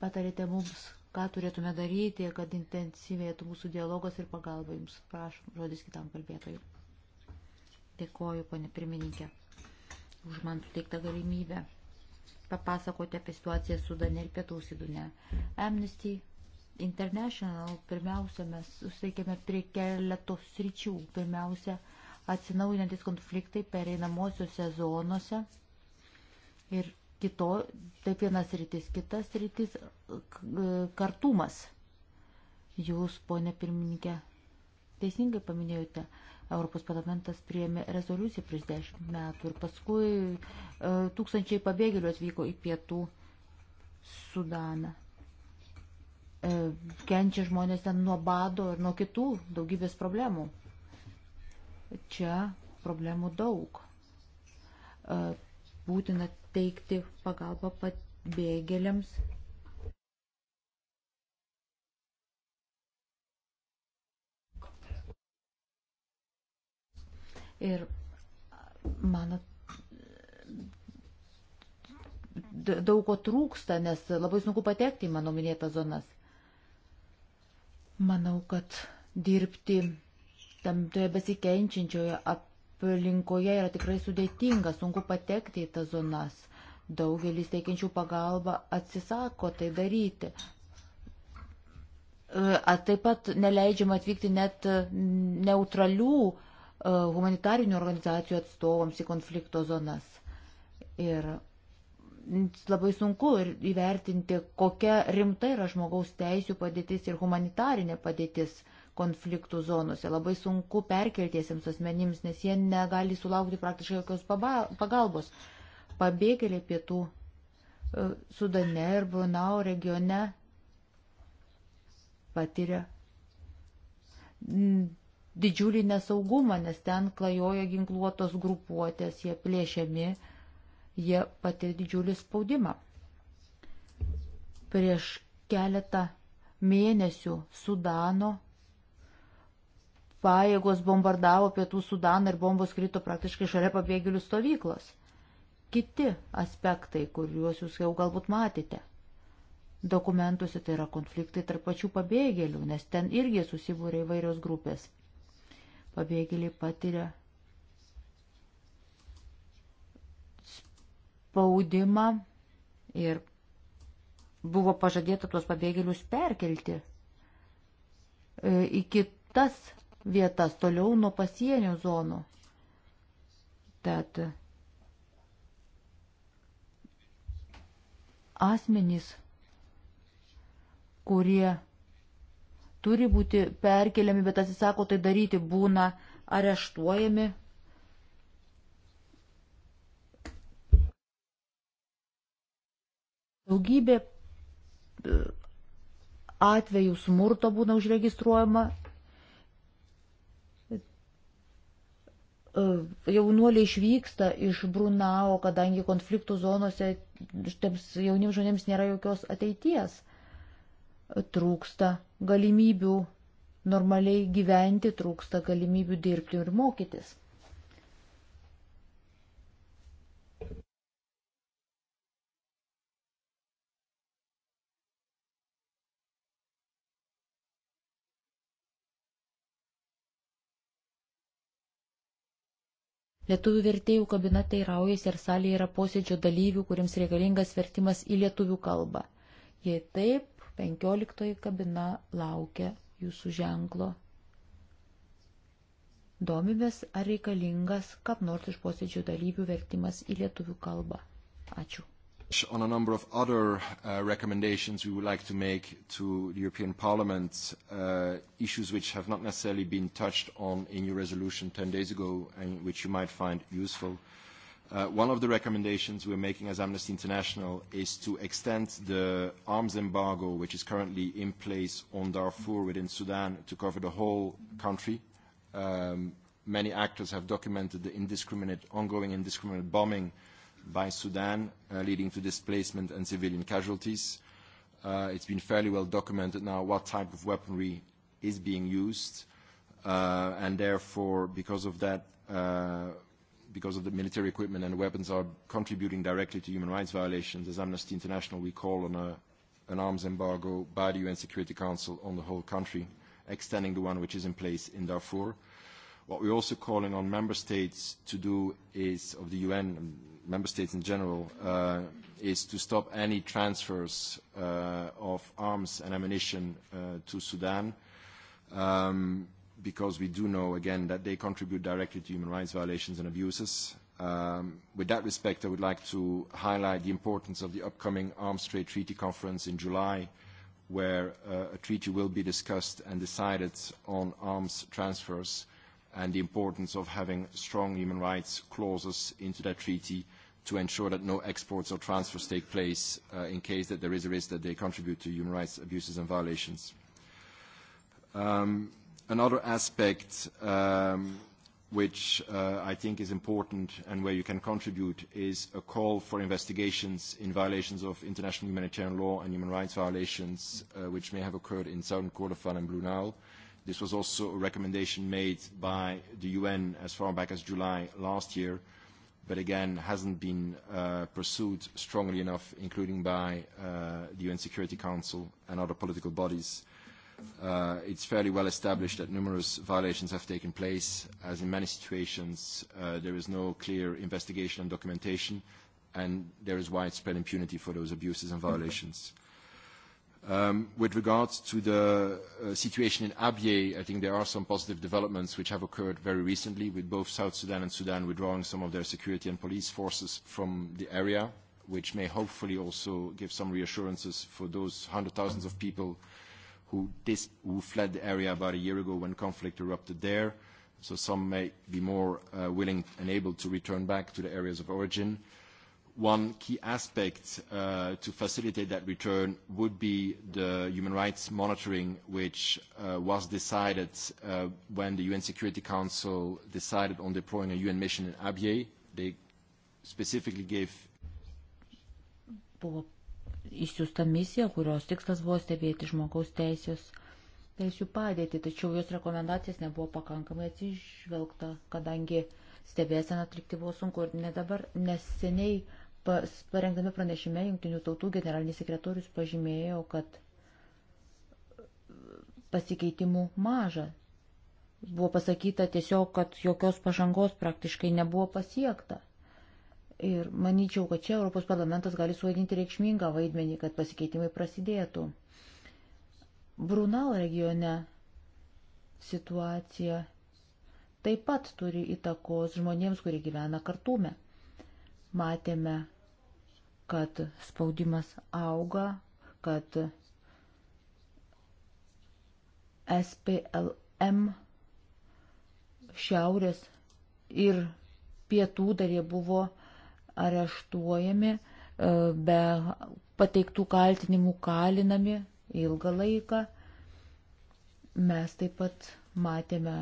patarėte mums, ką turėtume daryti, kad intensyvėtų mūsų dialogas ir pagalba jums. Prašom, žodis kitam kalbėtojui. Dėkoju, ponė pirmininkė, už man suteiktą galimybę papasakoti apie situaciją Sudane ir Pietų Sudane. Amnesty International pirmiausia mes susiekėme prie keletos sričių. Pirmiausia, atsinaujinantis konfliktai pereinamosiuose zonuose ir kito, taip vienas rytis, kitas rytis kartumas. Jūs, ponė pirmininkė, teisingai paminėjote, Europos parlamentas priėmė rezoliuciją prieš dešimt metų ir paskui e, tūkstančiai pabėgėlių atvyko į pietų Sudaną. E, kenčia žmonės ten nuo bado ir nuo kitų daugybės problemų. Čia problemų daug. E, būtina teikti pagalbą pabėgėliams Ir mano daug ko trūksta, nes labai sunku patekti į mano minėtas zonas. Manau, kad dirbti tam toje besikeičiančioje aplinkoje yra tikrai sudėtinga, sunku patekti į tas zonas. Daugelis teikiančių pagalbą atsisako tai daryti. E, a, taip pat neleidžiama atvykti net neutralių uh, E, humanitarinių organizacijų atstovams į konflikto zonas. Ir labai sunku įvertinti, kokia rimta yra žmogaus teisų padėtis ir humanitarinė padėtis konfliktų zonose. Labai sunku perkeltiesiems asmenims, nes jie negali sulaukti praktiškai jokios pagalbos. Pabėgėliai pietų e, Sudane ir Brunau regione patiria didžiulį nesaugumą, nes ten klajoja ginkluotos grupuotės, jie plėšiami, jie patiria didžiulį spaudimą. Prieš keletą mėnesių Sudano pajėgos bombardavo pietų Sudaną ir bombos krito praktiškai šalia pabėgėlių stovyklos. Kiti aspektai, kuriuos jūs jau galbūt matėte. Dokumentuose tai yra konfliktai tarp pačių pabėgėlių, nes ten irgi susibūrė įvairios grupės. Pabėgėliai patiria spaudimą ir buvo pažadėta tuos pabėgėlius perkelti e, į kitas vietas toliau nuo pasienio zonų. Tad asmenys, kurie turi būti perkeliami, bet atsisako tai daryti, būna areštuojami. Daugybė e, atvejų smurto būna užregistruojama. E, jaunuoliai išvyksta iš Brunao, kadangi konfliktų zonose šitiems jauniems žmonėms nėra jokios ateities trūksta galimybių normaliai gyventi, trūksta galimybių dirbti ir mokytis. Lietuvių vertėjų kabinete įraujasi, ar salėje yra posėdžio dalyvių, kuriems reikalingas vertimas į lietuvių kalbą. Jei taip, Penkioliktoji kabina laukia jūsų ženklo. Domimės, ar reikalingas, kad nors iš posėdžių dalyvių vertimas į lietuvių kalbą. Ačiū. On a number of other uh, recommendations we would like to make to the European Parliament, uh, issues which have not necessarily been touched on in your resolution 10 days ago and which you might find useful. Uh, Uh, one of the recommendations we're making as Amnesty International is to extend the arms embargo, which is currently in place on Darfur within Sudan, to cover the whole country. Um, many actors have documented the indiscriminate, ongoing indiscriminate bombing by Sudan, uh, leading to displacement and civilian casualties. Uh, it's been fairly well documented now what type of weaponry is being used, uh, and therefore, because of that, uh, because of the military equipment and weapons are contributing directly to human rights violations. As Amnesty International, we call on a, an arms embargo by the UN Security Council on the whole country, extending the one which is in place in Darfur. What we're also calling on member states to do is, of the UN, um, member states in general, uh, is to stop any transfers uh, of arms and ammunition uh, to Sudan. Um, because we do know, again, that they contribute directly to human rights violations and abuses. Um, with that respect, I would like to highlight the importance of the upcoming Arms Trade Treaty Conference in July, where uh, a treaty will be discussed and decided on arms transfers and the importance of having strong human rights clauses into that treaty to ensure that no exports or transfers take place uh, in case that there is a risk that they contribute to human rights abuses and violations. Um, Another aspect um, which uh, I think is important and where you can contribute is a call for investigations in violations of international humanitarian law and human rights violations uh, which may have occurred in southern Kordofan and Blue Nile. This was also a recommendation made by the UN as far back as July last year, but again hasn't been uh, pursued strongly enough, including by uh, the UN Security Council and other political bodies. Uh, Uh, it's fairly well established that numerous violations have taken place, as in many situations uh, there is no clear investigation and documentation, and there is widespread impunity for those abuses and violations. Um, with regards to the uh, situation in Abyei, I think there are some positive developments which have occurred very recently, with both South Sudan and Sudan withdrawing some of their security and police forces from the area, which may hopefully also give some reassurances for those hundred thousands of people uh, who, dis who fled the area about a year ago when conflict erupted there. So some may be more uh, willing and able to return back to the areas of origin. One key aspect uh, to facilitate that return would be the human rights monitoring, which uh, was decided uh, when the UN Security Council decided on deploying a UN mission in Abyei. They specifically gave buvo įsiųsta misija, kurios tikslas buvo stebėti žmogaus teisės teisų padėtį, tačiau jos rekomendacijas nebuvo pakankamai atsižvelgta, kadangi stebėseną atlikti buvo sunku ir ne dabar neseniai pas, parengdami pranešime Junktinių tautų generalinis sekretorius pažymėjo, kad pasikeitimų maža. Buvo pasakyta tiesiog, kad jokios pažangos praktiškai nebuvo pasiekta. Ir manyčiau, kad čia Europos parlamentas gali suvaidinti reikšmingą vaidmenį, kad pasikeitimai prasidėtų. Brunal regione situacija taip pat turi įtakos žmonėms, kurie gyvena kartume. Matėme, kad spaudimas auga, kad SPLM šiaurės ir pietų darė buvo areštuojami, e, be pateiktų kaltinimų kalinami ilgą laiką. Mes taip pat matėme,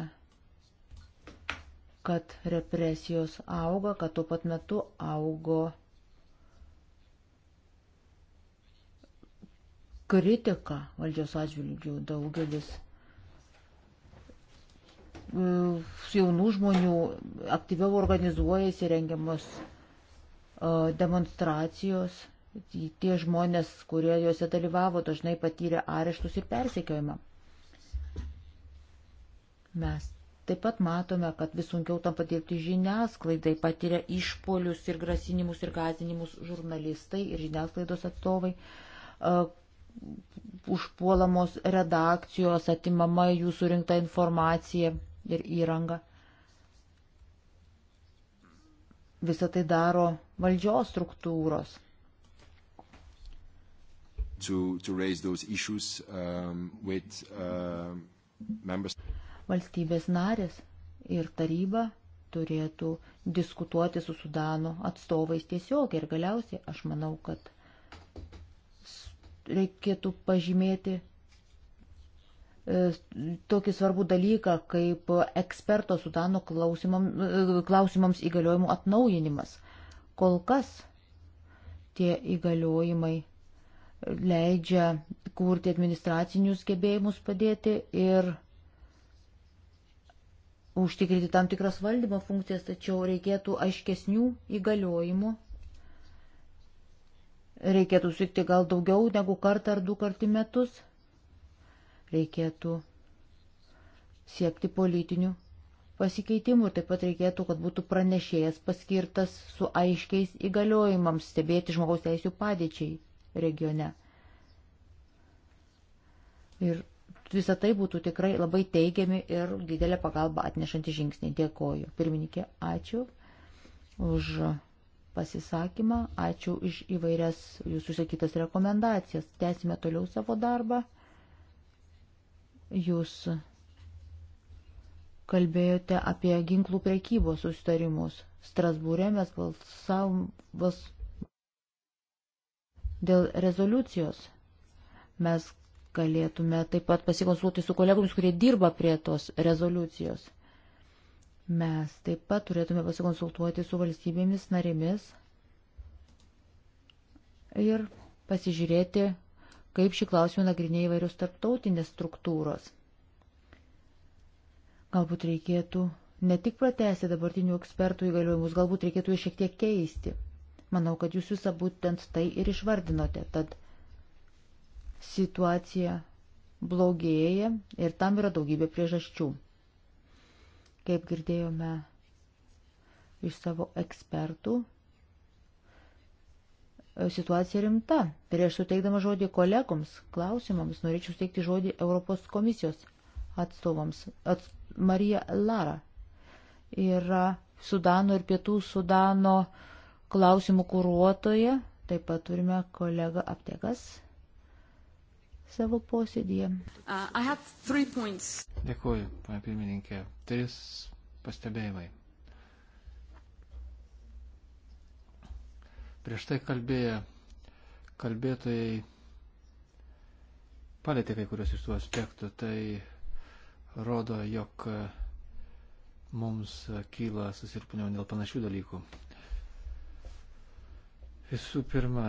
kad represijos auga, kad tuo pat metu augo kritika valdžios atžvilgių daugelis e, jaunų žmonių aktyviau organizuojasi rengiamos demonstracijos, tie žmonės, kurie juose dalyvavo, dažnai patyrė areštus ir persekiojimą. Mes taip pat matome, kad vis sunkiau tam padirbti žiniasklaidai, patiria išpolius ir grasinimus ir gazinimus žurnalistai ir žiniasklaidos atstovai, uh, užpuolamos redakcijos, atimama jų surinkta informacija ir įranga. visą tai daro valdžios struktūros. To, to issues, um, with, uh, members. Valstybės narės ir taryba turėtų diskutuoti su Sudano atstovais tiesiog ir galiausiai aš manau, kad reikėtų pažymėti E, tokį svarbų dalyką kaip eksperto sudano klausimams, e, klausimams įgaliojimų atnaujinimas. Kol kas tie įgaliojimai leidžia kurti administracinius gebėjimus padėti ir užtikrinti tam tikras valdymo funkcijas, tačiau reikėtų aiškesnių įgaliojimų. Reikėtų sutikti gal daugiau negu kartą ar du kartų metus reikėtų siekti politinių pasikeitimų ir taip pat reikėtų, kad būtų pranešėjas paskirtas su aiškiais įgaliojimams stebėti žmogaus teisų padėčiai regione. Ir visą tai būtų tikrai labai teigiami ir didelę pagalbą atnešantį žingsnį. Dėkoju. Pirmininkė, ačiū už pasisakymą, ačiū iš įvairias jūsų sakytas rekomendacijas. Tęsime toliau savo darbą. Jūs kalbėjote apie ginklų prekybos sustarimus. Strasbūrė mes balsavom bals... dėl rezoliucijos. Mes galėtume taip pat pasikonsultuoti su kolegomis, kurie dirba prie tos rezoliucijos. Mes taip pat turėtume pasikonsultuoti su valstybėmis narėmis ir pasižiūrėti, kaip šį klausimą nagrinėja įvairios tarptautinės struktūros. Galbūt reikėtų ne tik pratesti dabartinių ekspertų įgaliojimus, galbūt reikėtų juos šiek tiek keisti. Manau, kad jūs visą būtent tai ir išvardinote. Tad situacija blogėja ir tam yra daugybė priežasčių. Kaip girdėjome iš savo ekspertų, E, situacija rimta. Prieš suteikdama žodį kolegoms, klausimams, norėčiau suteikti žodį Europos komisijos atstovams. Ats Marija Lara yra Sudano ir Pietų Sudano klausimų kūruotoja. Taip pat turime kolegą aptekas savo posėdėje. Uh, Dėkuoju, pana pirmininkė. Tris pastebėjimai. prieš tai kalbėję kalbėtojai palėtė kai kurios iš tų aspektų. Tai rodo, jog mums kyla susirūpinimo dėl panašių dalykų. Visų pirma,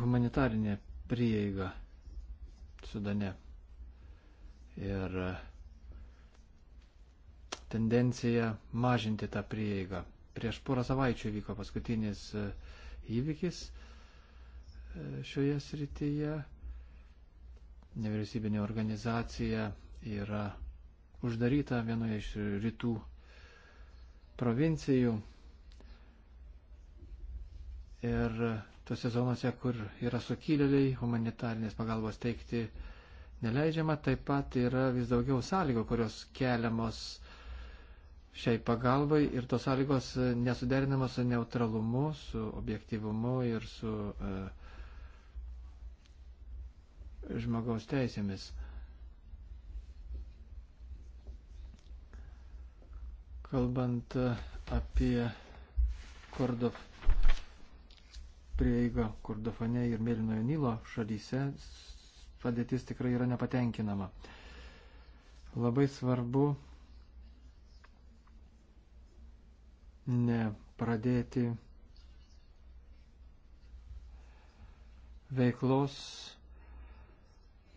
humanitarinė prieiga Sudane. Ir tendencija mažinti tą prieigą. Prieš porą savaičių vyko paskutinis uh, įvykis e, šioje srityje. Nevyriausybinė organizacija yra uždaryta vienoje iš rytų provincijų. Ir tose zonose, kur yra sukilėliai, humanitarnės pagalbos teikti neleidžiama, taip pat yra vis daugiau sąlygų, kurios keliamos šiai pagalbai ir tos sąlygos e, nesuderinamos su neutralumu, su objektivumu ir su e, žmogaus teisėmis. Kalbant e, apie Kordof prieigą Kordofane ir Mėlynojo Nilo šalyse, padėtis tikrai yra nepatenkinama. Labai svarbu nepradėti veiklos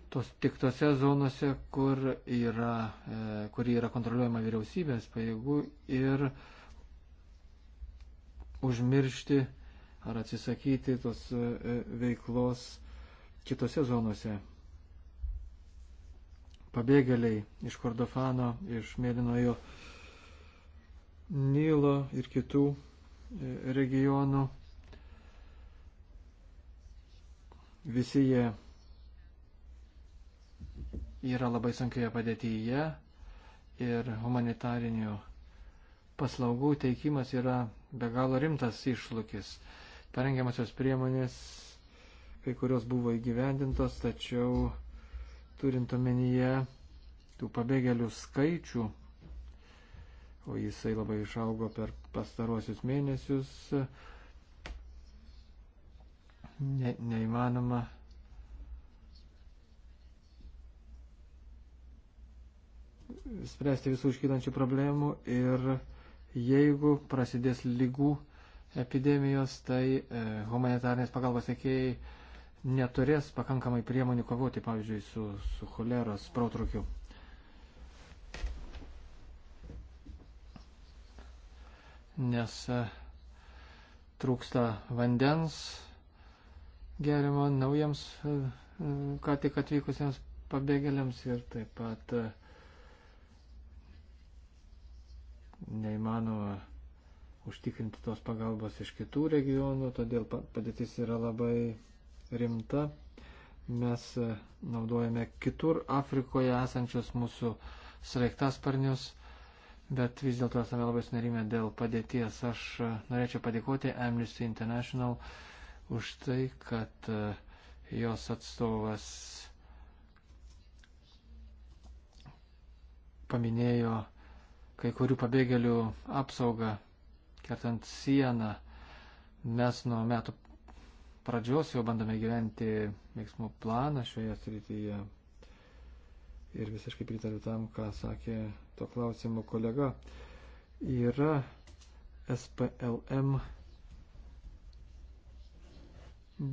tos, tik tose zonose, kur yra, e, kur yra kontroliuojama vyriausybės pajėgų ir užmiršti ar atsisakyti tos e, e, veiklos kitose zonose. Pabėgėliai iš Kordofano, iš Mėlynojo Nilo ir kitų e, regionų. Visi jie yra labai sunkioje padėtyje ir humanitarinių paslaugų teikimas yra be galo rimtas iššūkis. Parengiamasios priemonės kai kurios buvo įgyvendintos, tačiau turint omenyje tų pabėgėlių skaičių o jisai labai išaugo per pastarosius mėnesius. Ne, neįmanoma. spręsti visų iškylančių problemų ir jeigu prasidės lygų epidemijos, tai e, humanitarnės pagalbos tiekėjai neturės pakankamai priemonių kovoti, pavyzdžiui, su, su choleros protrukiu. nes e, trūksta vandens gerimo naujams e, e, ką tik atvykusiems pabėgėliams ir taip pat neįmanoma užtikrinti tos pagalbos iš kitų regionų, todėl padėtis yra labai rimta. Mes naudojame kitur Afrikoje esančius mūsų sraigtasparnius bet vis dėlto esame labai sunerimę dėl padėties. Aš e, norėčiau padėkoti Amnesty International už tai, kad e, jos atstovas paminėjo kai kurių pabėgėlių apsaugą, kertant sieną. Mes nuo metų pradžios jau bandome gyventi veiksmų planą šioje srityje, ir visiškai pritariu tam, ką sakė to klausimo kolega. Yra SPLM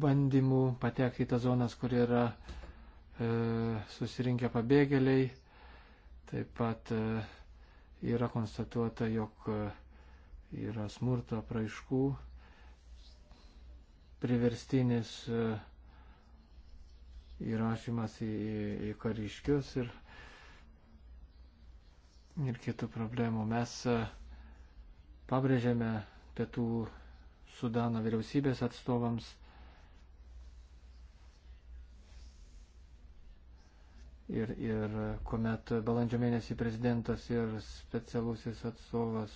bandymų patekti į tą zonas, kur yra e, susirinkę pabėgėliai. Taip pat e, yra konstatuota, jog e, yra smurto praaiškų, priverstinis e, įrašymas į, į kariškius ir, ir kitų problemų. Mes e, pabrėžėme pietų Sudano vyriausybės atstovams, Ir, ir kuomet balandžio mėnesį prezidentas ir specialusis atstovas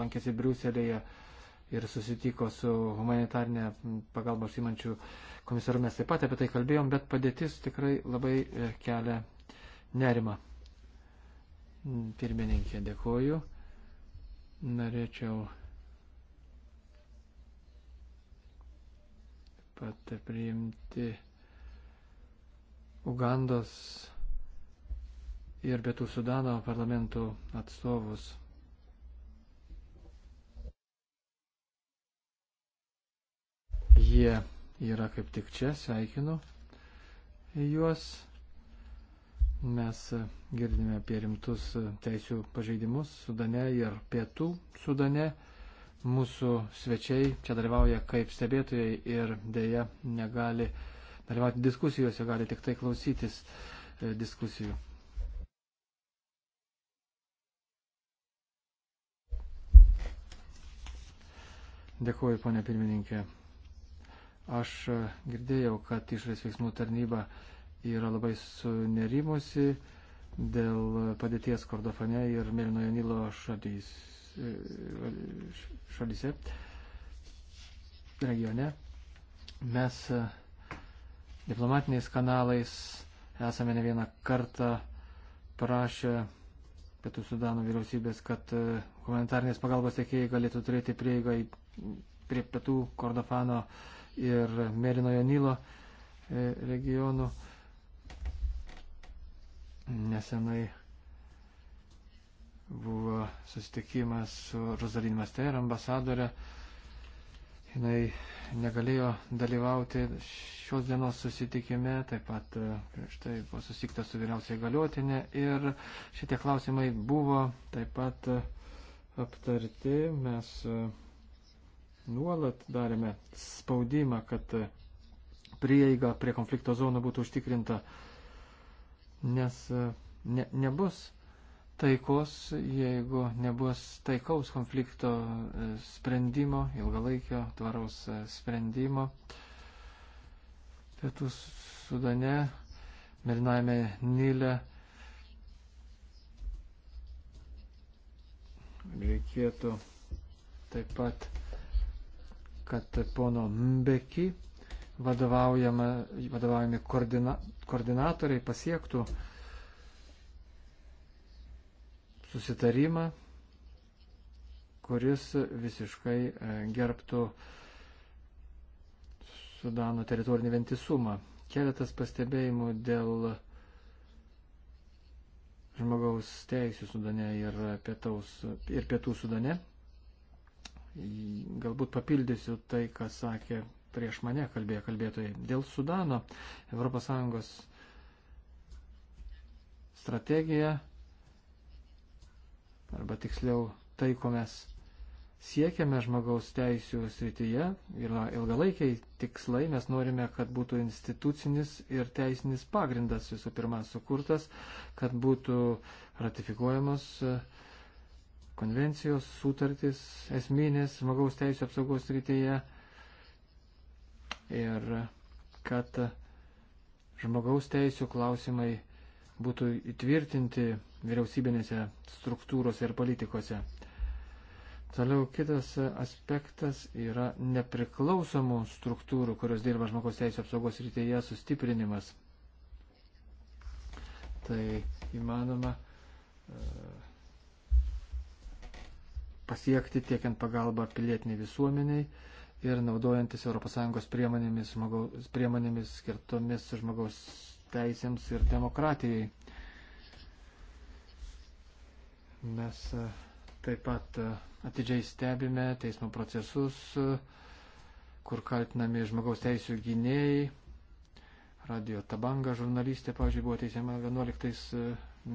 lankėsi Briuselėje, uh, ir susitiko su humanitarnė pagalba užsimančių komisaru. Mes taip pat apie tai kalbėjom, bet padėtis tikrai labai e, kelia nerimą. Pirmininkė, dėkoju. Norėčiau pat priimti Ugandos ir Pietų Sudano parlamentų atstovus Jie yra kaip tik čia, sveikinu juos. Mes girdime apie rimtus teisų pažeidimus Sudane ir Pietų Sudane. Mūsų svečiai čia dalyvauja kaip stebėtojai ir dėja negali dalyvauti diskusijose, gali tik tai klausytis e, diskusijų. Dėkuoju, ponė pirmininkė. Aš e, girdėjau, kad išorės veiksmų tarnyba yra labai sunerimusi dėl padėties Kordofane ir Mėlynojo Nilo šalys, e, šalyse, regione. Mes e, diplomatiniais kanalais esame ne vieną kartą prašę Pietų Sudano vyriausybės, kad humanitarnės pagalbos teikėjai galėtų turėti prieigą prie Pietų Kordofano uh, ir Mėlynojo Nilo e, regionų. Nesenai buvo susitikimas su Rosalyn Master, ambasadorė. Jis negalėjo dalyvauti šios dienos susitikime, taip pat e, prieš tai buvo susikta su vyriausiai galiotinė ir šitie klausimai buvo taip pat e, aptarti. Mes nuolat darėme spaudimą, kad prieiga prie konflikto zonų būtų užtikrinta, nes e, ne, nebus taikos, jeigu nebus taikaus konflikto e, sprendimo, ilgalaikio tvaraus e, sprendimo. Pietų Sudane, Mirinajame Nile. Reikėtų taip pat kad pono Mbeki vadovaujami koordina, koordinatoriai pasiektų susitarimą, kuris visiškai e, gerbtų Sudano teritorinį ventisumą. Keletas pastebėjimų dėl žmogaus teisų Sudane ir, pietaus, ir pietų Sudane. Galbūt papildysiu tai, ką sakė prieš mane kalbėjo kalbėtojai. Dėl Sudano ES strategija, arba tiksliau tai, ko mes siekiame žmogaus teisų srityje, yra ilgalaikiai tikslai, mes norime, kad būtų institucinis ir teisinis pagrindas visų pirma sukurtas, kad būtų ratifikuojamos uh, konvencijos, sutartis, esminės žmogaus teisų apsaugos rytyje ir kad žmogaus teisų klausimai būtų įtvirtinti vyriausybinėse struktūrose ir politikose. Toliau kitas aspektas yra nepriklausomų struktūrų, kurios dirba žmogaus teisų apsaugos rytyje, sustiprinimas. Tai įmanoma. Uh, pasiekti tiekiant pagalbą pilietiniai visuomeniai ir naudojantis ES priemonėmis, žmogaus, priemonėmis skirtomis žmogaus teisėms ir demokratijai. Mes e, taip pat e, atidžiai stebime teismo procesus, e, kur kaltinami žmogaus teisų gynėjai. Radio Tabanga žurnalistė, pavyzdžiui, buvo teisiama 11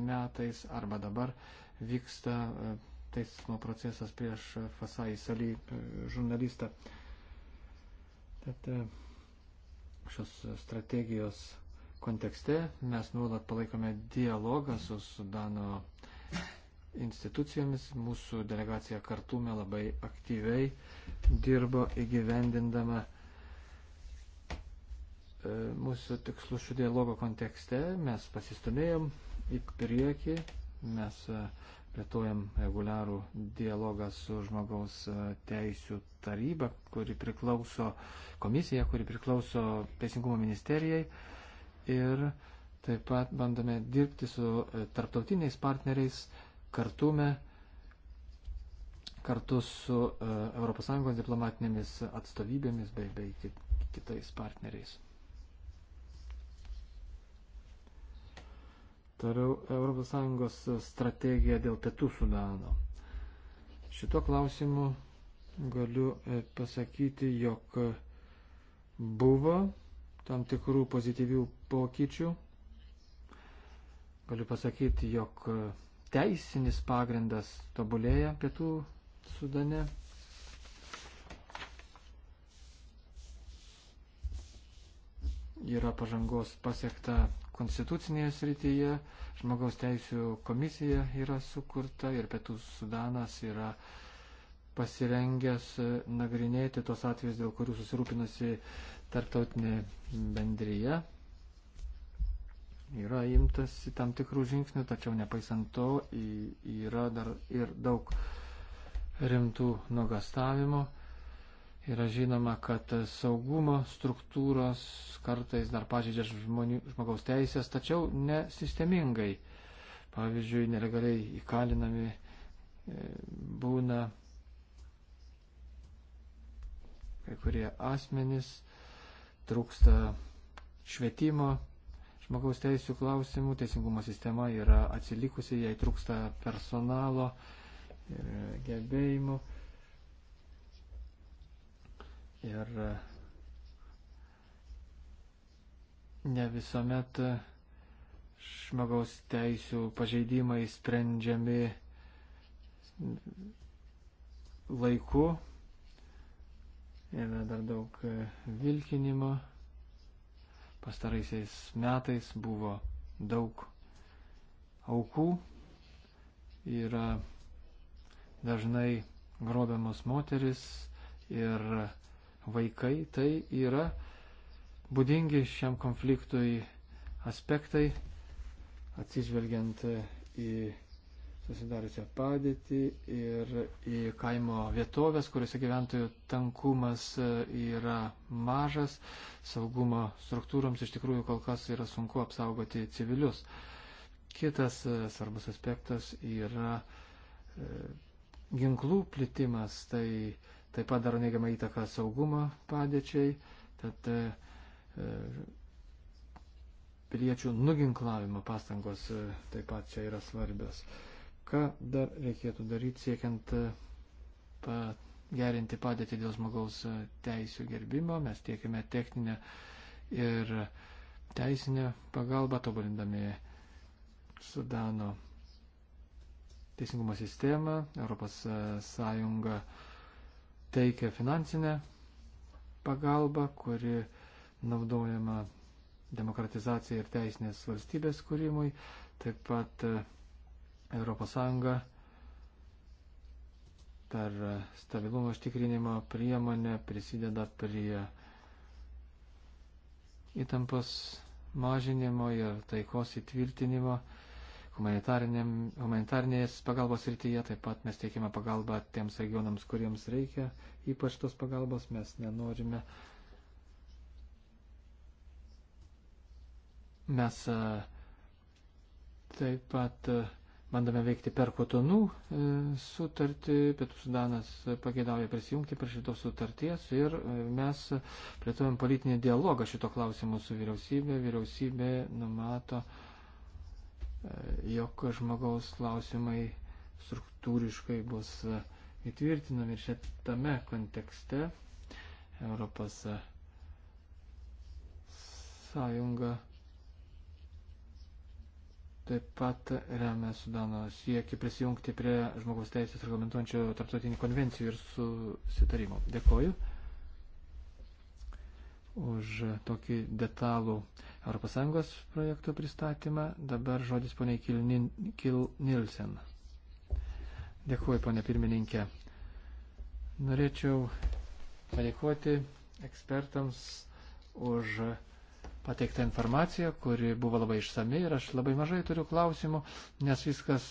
metais arba dabar vyksta teismo procesas prieš Fasai Salį e, žurnalistą. Tad e, šios strategijos kontekste mes nuolat palaikome dialogą su Sudano institucijomis. Mūsų delegacija kartume labai aktyviai dirbo įgyvendindama e, mūsų tikslų šio dialogo kontekste. Mes pasistumėjom į priekį, mes plėtojam reguliarų dialogą su žmogaus e, teisų taryba, kuri priklauso komisija, kuri priklauso Teisingumo ministerijai. Ir taip pat bandome dirbti su e, tarptautiniais partneriais kartume, kartu su ES diplomatinėmis atstovybėmis bei, bei kitais partneriais. Toliau ES strategija dėl pietų sudano. Šito klausimu galiu e, pasakyti, jog buvo tam tikrų pozityvių pokyčių. Galiu pasakyti, jog teisinis pagrindas tobulėja pietų sudane. Yra pažangos pasiekta konstitucinėje srityje, žmogaus teisų komisija yra sukurta ir Pietų Sudanas yra pasirengęs nagrinėti tos atvejus, dėl kurių susirūpinasi tarptautinė bendryje. Yra imtas tam tikrų žingsnių, tačiau nepaisant to yra dar ir daug rimtų nuogastavimų. Yra žinoma, kad saugumo struktūros kartais dar pažeidžia žmonių, žmogaus teisės, tačiau nesistemingai. Pavyzdžiui, nelegaliai įkalinami e, būna kai kurie asmenys, trūksta švietimo, žmogaus teisų klausimų, teisingumo sistema yra atsilikusi, jai trūksta personalo ir e, gebėjimų ir e, ne visuomet e, žmogaus teisų pažeidimai sprendžiami laiku. Yra dar daug e, vilkinimo. Pastaraisiais metais buvo daug aukų. Yra dažnai grobiamos moteris ir vaikai, tai yra būdingi šiam konfliktui aspektai, atsižvelgiant į susidariusią padėtį ir į kaimo vietovės, kuriuose gyventojų tankumas e, yra mažas, saugumo struktūroms iš tikrųjų kol kas yra sunku apsaugoti civilius. Kitas e, svarbus aspektas yra e, ginklų plitimas, tai taip pat daro neigiamą įtaką saugumo padėčiai, tad e, e, piliečių nuginklavimo pastangos e, taip pat čia yra svarbios. Ką dar reikėtų daryti siekiant e, pagerinti padėtį dėl žmogaus e, teisų gerbimo? Mes tiekime techninę ir teisinę pagalbą, tobulindami Sudano teisingumo sistemą, Europos Sąjunga e, teikia finansinę pagalbą, kuri naudojama demokratizacijai ir teisinės valstybės kūrimui. Taip pat ES per e, stabilumo ištikrinimo priemonę prisideda prie įtampos mažinimo ir taikos įtvirtinimo humanitarnės pagalbos rytyje, taip pat mes teikime pagalbą tiems regionams, kuriems reikia ypač tos pagalbos, mes nenorime. Mes e, taip pat e, bandome veikti per kotonų e, sutartį, Pietų Sudanas pageidauja prisijungti prie šitos sutarties ir mes plėtojam politinį dialogą šito klausimu su vyriausybė. Vyriausybė numato uh, jog žmogaus klausimai struktūriškai bus įtvirtinami ir šitame kontekste Europos sąjunga taip pat remia Sudano siekį prisijungti prie žmogaus teisės reglamentuojančio tarptautinių konvencijų ir susitarimų. Dėkoju už tokį detalų ES projektų pristatymą. Dabar žodis poniai Kil Nilsen. Dėkuoju, ponė pirmininkė. Norėčiau padėkoti ekspertams už pateiktą informaciją, kuri buvo labai išsami ir aš labai mažai turiu klausimų, nes viskas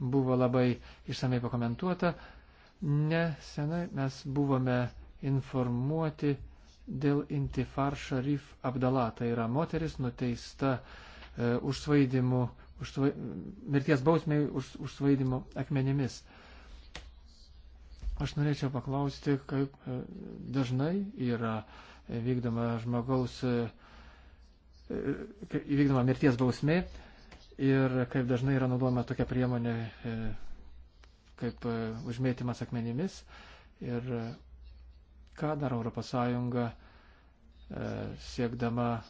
buvo labai išsamei pakomentuota. Nesenai mes buvome informuoti dėl Intifar Sharif Abdala. Tai yra moteris nuteista e, už svaidimų, už svai, mirties bausmiai už, už svaidimų akmenimis. Aš norėčiau paklausti, kaip e, dažnai yra vykdoma žmogaus, e, e, vykdoma mirties bausmė ir kaip dažnai yra naudojama tokia priemonė e, kaip e, užmėtymas akmenimis. Ir e, Ką daro ES e, siekdama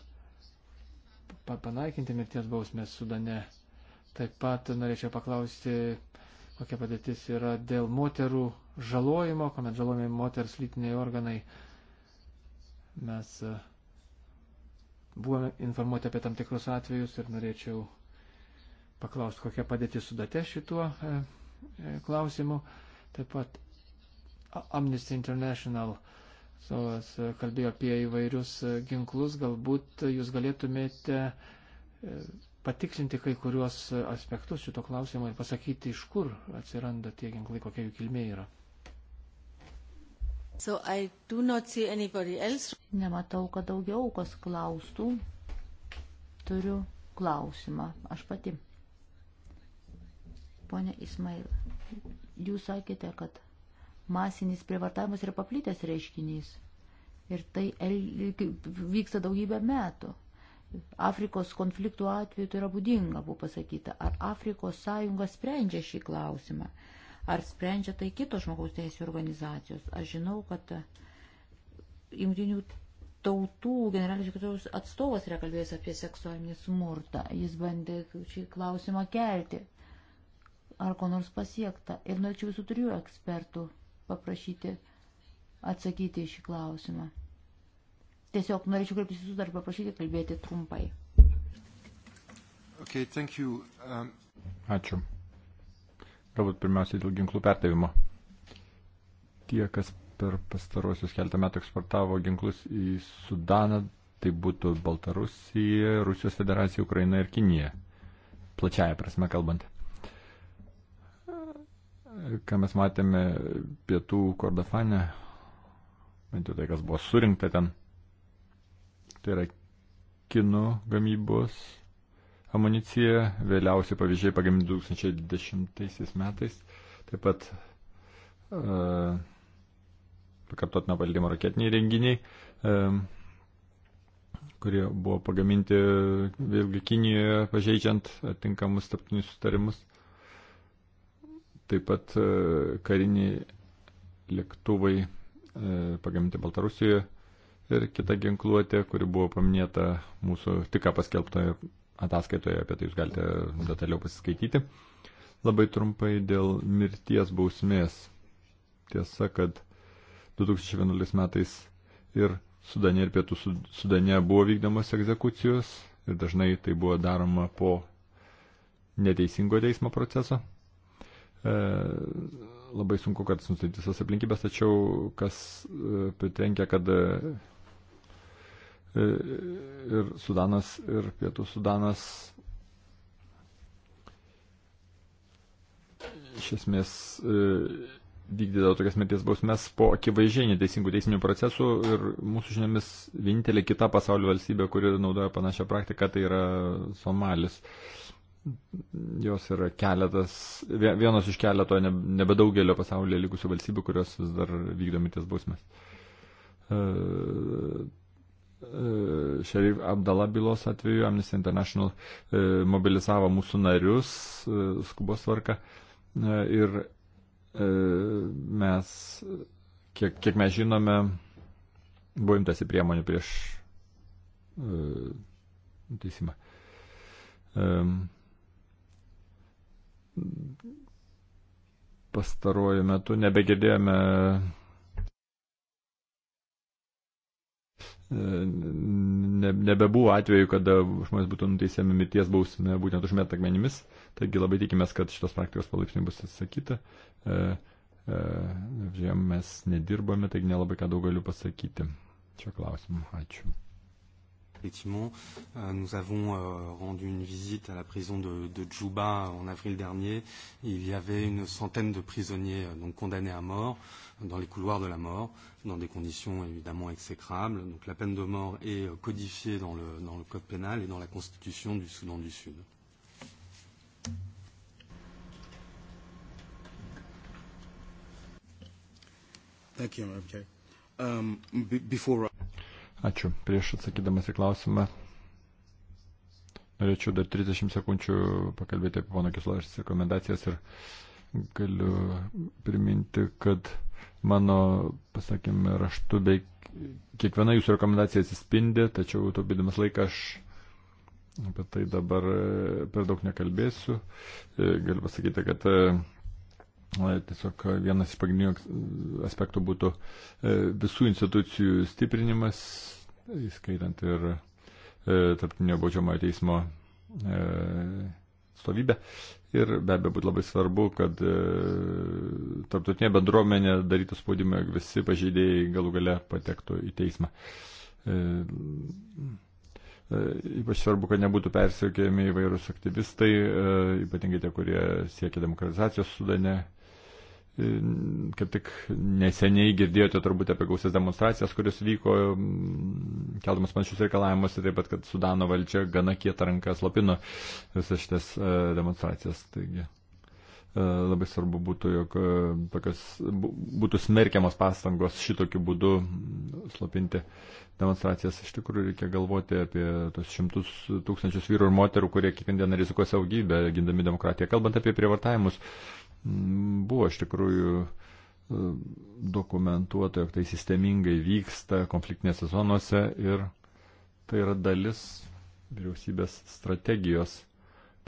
panaikinti mirties bausmės Sudane? Taip pat norėčiau paklausti, kokia padėtis yra dėl moterų žalojimo, kuomet žalojami moters lytiniai organai. Mes e, buvome informuoti apie tam tikrus atvejus ir norėčiau paklausti, kokia padėtis sudate šituo e, klausimu. Taip pat Amnesty International atstovas e, kalbėjo apie įvairius e, ginklus, galbūt jūs galėtumėte e, patikslinti kai kuriuos aspektus šito klausimo ir pasakyti, iš kur atsiranda tie ginklai, kokia jų kilmė yra. So Nematau, kad daugiau kas klaustų. Turiu klausimą. Aš pati. Pone Ismail, jūs sakėte, kad masinis privartavimas yra paplitęs reiškinys. Ir tai vyksta daugybę metų. Afrikos konfliktų atveju tai yra būdinga, buvo pasakyta. Ar Afrikos sąjunga sprendžia šį klausimą? Ar sprendžia tai kitos žmogaus teisų organizacijos? Aš žinau, kad e, jungtinių tautų generalinis sekretorius atstovas yra kalbėjęs apie seksualinį smurtą. Jis bandė šį klausimą kelti. Ar ko nors pasiekta? Ir norėčiau visų trijų ekspertų paprašyti atsakyti į šį klausimą. Tiesiog norėčiau kreiptis jūsų dar paprašyti kalbėti trumpai. Okay, thank you. Um... Ačiū. Galbūt pirmiausiai dėl ginklų perdavimo. Tie, kas per pastarosius keltą metų eksportavo ginklus į Sudaną, tai būtų Baltarusija, Rusijos federacija, Ukraina ir Kinija. Plačiaja prasme kalbant ką mes matėme pietų Kordofane, bent jau tai, kas buvo surinkta ten, tai yra kinų gamybos amunicija, vėliausi pavyzdžiai pagaminti 2010 metais, taip pat uh, pakartotinio valdymo raketiniai renginiai, um, kurie buvo pagaminti vėlgi Kinijoje, pažeidžiant atinkamus taptinius sutarimus. Taip pat e, kariniai lėktuvai e, pagaminti Baltarusijoje ir kita ginkluotė, kuri buvo paminėta mūsų tik paskelbtoje ataskaitoje, apie tai jūs galite detaliau pasiskaityti. Labai trumpai dėl mirties bausmės. Tiesa, kad 2011 metais ir Sudane ir Pietų Sudane buvo vykdomos egzekucijos ir dažnai tai buvo daroma po neteisingo teismo proceso. E, labai sunku, kad nustatyti visas aplinkybės, tačiau kas e, pritrenkia, kad e, ir Sudanas, ir Pietų Sudanas iš esmės vykdydavo tokias mirties bausmes po akivaizdžiai neteisingų teisminių procesų ir mūsų žiniomis vienintelė kita pasaulio valstybė, kuri naudoja panašią praktiką, tai yra Somalis. Uh, Jos yra keletas, vienos iš keleto nebedaugelio pasaulyje likusių valstybių, kurios vis dar vykdo mirties bausmės. E, e, Šerif Abdala bylos atveju Amnesty International e, mobilizavo mūsų narius skubos tvarka ir mes, kiek, kiek mes žinome, buvo imtasi priemonių prieš teisimą. Um, pastaruoju metu nebegirdėjome e, ne, nebebuvo atveju, kada žmonės būtų nuteisiami mirties bausmė būtent už metakmenimis. Taigi labai tikimės, kad šitos praktikos palaipsniui bus atsisakyta. E, e, mes nedirbame, taigi nelabai ką daug galiu pasakyti. Čia klausimu. Ačiū effectivement. Euh, nous avons euh, rendu une visite à la prison de, de Djouba en avril dernier. Il y avait une centaine de prisonniers euh, donc condamnés à mort dans les couloirs de la mort, dans des conditions évidemment exécrables. Donc la peine de mort est euh, codifiée dans le, dans le code pénal et dans la constitution du Soudan du Sud. Thank you, Madam Chair. Um, b- before. Ačiū. Prieš atsakydamas į klausimą, norėčiau dar 30 sekundžių pakalbėti apie pono Kislovės rekomendacijas ir galiu priminti, kad mano, pasakėme, raštu beveik kiekviena jūsų rekomendacija atsispindi, tačiau taupydamas laiką aš apie tai dabar e, per daug nekalbėsiu. E, galiu pasakyti, kad e, Tiesiog vienas iš pagrindinių aspektų būtų e, visų institucijų stiprinimas, įskaitant ir e, tarptinio baudžiamojo teismo e, stovybę. Ir be abejo būtų labai svarbu, kad tarptautinė bendruomenė darytų spaudimą, jog visi pažeidėjai galų gale patektų į teismą. Ypač svarbu, kad nebūtų persiekėjami įvairūs aktyvistai, ypatingai tie, kurie siekia demokratizacijos sudane, kaip tik neseniai girdėjote turbūt apie gausias demonstracijas, kurios vyko keldamas panašius reikalavimus ir taip pat, kad Sudano valdžia gana kietą ranką slapino visas šitas e, demonstracijas. Taigi e, labai svarbu būtų, jog e, tokios, būtų smerkiamas pastangos šitokiu būdu slapinti demonstracijas. Iš tikrųjų reikia galvoti apie tos šimtus tūkstančius vyrų ir moterų, kurie kiekvieną rizikuoja saugybę, gindami demokratiją. Kalbant apie prievartavimus, Buvo iš tikrųjų e, dokumentuota, jog tai sistemingai vyksta konfliktinėse zonose ir tai yra dalis vyriausybės strategijos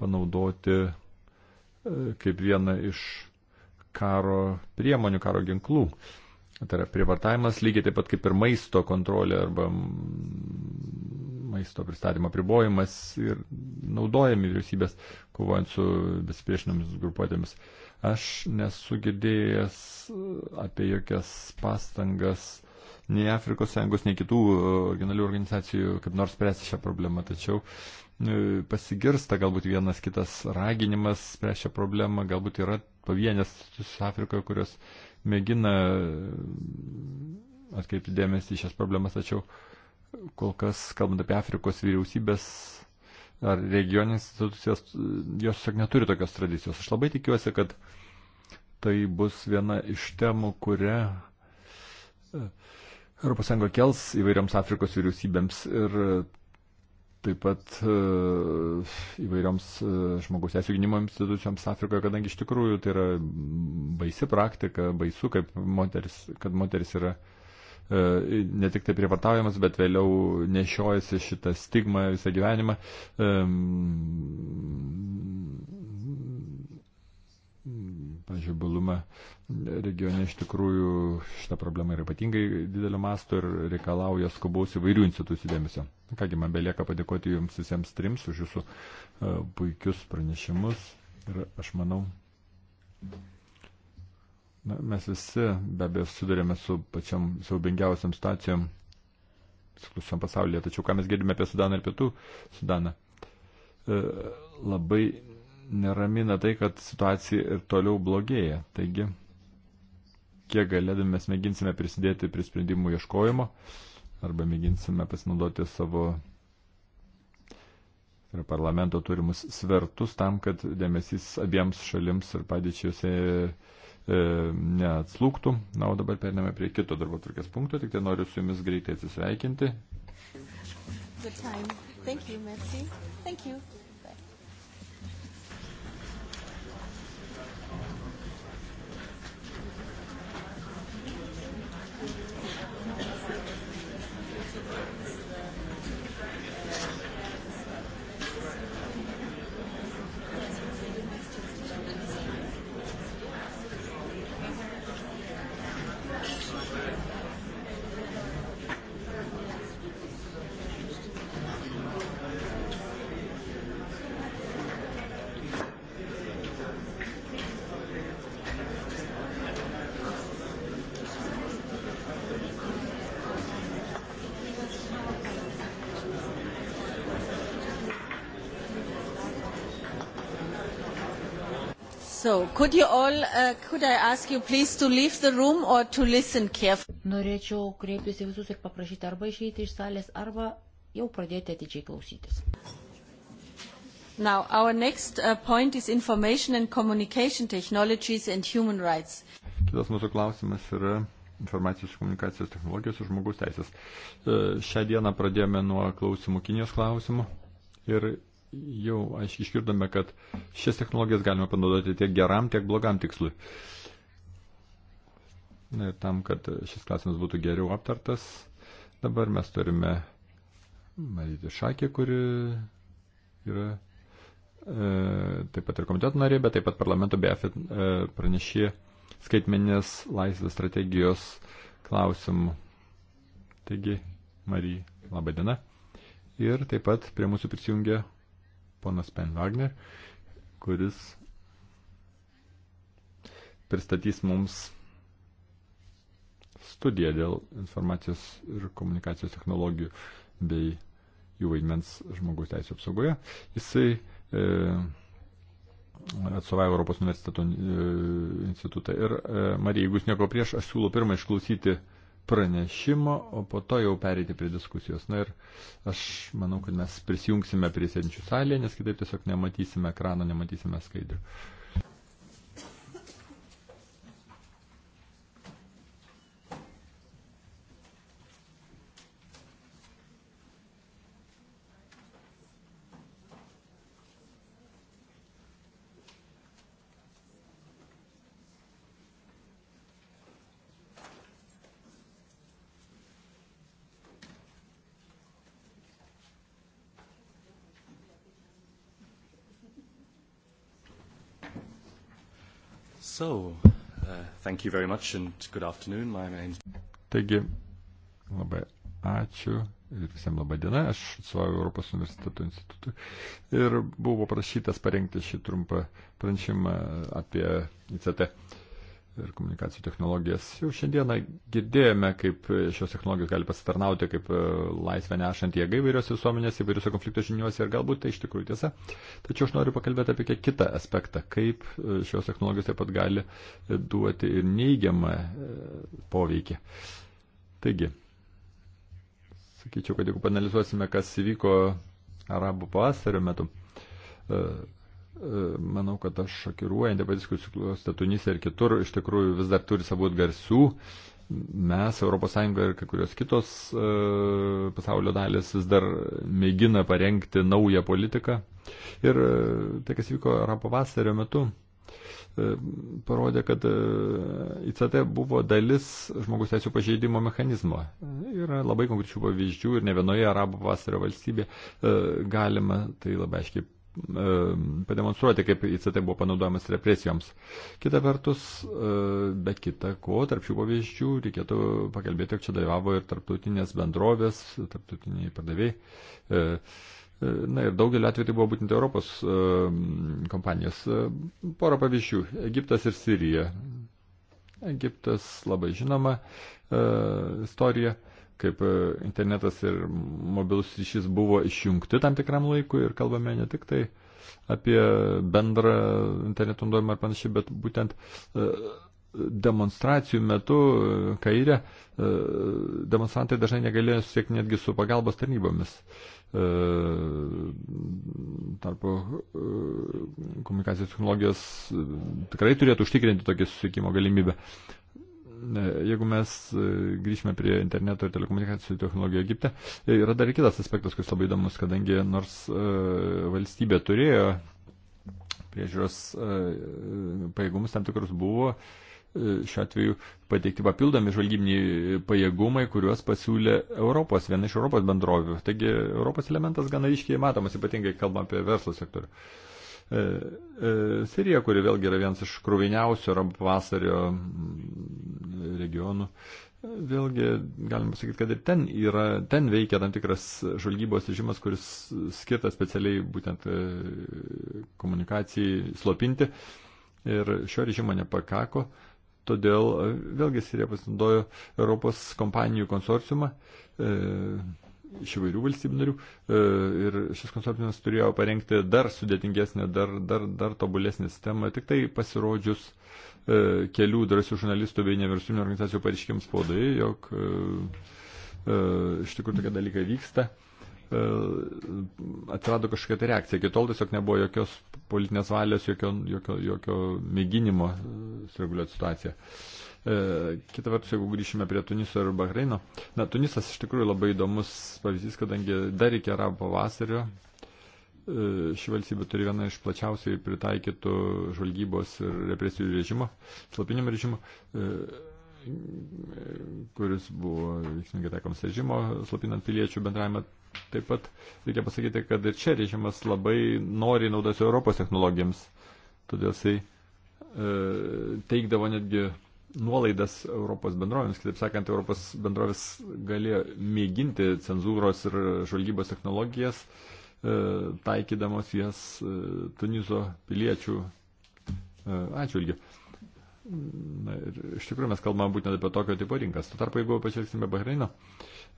panaudoti e, kaip vieną iš karo priemonių, karo ginklų. Tai yra privartavimas lygiai taip pat kaip ir maisto kontrolė arba maisto pristatymo pribojimas ir naudojami vyriausybės kovojant su besipriešinomis grupuotėmis. Uh, Aš nesugirdėjęs apie jokias pastangas nei Afrikos sąjungos, nei kitų e, originalių organizacijų kaip nors spręsti šią problemą. Tačiau e, pasigirsta galbūt vienas kitas raginimas spręsti šią problemą, galbūt yra pavienės Afrikoje, kurios mėgina e, atkreipti dėmesį į šias problemas, tačiau kol kas, kalbant apie Afrikos vyriausybės, ar regioninės institucijos, jos tiesiog neturi tokios tradicijos. Aš labai tikiuosi, kad tai bus viena iš temų, kurią ES kels įvairioms Afrikos vyriausybėms ir taip pat e, įvairioms e, žmogus teisų gynimo institucijoms Afrikoje, kadangi iš tikrųjų tai yra baisi praktika, baisu, kaip moteris, kad moteris yra E, ne tik tai privartaujamas, bet vėliau nešiojasi šitą stigmą visą gyvenimą. Pavyzdžiui, baluma regione iš tikrųjų šita problema yra ypatingai didelio masto ir reikalauja skubaus įvairių institucijų dėmesio. Kągi, man belieka padėkoti jums visiems trims už jūsų e, puikius pranešimus ir aš manau. Thank you. Na, mes visi be abejo sudarėme su pačiam siaubingiausiam stacijom, sklusiam pasaulyje, tačiau ką mes girdime apie Sudaną ir Pietų Sudaną, e, labai neramina tai, kad situacija ir toliau blogėja. Taigi, kiek galėdami mes mėginsime prisidėti prie sprendimų ieškojimo arba mėginsime pasinaudoti savo ir parlamento turimus svertus tam, kad dėmesys abiems šalims ir padėčiuose E, neatslūktų. Na, o dabar periname prie kito darbo tvarkės punkto, tik tai noriu su jumis greitai atsisveikinti. Thank you, Merci. Thank you. So, could you all, uh, could I ask you please to leave the room or to listen carefully? Norėčiau kreiptis į visus ir paprašyti arba išeiti iš salės, arba jau pradėti atidžiai klausytis. Now, our next uh, point is information and communication technologies and human rights. Kitas mūsų klausimas yra informacijos ir komunikacijos technologijos ir žmogaus teisės. E, šią dieną pradėjome nuo klausimų Kinijos klausimų ir jau aiškiai išgirdome, kad šias technologijas galima panaudoti tiek geram, tiek blogam tikslui. Na ir tam, kad šis klausimas būtų geriau aptartas, dabar mes turime matyti šakę, kuri yra e, taip pat ir komiteto narė, bet taip pat parlamento BFIT e, pranešė skaitmenės laisvės strategijos klausimų. Taigi, Marija, laba diena. Ir taip pat prie mūsų prisijungia ponas Pen Wagner, kuris pristatys mums studiją dėl informacijos ir komunikacijos technologijų bei jų vaidmens žmogaus teisų apsaugoje. Jisai e, atstovauja Europos universiteto e, institutą. Ir e, Marija, jeigu jūs nieko prieš, aš siūlau pirmą išklausyti e, pranešimo, o po to jau pereiti prie diskusijos. Na ir aš manau, kad mes prisijungsime prie sėdinčių salėje, nes kitaip tiesiog nematysime ekrano, nematysime skaidrių. Thank you very much and good afternoon. My name's... Taigi, labai ačiū ir visiems labai diena. Aš atstovauju Europos universiteto institutui ir buvo prašytas parengti šį trumpą pranešimą apie ICT ir komunikacijų technologijas. Jau šiandieną girdėjome, kaip šios technologijos gali pasitarnauti kaip e, laisvę nešant jėgai įvairios visuomenės, įvairiose konflikto žiniuose ir galbūt tai iš tikrųjų tiesa. Tačiau aš noriu pakalbėti apie kiek kitą aspektą, kaip e, šios technologijos taip pat gali e, duoti ir neigiamą poveikį. Taigi, sakyčiau, kad jeigu panalizuosime, kas įvyko arabų pavasario metu, manau, kad aš šokiruojantį padiskusijų klostą Tunise ir kitur iš tikrųjų vis dar turi savo garsių. Mes, ES ir kai kurios kitos e, pasaulio dalis vis dar mėgina parengti naują politiką. Ir e, tai, kas vyko Arapo vasario metu, e, parodė, kad ICT buvo dalis žmogus teisų pažeidimo mechanizmo. Yra labai konkrečių pavyzdžių ir ne vienoje arabų vasario valstybėje galima tai labai aiškiai E, pademonstruoti, kaip ICT buvo panaudojamas represijoms. Kita vertus, e, be kita ko, tarp šių pavyzdžių reikėtų pakalbėti, jog čia dalyvavo ir tarptautinės bendrovės, tarptautiniai pardavėjai. E, na ir daugelį atvejų tai buvo būtent Europos kompanijos. Porą pavyzdžių - Egiptas ir Sirija. Egiptas labai žinoma istorija. E, kaip e, internetas ir mobilus ryšys buvo išjungti tam tikram laikui ir kalbame ne tik tai apie bendrą interneto naudojimą ar panašiai, bet būtent e, demonstracijų metu e, kairė demonstrantai dažnai negalėjo siekti netgi su pagalbos tarnybomis. Tarpo komunikacijos technologijos tikrai turėtų užtikrinti tokį susikimo galimybę. Jeigu mes e, grįžime prie interneto ir telekomunikacijų technologijų Egipte, e, yra dar ir kitas aspektas, kuris labai įdomus, kadangi nors e, valstybė turėjo priežiūros pajėgumus tam tikrus buvo, šiuo atveju pateikti papildomi žvalgybiniai pajėgumai, kuriuos pasiūlė Europos, viena iš Europos bendrovių. Taigi Europos elementas gana iškiai matomas, ypatingai kalbam apie verslo sektorių. E, e, Sirija, kuri vėlgi yra vienas iš kruviniausių arab vasario regionų, vėlgi galim pasakyti, kad ir ten, yra, ten veikia tam tikras žvalgybos režimas, kuris skirtas specialiai būtent e, komunikacijai slopinti. Ir šio režimo nepakako, todėl vėlgi Sirija pasinaudojo Europos kompanijų konsorciumą. E, iš įvairių valstybių narių e, ir šis konsortinas turėjo parengti dar sudėtingesnę, dar, dar, dar tobulesnę sistemą, tik tai pasirodžius e, kelių drąsių žurnalistų bei nevyriausybinio organizacijų pareiškims spaudoje, jog e, iš tikrųjų tokie dalykai vyksta. Atsirado kažkokia tai reakcija. Iki tol tiesiog nebuvo jokios politinės valios, jokio, jokio, jokio mėginimo sureguliuoti situaciją. Uh, E, kita vertus, jeigu grįšime prie Tuniso ir Bahreino, na, Tunisas iš tikrųjų labai įdomus pavyzdys, kadangi dar iki arabo pavasario e, ši valstybė turi vieną iš plačiausiai pritaikytų žvalgybos ir represijų režimo, slapinimo režimo e, kuris buvo veiksmingai taikomas režimo, slapinant piliečių bendravimą. Taip pat reikia pasakyti, kad ir čia režimas labai nori naudosiu Europos technologijams. Todėl jisai e, teikdavo netgi nuolaidas Europos bendrovėms. Kitaip sakant, Europos bendrovės galėjo mėginti cenzūros ir žvalgybos technologijas, e, taikydamos jas e, Tunizo piliečių e, atžvilgių. Na, ir iš tikrųjų mes kalbame būtent apie tokio tipo rinkas. Tuo tarpu, jeigu pažvelgsime Bahreino,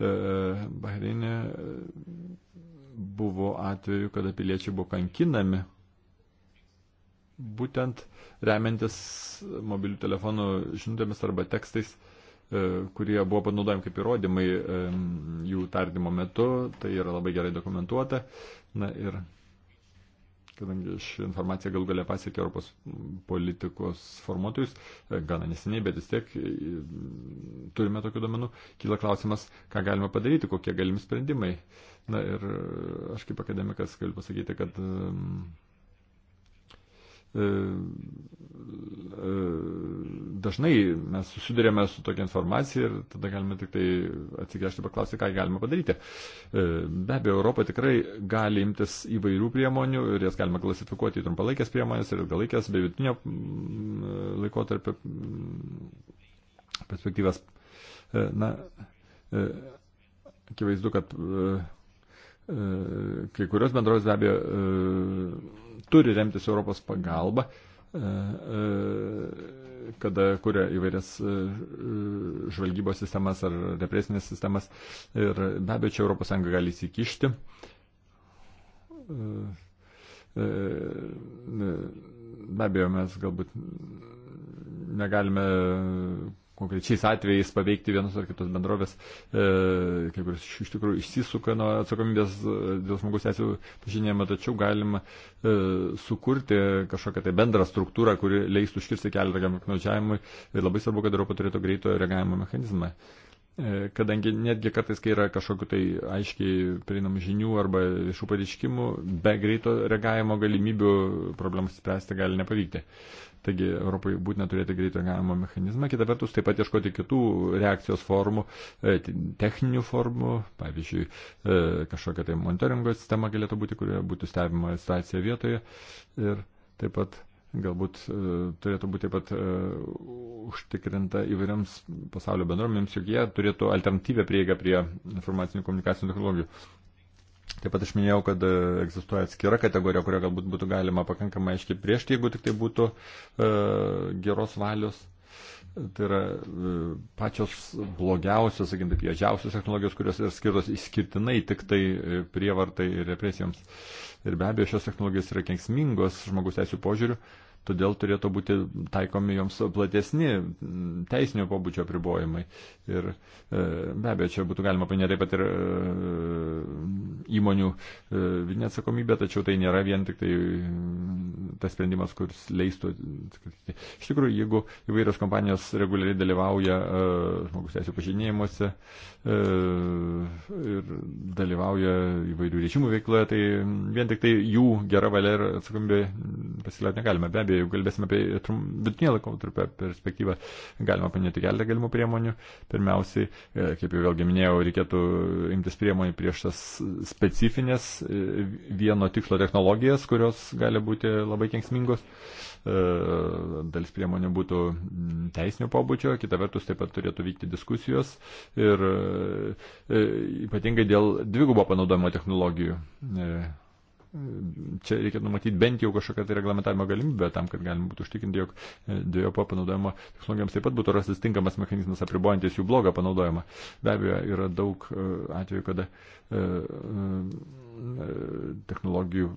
Bahreinė buvo atveju, kada piliečiai buvo kankinami būtent remiantis mobilių telefonų žinutėmis arba tekstais, e, kurie buvo panaudojami kaip įrodymai e, jų tardymo metu, tai yra labai gerai dokumentuota. Na ir kadangi ši informacija gal galia pasiekė Europos politikos formuotojus, e, gana neseniai, bet vis tiek turime tokių domenų, kyla klausimas, ką galima padaryti, kokie galimi sprendimai. Na ir aš kaip akademikas galiu pasakyti, kad um, E, e, dažnai mes susidurėme su tokia informacija ir tada galime tik tai atsigręžti ir paklausti, ką galima padaryti. E, be abejo, Europa tikrai gali imtis įvairių priemonių ir jas galima klasifikuoti į trumpalaikės priemonės ir ilgalaikės bei vidutinio mm, laikotarpio mm, perspektyvas. Na, akivaizdu, kad E, kai kurios bendrovės be abejo e, turi remtis Europos pagalba, e, kada kuria įvairias žvalgybos sistemas ar represinės sistemas ir be abejo čia ES gali įsikišti. Be abejo, mes galbūt negalime konkrečiais atvejais paveikti vienus ar kitos bendrovės, e, kai kurios iš tikrųjų išsisuka nuo atsakomybės e, dėl žmogus teisų pažinėjimo, tačiau galima e, sukurti kažkokią tai bendrą struktūrą, kuri leistų užkirsti kelią tokiam piknaudžiavimui ir labai svarbu, kad Europa turėtų greito reagavimo mechanizmą. E, kadangi netgi kartais, kai yra kažkokiu tai aiškiai prieinamų žinių arba viešų pareiškimų, be greito reagavimo galimybių problemas spręsti gali nepavykti. E, Taigi Europai būtina turėti greitą galimo mechanizmą, kita vertus taip pat ieškoti kitų reakcijos formų, e, techninių formų, pavyzdžiui, e, kažkokia tai monitoringo sistema galėtų būti, kurioje būtų stebima situacija vietoje ir taip pat galbūt e, turėtų būti taip pat užtikrinta įvairiams pasaulio bendruomenėms, jog jie turėtų alternatyvę prieigą prie informacinių komunikacinių technologijų. Taip pat aš minėjau, kad e, egzistuoja atskira kategorija, kurią galbūt būtų galima pakankamai aiškiai priešti, jeigu tik tai būtų e, geros valios. Tai yra e, pačios blogiausios, sakykime, taip, jažiausios technologijos, kurios yra skirtos išskirtinai tik tai e, prievartai ir represijoms. Ir be abejo, šios technologijos yra kengsmingos žmogus teisų požiūrių todėl turėtų būti taikomi joms platesni teisinio pobūdžio apribojimai. Ir e, be abejo, čia būtų galima paminėti taip pat ir e, įmonių e, vidinę atsakomybę, tačiau tai nėra vien tik tai mm, tas sprendimas, kuris leistų. Iš tikrųjų, jeigu įvairios kompanijos reguliariai dalyvauja žmogus teisų pažinėjimuose, E, ir dalyvauja įvairių režimų veikloje, tai vien tik tai jų gera valia ir atsakomybė pasiliauti negalime. Be abejo, jeigu kalbėsime apie vidutinį laikotarpį perspektyvą, galima paminėti keletą galimų priemonių. Pirmiausiai, e, kaip jau vėlgi minėjau, reikėtų imtis priemonių prieš tas specifines e, vieno tikslo technologijas, kurios gali būti labai kengsmingos dalis priemonių būtų teisinio pobūdžio, kita vertus taip pat turėtų vykti diskusijos ir E, e, ypatingai dėl dvigubo panaudojimo technologijų. E, čia reikia numatyti bent jau kažkokią tai reglamentavimo galimybę tam, kad galima būtų užtikrinti, jog dviejopo panaudojimo technologijoms taip pat būtų rastas tinkamas mechanizmas apribojantis jų blogą panaudojimą. Be abejo, yra daug atvejų, kada technologijų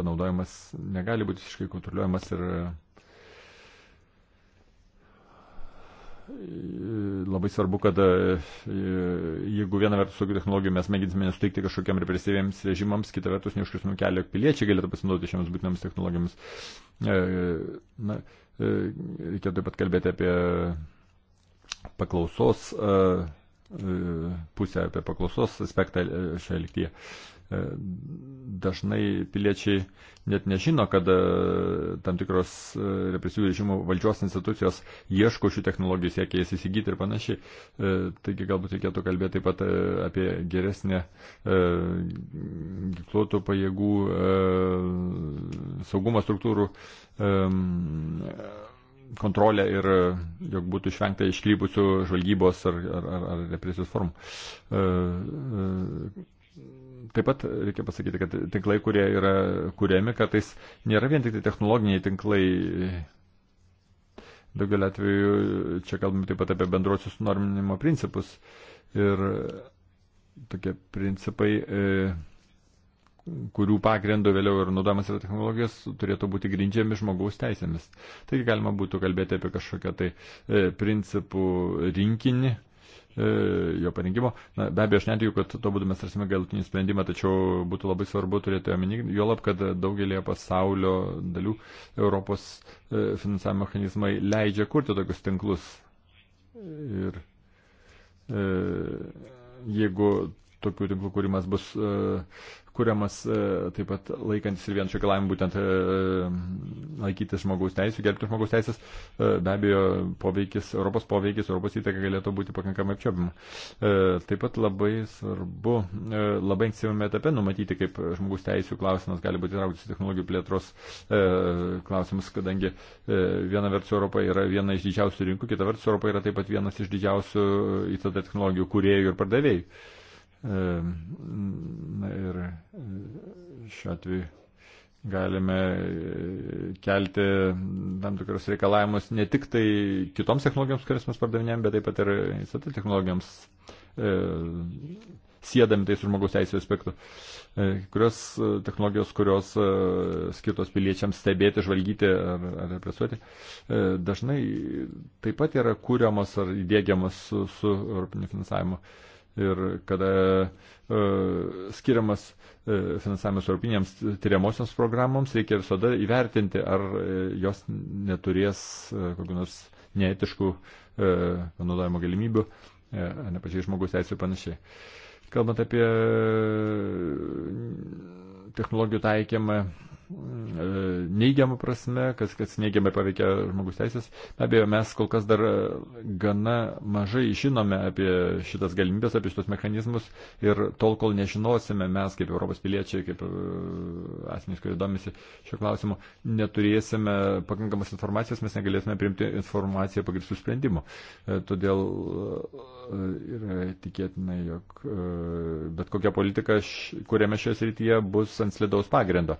panaudojimas negali būti visiškai kontroliuojamas ir labai svarbu, kad e, jeigu vieną vertus tokių technologijų mes mėginsime nesuteikti kažkokiam represyviems režimams, kitą vertus neužkirsime kelio, jog piliečiai galėtų pasinaudoti šiomis būtinomis technologijomis. E, na, e, reikėtų taip pat kalbėti apie paklausos pusę, apie paklausos aspektą šioje lygtyje. E, dažnai piliečiai net nežino, kad e, tam tikros e, represyvių režimų valdžios institucijos ieško šių technologijų, siekia jas įsigyti ir panašiai. Taigi galbūt reikėtų kalbėti taip pat apie geresnę ginkluotų pajėgų saugumo struktūrų kontrolę ir jog būtų išvengta iškrypusių žvalgybos ar, ar, ar represijos formų. Taip pat reikia pasakyti, kad tinklai, kurie yra kuriami, kartais nėra vien tik tai technologiniai tinklai. Daugelį atvejų čia kalbame taip pat apie bendruosius norminimo principus. Ir tokie principai, e, kurių pagrindų vėliau ir naudojamas yra technologijos, turėtų būti grindžiami žmogaus teisėmis. Taigi galima būtų kalbėti apie kažkokią tai e, principų rinkinį, E, jo parengimo. Na, be abejo, aš netikiu, kad to būdu mes rasime galutinį sprendimą, tačiau būtų labai svarbu turėti omeny, juolab, kad daugelėje pasaulio dalių Europos e, finansavimo mechanizmai leidžia kurti tokius tinklus. Ir e, jeigu tokių tinklų kūrimas bus kuriamas e, taip pat laikantis ir vienšio galavimų būtent e, laikytis žmogaus teisų, gerbti žmogaus teisės, e, be abejo, poveikis, Europos poveikis, Europos įtaka galėtų būti pakankamai apčiopima. Taip pat labai svarbu, labai ankstyvame etape numatyti, kaip žmogaus teisų klausimas gali būti įtrauktas į technologijų plėtros klausimus, kadangi viena vertus Europa yra viena iš didžiausių rinkų, kita vertus Europa yra taip pat vienas iš didžiausių ITT technologijų kūrėjų ir pardavėjų. Ehm, na ir e, šiuo atveju galime e, kelti tam tikrus reikalavimus ne tik tai kitoms technologijoms, kurias mes pardavinėjom, bet taip pat ir ICT technologijoms, e, siedami tai su žmogaus teisų aspektu. E, kurios e, technologijos, kurios e, skirtos piliečiams stebėti, žvalgyti ar, ar represuoti, e, dažnai taip pat yra kūriamos ar įdėgiamos su, su europiniu finansavimu. E, ir kada e, skiriamas e, finansavimas europinėms tyriamosioms programoms, reikia visada įvertinti, ar e, jos neturės kokių nors neetiškų panaudojimo galimybių, ne pačiai žmogus teisų ir panašiai. Kalbant apie technologijų taikymą E, neigiamą prasme, kas, kas neigiamai paveikia žmogus teisės. Be abejo, mes kol kas dar e, gana mažai žinome apie šitas galimybės, apie šitos mechanizmus ir tol, kol nežinosime mes kaip Europos piliečiai, kaip e, asmenys, kurie domisi šio klausimu, neturėsime pakankamas informacijos, mes negalėsime priimti informaciją pagristų sprendimų. Todėl yra tikėtina, jog bet kokia politika, kuriame šioje srityje bus ant slidaus pagrindo.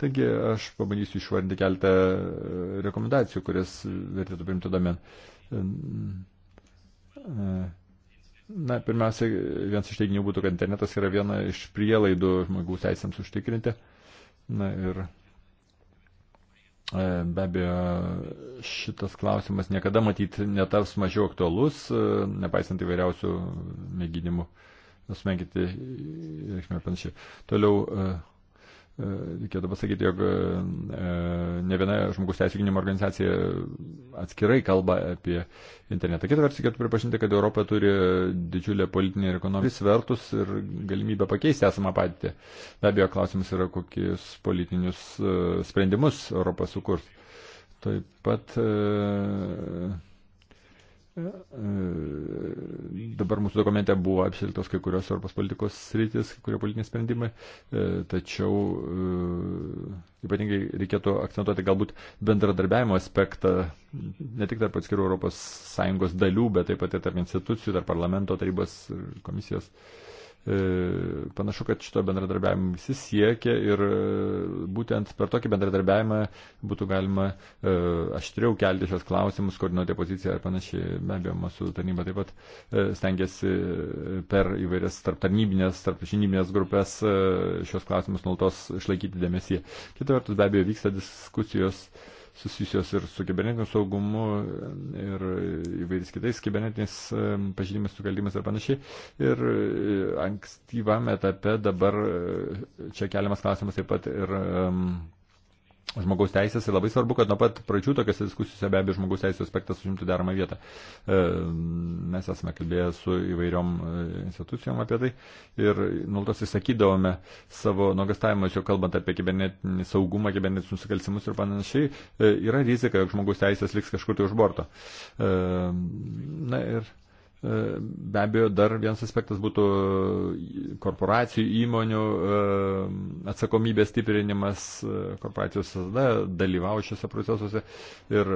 Taigi aš pabandysiu išvardinti keletą e, rekomendacijų, kurias vertėtų priimti domen. E, na, pirmiausia, vienas iš teiginių būtų, kad internetas yra viena iš prielaidų žmogaus teisėms užtikrinti. Na ir e, Be abejo, šitas klausimas niekada matyti netaps mažiau aktualus, nepaisant įvairiausių mėginimų sumenkinti ir panašiai. Toliau E, reikėtų pasakyti, jog e, ne viena žmogus teisų gynimo organizacija atskirai kalba apie internetą. Kita vertus, reikėtų pripažinti, kad Europa turi didžiulę politinį ir ekonominį svertus ir galimybę pakeisti esamą patį. Be abejo, klausimas yra, kokius politinius e, sprendimus Europa sukurs. Taip pat. E, E, e, dabar mūsų dokumente buvo apšiltos kai kurios Europos politikos sritis, kai kurie politiniai sprendimai, e, tačiau ypatingai reikėtų akcentuoti galbūt bendradarbiavimo aspektą ne tik tarp atskirų ES dalių, bet taip pat ir tarp institucijų, tarp parlamento tarybos ir komisijos. Uh, E, panašu, kad šito bendradarbiavimo visi siekia ir e, būtent per tokį bendradarbiavimą būtų galima e, aštriau kelti šios klausimus, koordinuoti poziciją ar panašiai. Be abejo, mūsų tarnyba taip pat stengiasi per įvairias tarptarnybinės, tarpžinybinės grupės šios klausimus nuolatos išlaikyti dėmesį. Kita vertus, be abejo, vyksta diskusijos. Uh, susijusios ir su kibernetiniu saugumu, ir įvairiais kitais kibernetiniais pažydimais, nukaltimais ir panašiai. Ir e, ankstyvame etape dabar e, čia keliamas klausimas taip pat ir žmogaus teisės ir labai svarbu, kad nuo pat pradžių tokiuose diskusijose be abejo žmogaus teisės aspektas užimtų deramą vietą. E, mes esame kalbėję su įvairiom e, institucijom apie tai ir nuolatos įsakydavome savo nuogastavimus, jau kalbant apie kibernetinį saugumą, kibernetinius nusikalsimus ir panašiai, e, yra rizika, jog žmogaus teisės liks kažkur tai už borto. Na ir E, be abejo, dar vienas aspektas būtų korporacijų įmonių e, atsakomybės stiprinimas, e, korporacijos visada dalyvauja šiuose procesuose ir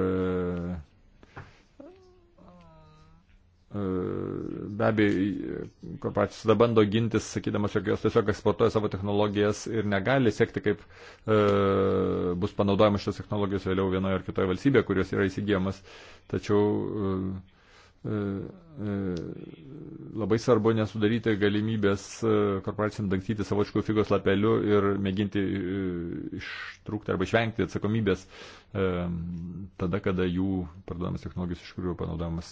be abejo, korporacijos tada bando gintis, sakydamas, jog jos tiesiog eksportuoja savo technologijas ir negali sekti, kaip e, bus panaudojamos šios technologijos vėliau vienoje ar kitoje valstybėje, kurios yra įsigijamas. Tačiau e, E, e, labai svarbu nesudaryti galimybės e, korporacijom dangstyti savočių figos lapeliu ir mėginti ištrūkti arba išvengti atsakomybės tada, kada jų parduodamas technologijos iš tikrųjų panaudojamas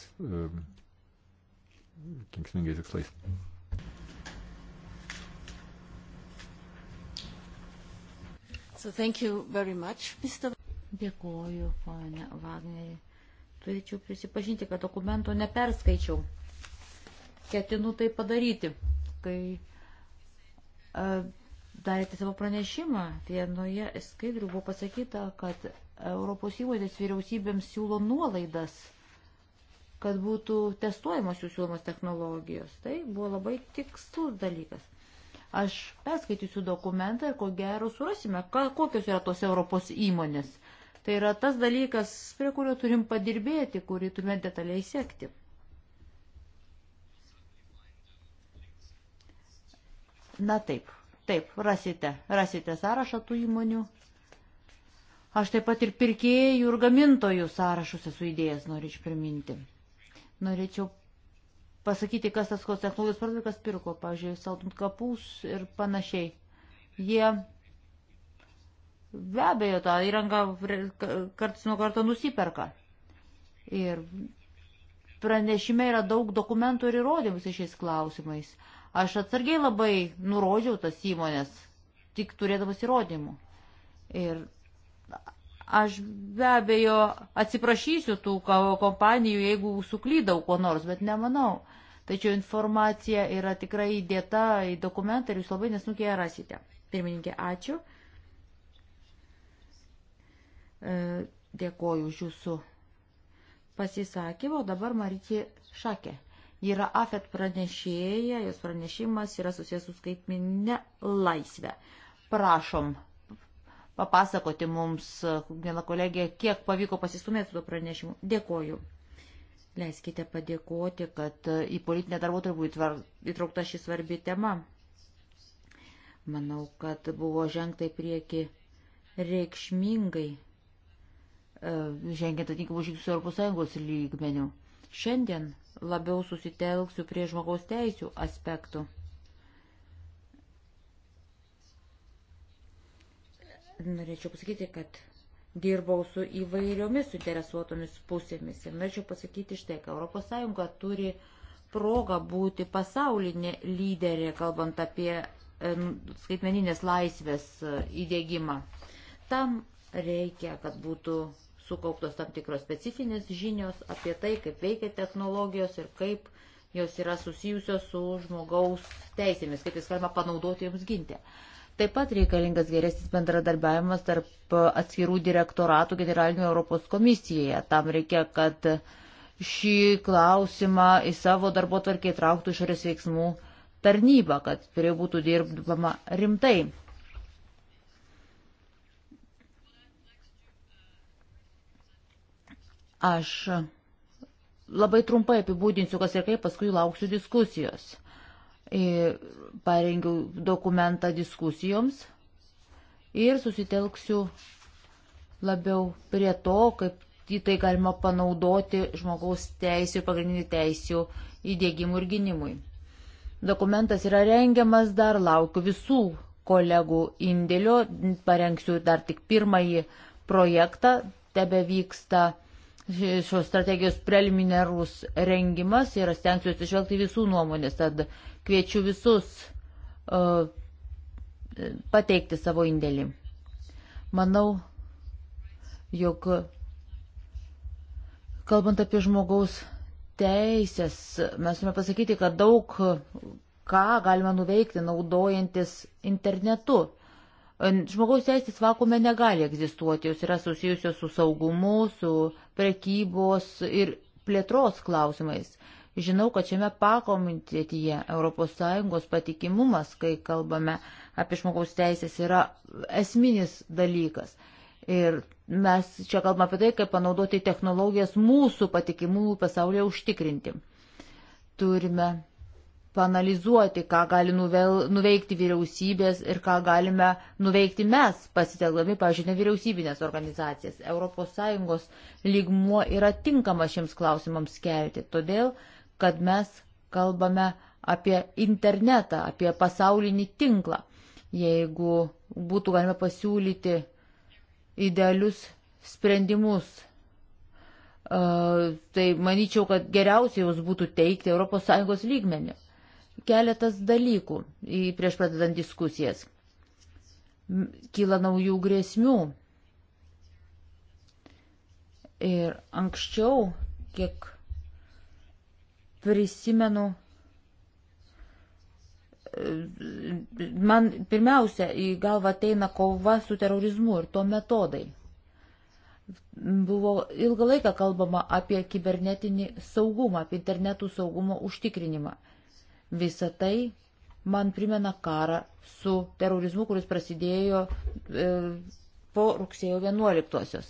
kenksmingais tikslais. So thank you very much, Mr. Dėkuoju, ponia Wagneri. Turėčiau prisipažinti, kad dokumento neperskaičiau. Ketinu tai padaryti, kai uh, darėte savo pranešimą. Vienoje skaidrių buvo pasakyta, kad Europos įmonės vyriausybėms siūlo nuolaidas, kad būtų testuojamos jų siūlomos technologijos. Tai buvo labai tikslus dalykas. Aš perskaitysiu dokumentą ir ko gero surasime, ka, kokios yra tos Europos įmonės Tai yra tas dalykas, prie kurio turim padirbėti, kurį turime detaliai sekti. Na taip, taip, rasite, rasite sąrašą tų įmonių. Aš taip pat ir pirkėjų ir gamintojų sąrašus esu idėjęs, norėčiau priminti. Norėčiau pasakyti, kas tas kos technologijos pardavikas pirko, pavyzdžiui, saldant kapus ir panašiai. Jie Be abejo, tą įrangą karts nuo karto nusiperka. Ir pranešime yra daug dokumentų ir įrodymų šiais klausimais. Aš atsargiai labai nurodžiau tas įmonės, tik turėdamas įrodymų. Ir aš be abejo atsiprašysiu tų kompanijų, jeigu suklydau kuo nors, bet nemanau. Tačiau informacija yra tikrai įdėta į dokumentą ir jūs labai nesunkiai rasite. Pirmininkė, ačiū. E, dėkoju už jūsų pasisakymą. Dabar Marytė Šakė. Ji yra AFET pranešėja, jos pranešimas yra susijęs su skaitminė laisvė. Prašom papasakoti mums, viena kolegė, kiek pavyko pasistumėti su tuo pranešimu. Dėkoju. Leiskite padėkoti, kad į politinę darbo turi įtraukta šį svarbi tema. Manau, kad buvo žengtai prieki reikšmingai E, žengiant atitinkamus žingsnius Europos Sąjungos lygmenių. Šiandien labiau susitelksiu prie žmogaus teisų aspektų. Norėčiau pasakyti, kad dirbau su įvairiomis suinteresuotomis pusėmis ir norėčiau pasakyti štai, kad Europos Sąjunga turi progą būti pasaulinė lyderė, kalbant apie e, nu, skaitmeninės laisvės e, įdėgymą. Tam reikia, kad būtų sukauptos tam tikros specifinės žinios apie tai, kaip veikia technologijos ir kaip jos yra susijusios su žmogaus teisėmis, kaip jis galima panaudoti jums ginti. Taip pat reikalingas geresnis bendradarbiavimas tarp atskirų direktoratų generalinių Europos komisijoje. Tam reikia, kad šį klausimą į savo darbo tvarkį įtrauktų išorės veiksmų tarnybą, kad prie būtų dirbama rimtai. Aš labai trumpai apibūdinsiu, kas ir kaip, paskui lauksiu diskusijos. Ir e, parengiau dokumentą diskusijoms ir susitelksiu labiau prie to, kaip į tai galima panaudoti žmogaus teisų ir pagrindinių teisų įdėgymui ir gynimui. Dokumentas yra rengiamas, dar laukiu visų kolegų indėlio, parengsiu dar tik pirmąjį projektą, tebe vyksta šios strategijos preliminarus rengimas ir stengsiu atsižvelgti visų nuomonės, tad kviečiu visus uh, pateikti savo indėlį. Manau, jog kalbant apie žmogaus teisės, mes turime pasakyti, kad daug ką galima nuveikti naudojantis internetu. Žmogaus teisės vakume negali egzistuoti, jos yra susijusios su saugumu, su prekybos ir plėtros klausimais. Žinau, kad šiame pakomitetyje ES patikimumas, kai kalbame apie žmogaus teisės, yra esminis dalykas. Ir mes čia kalbame apie tai, kaip panaudoti technologijas mūsų patikimumų pasaulyje užtikrinti. Turime panalizuoti, ką gali nuvel, nuveikti vyriausybės ir ką galime nuveikti mes, pasitelkdami, pažiūrėjau, nevyriausybinės organizacijas. ES lygmuo yra tinkama šiems klausimams kelti, todėl, kad mes kalbame apie internetą, apie pasaulinį tinklą. Jeigu būtų galima pasiūlyti idealius sprendimus Uh, tai manyčiau, kad geriausia jos būtų teikti ES lygmenį keletas dalykų prieš pradedant diskusijas. Kyla naujų grėsmių. Ir anksčiau, kiek prisimenu, man pirmiausia į galvą ateina kova su terorizmu ir to metodai. Buvo ilgą laiką kalbama apie kibernetinį saugumą, apie internetų saugumo užtikrinimą. Visa tai man primena karą su terorizmu, kuris prasidėjo e, po rugsėjo 11-osios.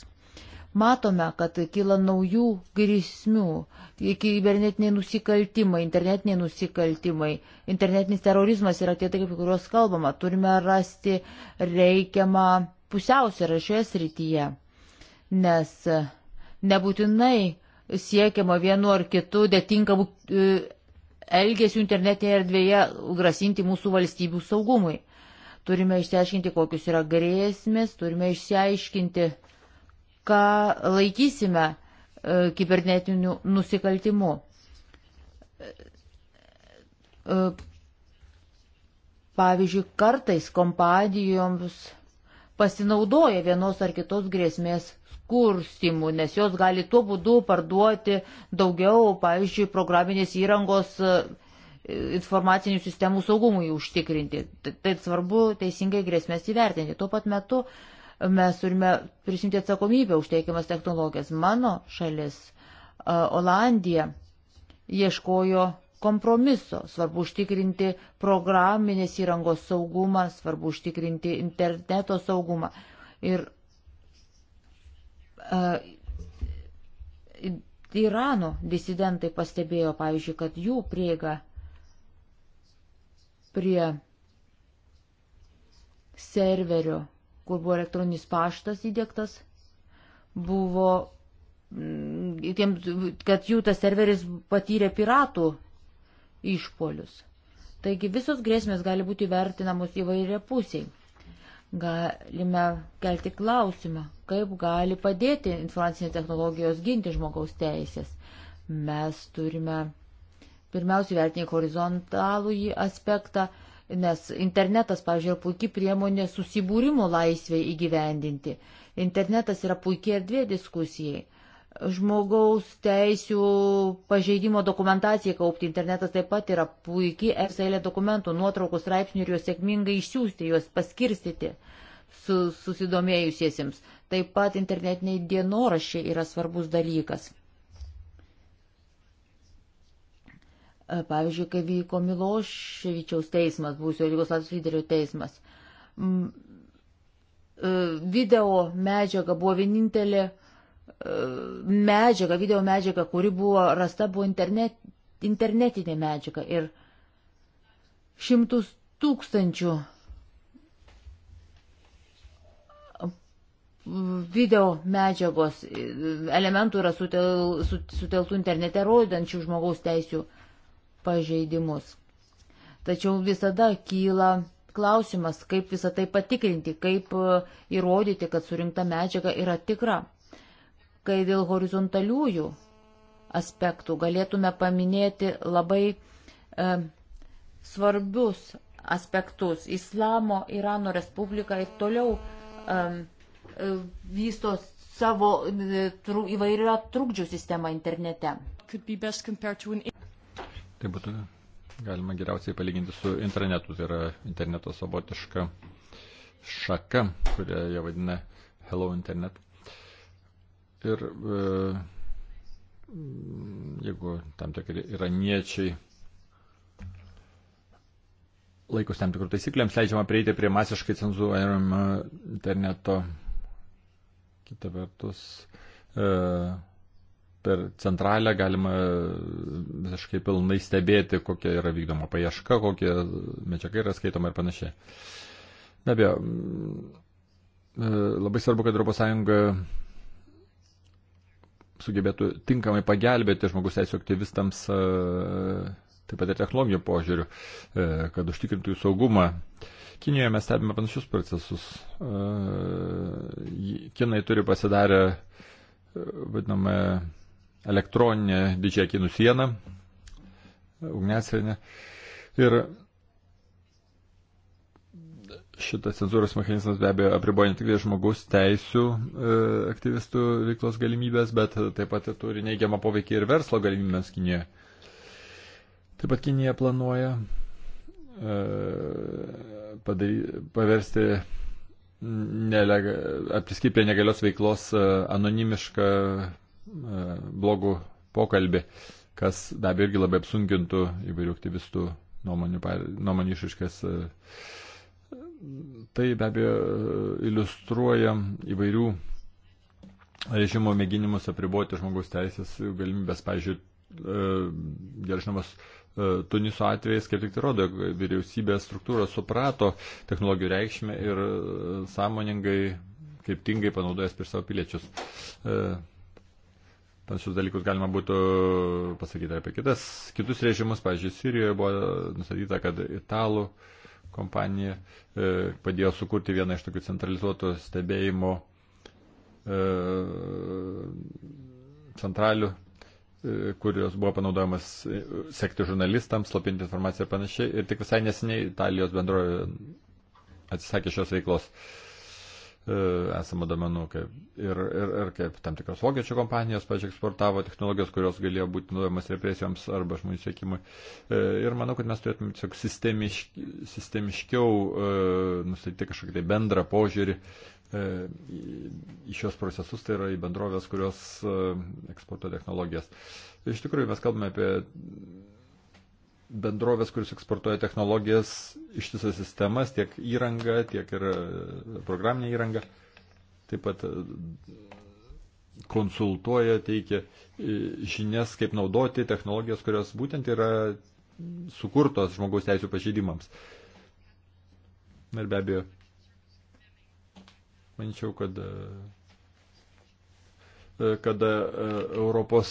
Matome, kad kyla naujų grėsmių, kibernetiniai nusikaltimai, internetiniai nusikaltimai, internetinis terorizmas yra tie, apie kuriuos kalbama. Turime rasti reikiamą pusiausvyrą šioje srityje, nes nebūtinai siekiama vienu ar kitu netinkamu e, elgesių internetinėje erdvėje grasinti mūsų valstybių saugumui. Turime išsiaiškinti, kokius yra grėsmės, turime išsiaiškinti, ką laikysime e, kibernetiniu nusikaltimu. E, pavyzdžiui, kartais kompanijoms pasinaudoja vienos ar kitos grėsmės kurstimu, nes jos gali tuo būdu parduoti daugiau, pavyzdžiui, programinės įrangos e, informacinių sistemų saugumui užtikrinti. Tai svarbu teisingai grėsmės įvertinti. Tuo pat metu mes turime prisimti atsakomybę už teikiamas technologijas. Mano šalis, e, Olandija, ieškojo kompromiso. Svarbu užtikrinti programinės įrangos saugumą, svarbu užtikrinti interneto saugumą. Ir uh, Irano disidentai pastebėjo, pavyzdžiui, kad jų prieiga prie serverio, kur buvo elektroninis paštas įdėktas, buvo, kad jų tas serveris patyrė piratų išpolius. Taigi visos grėsmės gali būti vertinamos įvairia pusiai. Galime kelti klausimą, kaip gali padėti informacinės technologijos ginti žmogaus teisės. Mes turime pirmiausiai vertinti horizontalų į aspektą, nes internetas, pavyzdžiui, yra puikiai priemonė susibūrimo laisvėje įgyvendinti. Internetas yra puikiai erdvė diskusijai žmogaus teisių pažeidimo dokumentacijai kaupti. Internetas taip pat yra puikiai esailė dokumentų, nuotraukų, straipsnių ir juos sėkmingai išsiųsti, juos paskirstyti su, susidomėjusiesiems. Taip pat internetiniai dienorašiai yra svarbus dalykas. E, pavyzdžiui, kai vyko Miloševičiaus teismas, būsio Jugoslavijos lyderio teismas, e, video medžiaga buvo vienintelė medžiaga, video medžiaga, kuri buvo rasta, buvo internet, internetinė medžiaga ir šimtus tūkstančių video medžiagos elementų yra sutel, suteltų internete rodančių žmogaus teisių pažeidimus. Tačiau visada kyla klausimas, kaip visą tai patikrinti, kaip e, įrodyti, kad surinkta medžiaga yra tikra kai dėl horizontaliųjų aspektų galėtume paminėti labai e, svarbius aspektus. Islamo Irano Respublika ir toliau e, e vysto savo e, tru, įvairią trukdžių sistemą internete. Tai būtų galima geriausiai palyginti su internetu, tai yra interneto savotiška šaka, kurią jie vadina Hello Internet. Ir e, jeigu tam tikri iraniečiai laikus tam tikrų taisyklėms leidžiama prieiti prie masiškai cenzuojamo interneto. Kita vertus, e, per centralę galima visiškai pilnai stebėti, kokia yra vykdoma paieška, kokie medžiagai yra skaitoma ir panašiai. Be abejo, e, labai svarbu, kad ES sugebėtų tinkamai pagelbėti žmogus teisų aktyvistams, e, taip pat ir technologijų požiūrių, e, kad užtikrintų jų saugumą. Kinijoje mes stebime panašius procesus. E, kinai turi pasidarę, vadinamą, elektroninę didžiąją kinų sieną, ugnesienę. Ir šitas cenzūros mechanizmas be abejo apriboja ne tik žmogus teisų e, aktyvistų veiklos galimybės, bet taip pat turi neigiamą poveikį ir verslo galimybėms Kinijoje. Taip pat Kinija planuoja e, padary, paversti nelega, apriskipę negalios veiklos e, anonimišką e, blogų pokalbį, kas be abejo irgi labai apsunkintų įvairių aktyvistų nuomonių, nuomonių išaiškės. E, tai be abejo e, iliustruoja įvairių režimo mėginimus apriboti žmogaus teisės galimybės. Pavyzdžiui, e, gerai žinomas e, Tuniso atvejais, kaip tik tai rodo, vyriausybės struktūra suprato technologijų reikšmę ir sąmoningai, kaip tingai panaudojęs prieš savo piliečius. Panašius dalykus galima būtų pasakyti apie kitas, kitus režimus. Pavyzdžiui, Sirijoje buvo nustatyta, kad italų uh, kompanija e, padėjo sukurti vieną iš tokių centralizuotų stebėjimo e, centralių, e, kurios buvo panaudojamas sekti žurnalistams, slapinti informaciją ir panašiai. Ir tik visai nesiniai Italijos bendrovė atsisakė šios veiklos. Uh, E, esama domenų kaip, ir, ir, ir kaip tam tikros vokiečių kompanijos, pažiūrėk, eksportavo technologijas, kurios galėjo būti naudojamas represijoms arba žmonių siekimui. E, ir manau, kad mes turėtume tiesiog sistemišk, sistemiškiau e, nustatyti kažkokį tai bendrą požiūrį į šios procesus, tai yra į bendrovės, kurios eksporto technologijas. Iš tikrųjų, mes kalbame apie bendrovės, kuris eksportuoja technologijas, ištisas sistemas, tiek įrangą, tiek ir e, programinę įrangą. Taip pat e, konsultuoja, teikia e, žinias, kaip naudoti technologijas, kurios būtent yra sukurtos žmogaus teisų pažeidimams. Ir be abejo, manyčiau, kad E, kada e, Europos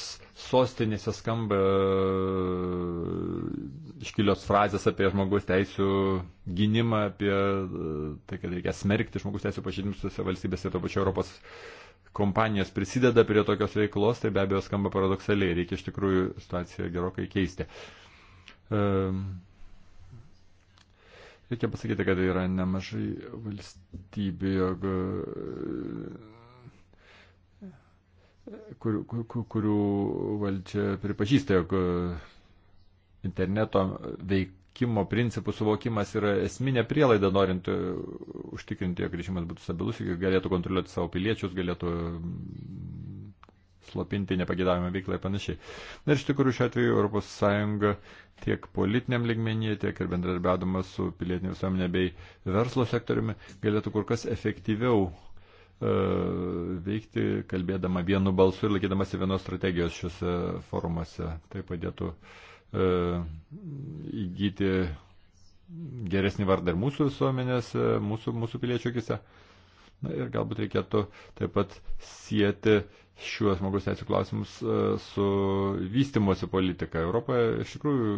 sostinėse skamba e, iškilios frazės apie žmogaus teisų gynimą, apie tai, kad reikia smerkti žmogaus teisų pažeidimus visose valstybėse, to pačiu Europos kompanijos prisideda prie tokios veiklos, tai be abejo skamba paradoksaliai, reikia iš tikrųjų situaciją gerokai keisti. Reikia pasakyti, kad yra nemažai valstybių, jog kur, kur, kurių valdžia pripažįsta, jog e, interneto veikimo principų suvokimas yra esminė prielaida, norint e, užtikrinti, jog režimas būtų stabilus, galėtų kontroliuoti savo piliečius, galėtų mm, slopinti nepagėdavimą veiklą ir panašiai. Na ir iš tikrųjų šiuo atveju ES tiek politiniam ligmenyje, tiek ir bendradarbiavimas su pilietinė visuomenė bei verslo sektoriumi galėtų kur kas efektyviau E, veikti, kalbėdama vienu balsu ir laikydamasi vienos strategijos šiuose forumuose. Tai padėtų e, įgyti geresnį vardą ir mūsų visuomenės, e, mūsų, mūsų piliečių akise. Na ir galbūt reikėtų taip pat sieti šiuos žmogus teisų klausimus su vystimosi politika. Europoje iš tikrųjų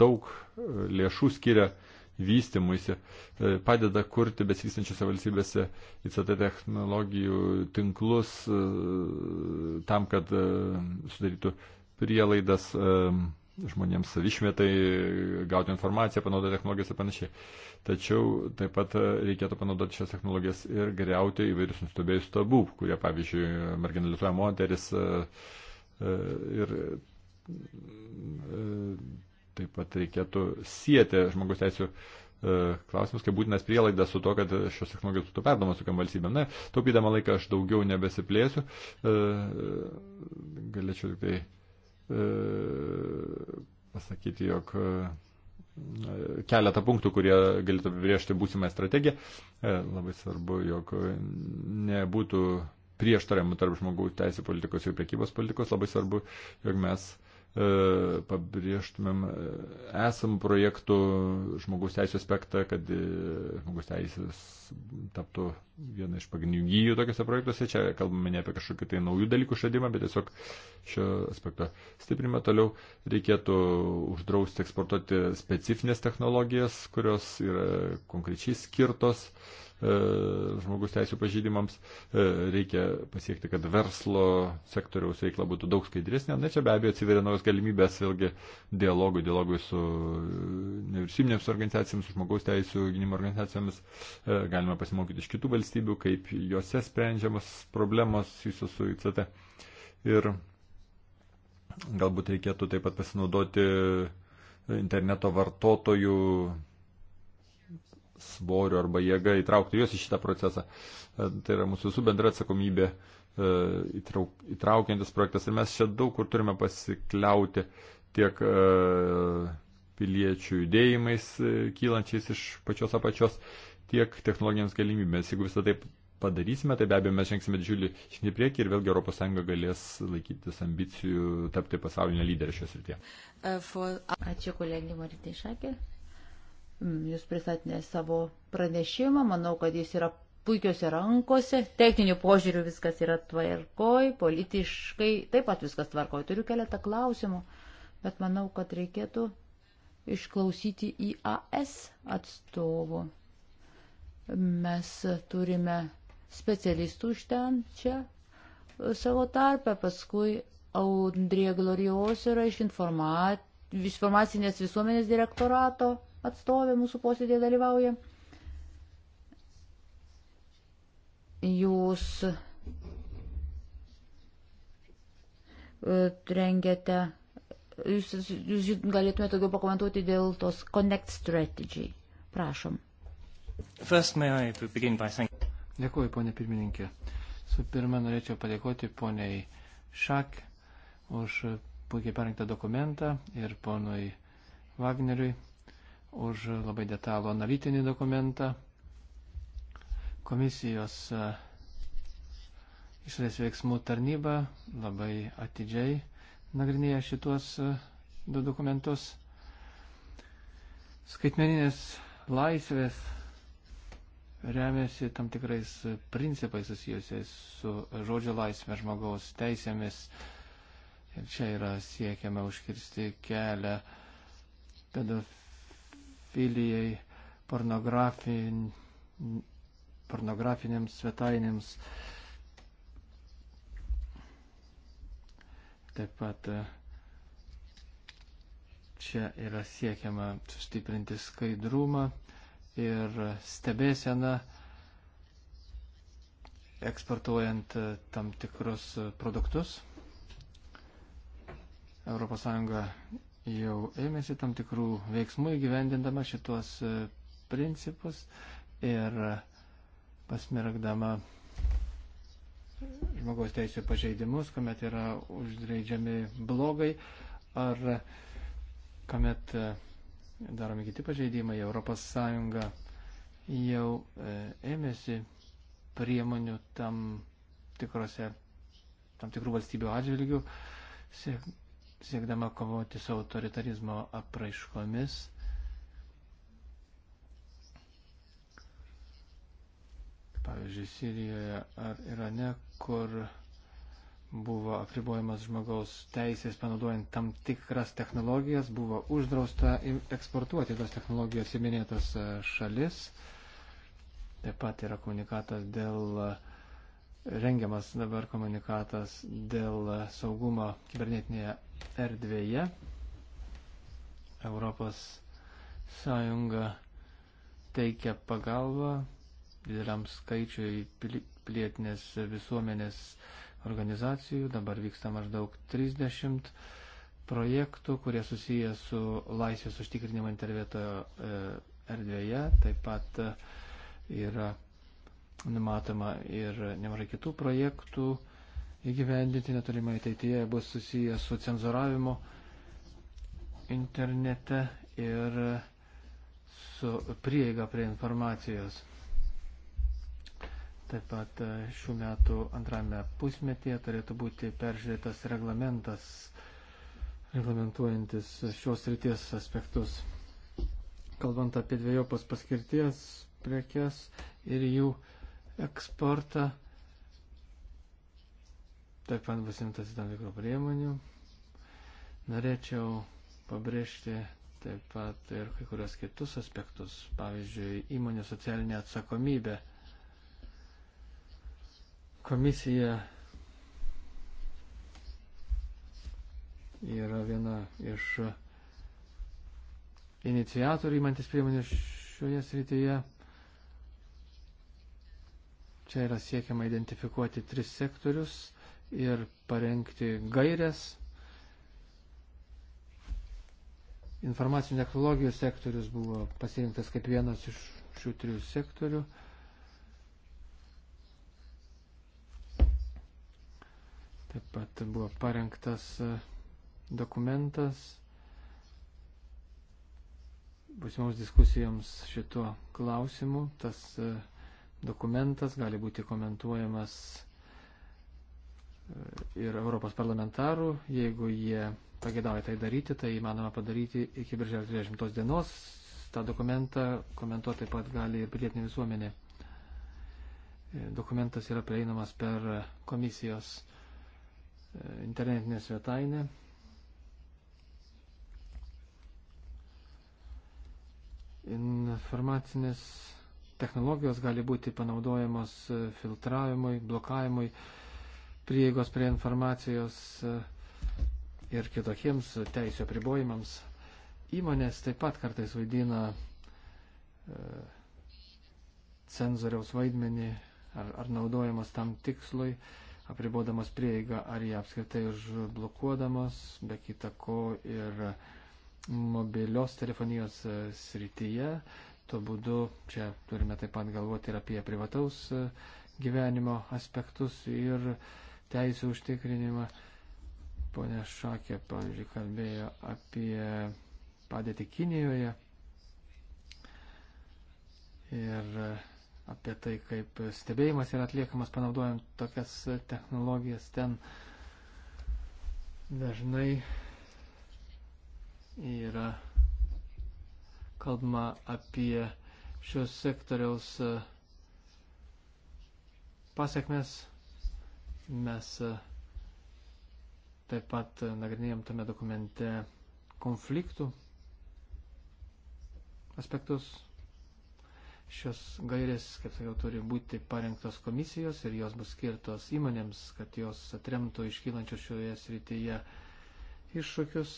daug lėšų skiria uh, vystimuisi, e, padeda kurti besivystančiose valstybėse ICT technologijų tinklus e, tam, kad e, sudarytų prielaidas žmonėms savišmetai, gauti informaciją, panaudoti technologijas ir panašiai. Tačiau taip pat reikėtų panaudoti šias technologijas ir greuti įvairius nustebėjus tabų, kurie, pavyzdžiui, marginalizuoja moteris ir Taip pat reikėtų sieti žmogus teisų e, klausimus, kaip būtinas prielaidas su to, kad šios technologijos būtų perdomas tokiam valstybėm. Na, taupydama laiką aš daugiau nebesiplėsiu. E, galėčiau tik tai e, pasakyti, jog keletą punktų, kurie galėtų apibriežti būsimą strategiją. Labai svarbu, jog nebūtų prieštaravimų tarp žmogaus teisų politikos ir priekybos politikos. Labai svarbu, jog mes E, pabrėžtumėm e, esam projektų žmogaus teisų aspektą, kad e, žmogaus teisės taptų viena iš pagrindinių gyjų tokiuose projektuose. Čia kalbame ne apie kažkokį tai naujų dalykų šadimą, bet tiesiog šio aspekto stiprimą toliau reikėtų uždrausti eksportuoti specifines technologijas, kurios yra konkrečiai skirtos E, žmogus teisų pažydimams, e, reikia pasiekti, kad verslo sektoriaus veikla būtų daug skaidresnė. Na, čia be abejo atsiveria naujos galimybės vėlgi dialogui, dialogui su nevyriausybinėms organizacijoms, žmogaus teisų gynimo organizacijomis. E, galima pasimokyti iš kitų valstybių, kaip juose sprendžiamas problemos susijusios su ICT. Ir galbūt reikėtų taip pat pasinaudoti interneto vartotojų svoriu arba jėga įtraukti juos į šitą procesą. E, tai yra mūsų visų bendra atsakomybė e, įtrauk, įtraukiantis projektas ir mes čia daug kur turime pasikliauti tiek e, piliečių judėjimais kylančiais iš pačios apačios, tiek technologinėms galimybėmis. Jeigu visą taip padarysime, tai be abejo mes žengsime didžiulį žingsnį priekį ir vėlgi ES galės laikytis ambicijų tapti pasaulinę lyderę šios rytie. Uh, Ačiū kolegė Maritė Šakė. Mm, jūs pristatėte savo pranešimą, manau, kad jis yra puikiose rankose, techninių požiūrių viskas yra tvarkoj, politiškai taip pat viskas tvarkoj. Turiu keletą klausimų, bet manau, kad reikėtų išklausyti IAS atstovų. Mes turime specialistų iš ten čia savo tarpę, paskui Audrė Glorijos yra iš informacinės visuomenės direktorato atstovė mūsų posėdėje dalyvauja. Jūs e, rengiate, jūs, jūs galėtumėte daugiau pakomentuoti dėl tos Connect Strategy. Prašom. First, Dėkuoju, ponė pirmininkė. Su pirma, norėčiau padėkoti poniai Šak už puikiai parengtą dokumentą ir ponui Wagneriui už labai detalų analitinį dokumentą. Komisijos e, išorės veiksmų tarnyba labai atidžiai nagrinėja šituos e, du dokumentus. Skaitmeninės laisvės remiasi tam tikrais principais susijusiais su žodžio laisvė žmogaus teisėmis. Ir čia yra siekiama užkirsti kelią pedofilą pedofilijai, pornografin, pornografinėms svetainėms. Taip pat e, čia yra siekiama sustiprinti skaidrumą ir stebėseną eksportuojant e, tam tikrus produktus. ES jau ėmėsi tam tikrų veiksmų įgyvendindama šitos e, principus ir e, pasmergdama žmogaus teisų pažeidimus, kuomet yra uždreidžiami blogai ar kuomet e, daromi kiti pažeidimai, Europos Sąjunga jau ėmėsi priemonių tam tikrose, tam tikrų valstybių atžvilgių, siek, siekdama kovoti su autoritarizmo apraiškomis. Pavyzdžiui, Sirijoje ar Irane, kur buvo apribojamas žmogaus teisės panaudojant tam tikras technologijas, buvo uždrausta eksportuoti tos technologijos į minėtas e, šalis. Taip pat yra komunikatas dėl e, rengiamas dabar komunikatas dėl saugumo kibernetinėje erdvėje Europos Sąjunga teikia pagalbą dideliam skaičiui pilietinės visuomenės organizacijų. Dabar vyksta maždaug 30 projektų, kurie susiję su laisvės užtikrinimu interneto e, erdvėje. Taip pat e, yra numatoma ir nemažai kitų projektų įgyvendinti netolimai ateityje bus susijęs su cenzuravimu internete ir su prieiga prie informacijos. Taip pat e, šių metų antrame pusmetyje turėtų būti peržiūrėtas reglamentas, reglamentuojantis šios ryties aspektus. Kalbant apie dviejopos paskirties prekes ir jų eksportą, taip pat bus imtasi tam tikrų priemonių. Norėčiau pabrėžti taip pat ir kai kurios kitus aspektus, pavyzdžiui, įmonių socialinė atsakomybė. Komisija yra viena iš iniciatorių įmantis priemonių šioje srityje. Čia yra siekiama identifikuoti tris sektorius ir parengti gairias. Informacinių technologijų sektorius buvo pasirinktas kaip vienas iš šių trijų sektorių. Taip pat buvo parengtas e, dokumentas būsimoms diskusijoms šituo klausimu. Tas e, dokumentas gali būti komentuojamas ir Europos parlamentarų, jeigu jie pagėdavo tai daryti, tai įmanoma padaryti iki birželio 30 dienos. Ta dokumentą komentuoti taip pat gali ir pilietinė visuomenė. E, dokumentas yra prieinamas per komisijos e, internetinę svetainę. Informacinės technologijos gali būti panaudojamos e, filtravimui, blokavimui, prieigos prie informacijos e, ir kitokiems teisio pribojimams. Įmonės taip pat kartais vaidina e, cenzoriaus vaidmenį ar, ar naudojamas tam tikslui, apribodamas prieigą ar jį apskritai užblokuodamas, be kita ko ir mobilios telefonijos e, srityje. Tuo būdu čia turime taip pat galvoti ir apie privataus gyvenimo aspektus ir uh, teisų užtikrinimą. Pone Šakė, pavyzdžiui, kalbėjo apie padėtį Kinijoje ir apie tai, kaip stebėjimas yra atliekamas panaudojant tokias technologijas ten dažnai yra kalbama apie šios sektoriaus e, pasiekmes Mes e, taip pat nagrinėjom tame dokumente konfliktų aspektus. Šios gairės, kaip sakiau, turi būti parengtos komisijos ir jos bus skirtos įmonėms, kad jos atremtų iškylančios šioje srityje iššūkius.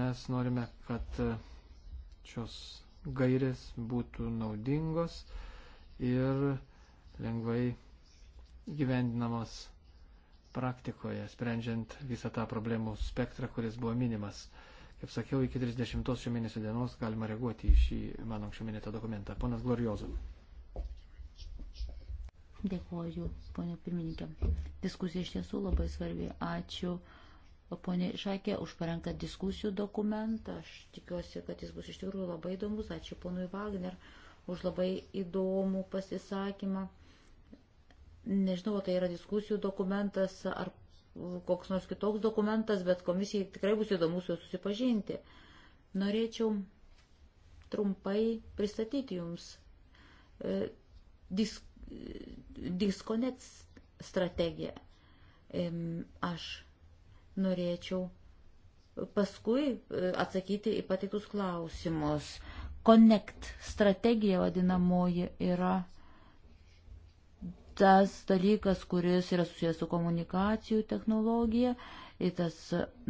Mes norime, kad e, šios gairės būtų naudingos. Uh, ir lengvai gyvendinamos praktikoje, sprendžiant visą tą problemų spektrą, kuris buvo minimas. Kaip sakiau, iki 30 šio mėnesio dienos galima reaguoti į šį mano anksčiau minėtą dokumentą. Ponas Gloriozov. Dėkuoju, ponė pirmininkė. Diskusija iš tiesų labai svarbi. Ačiū, ponė Šakė, už parengtą diskusijų dokumentą. Aš tikiuosi, kad jis bus iš tikrųjų labai įdomus. Ačiū, ponui Wagner. Uh, už labai įdomų pasisakymą. Nežinau, tai yra diskusijų dokumentas ar koks nors kitoks dokumentas, bet komisijai tikrai bus įdomu su juo susipažinti. Norėčiau trumpai pristatyti jums e, disk, diskonec strategiją. Aš norėčiau paskui e, atsakyti į patiktus klausimus. Connect strategija vadinamoji yra tas dalykas, kuris yra susijęs su komunikacijų technologija. Ir tas